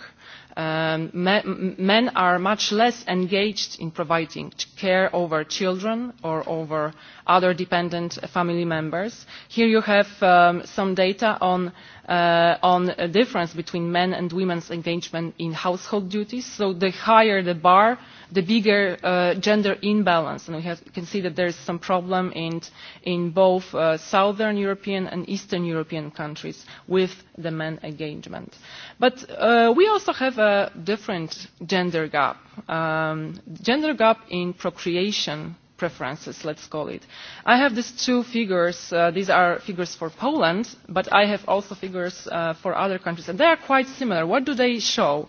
S7: um, men, are much less engaged in providing care over children or over other dependent family members. Here you have um, some data on uh, on a difference between men and women's engagement in household duties. So the higher the bar, the bigger uh, gender imbalance. And we have, can see that there is some problem in, in both uh, southern European and eastern European countries with the men engagement. But uh, we also have a different gender gap. Um, gender gap in procreation preferences, let's call it. I have these two figures. Uh, these are figures for Poland, but I have also figures uh, for other countries, and they are quite similar. What do they show?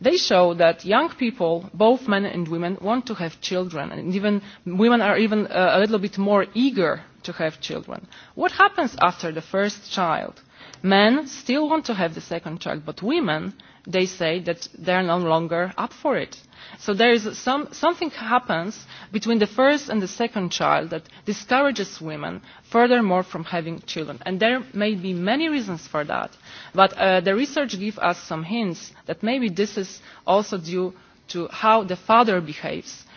S7: They show that young people, both men and women, want to have children, and even women are even uh, a little bit more eager to have children. What happens after the first child? Men still want to have the second child, but women, they say that they are no longer up for it so there is some, something happens between the first and the second child that discourages women furthermore from having children. And there may be many reasons for that, but uh, the research gives us some hints that maybe this is also due to how the father behaves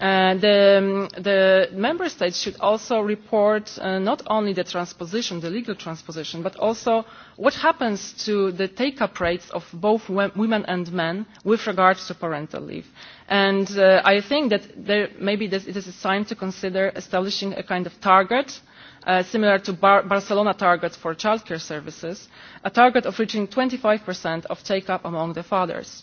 S7: And uh, the, um, the member states should also report uh, not only the transposition, the legal transposition, but also what happens to the take-up rates of both women and men with regard to parental leave. And uh, I think that there, maybe this, it is a time to consider establishing a kind of target uh, similar to Bar Barcelona targets for childcare services, a target of reaching 25% of take-up among the fathers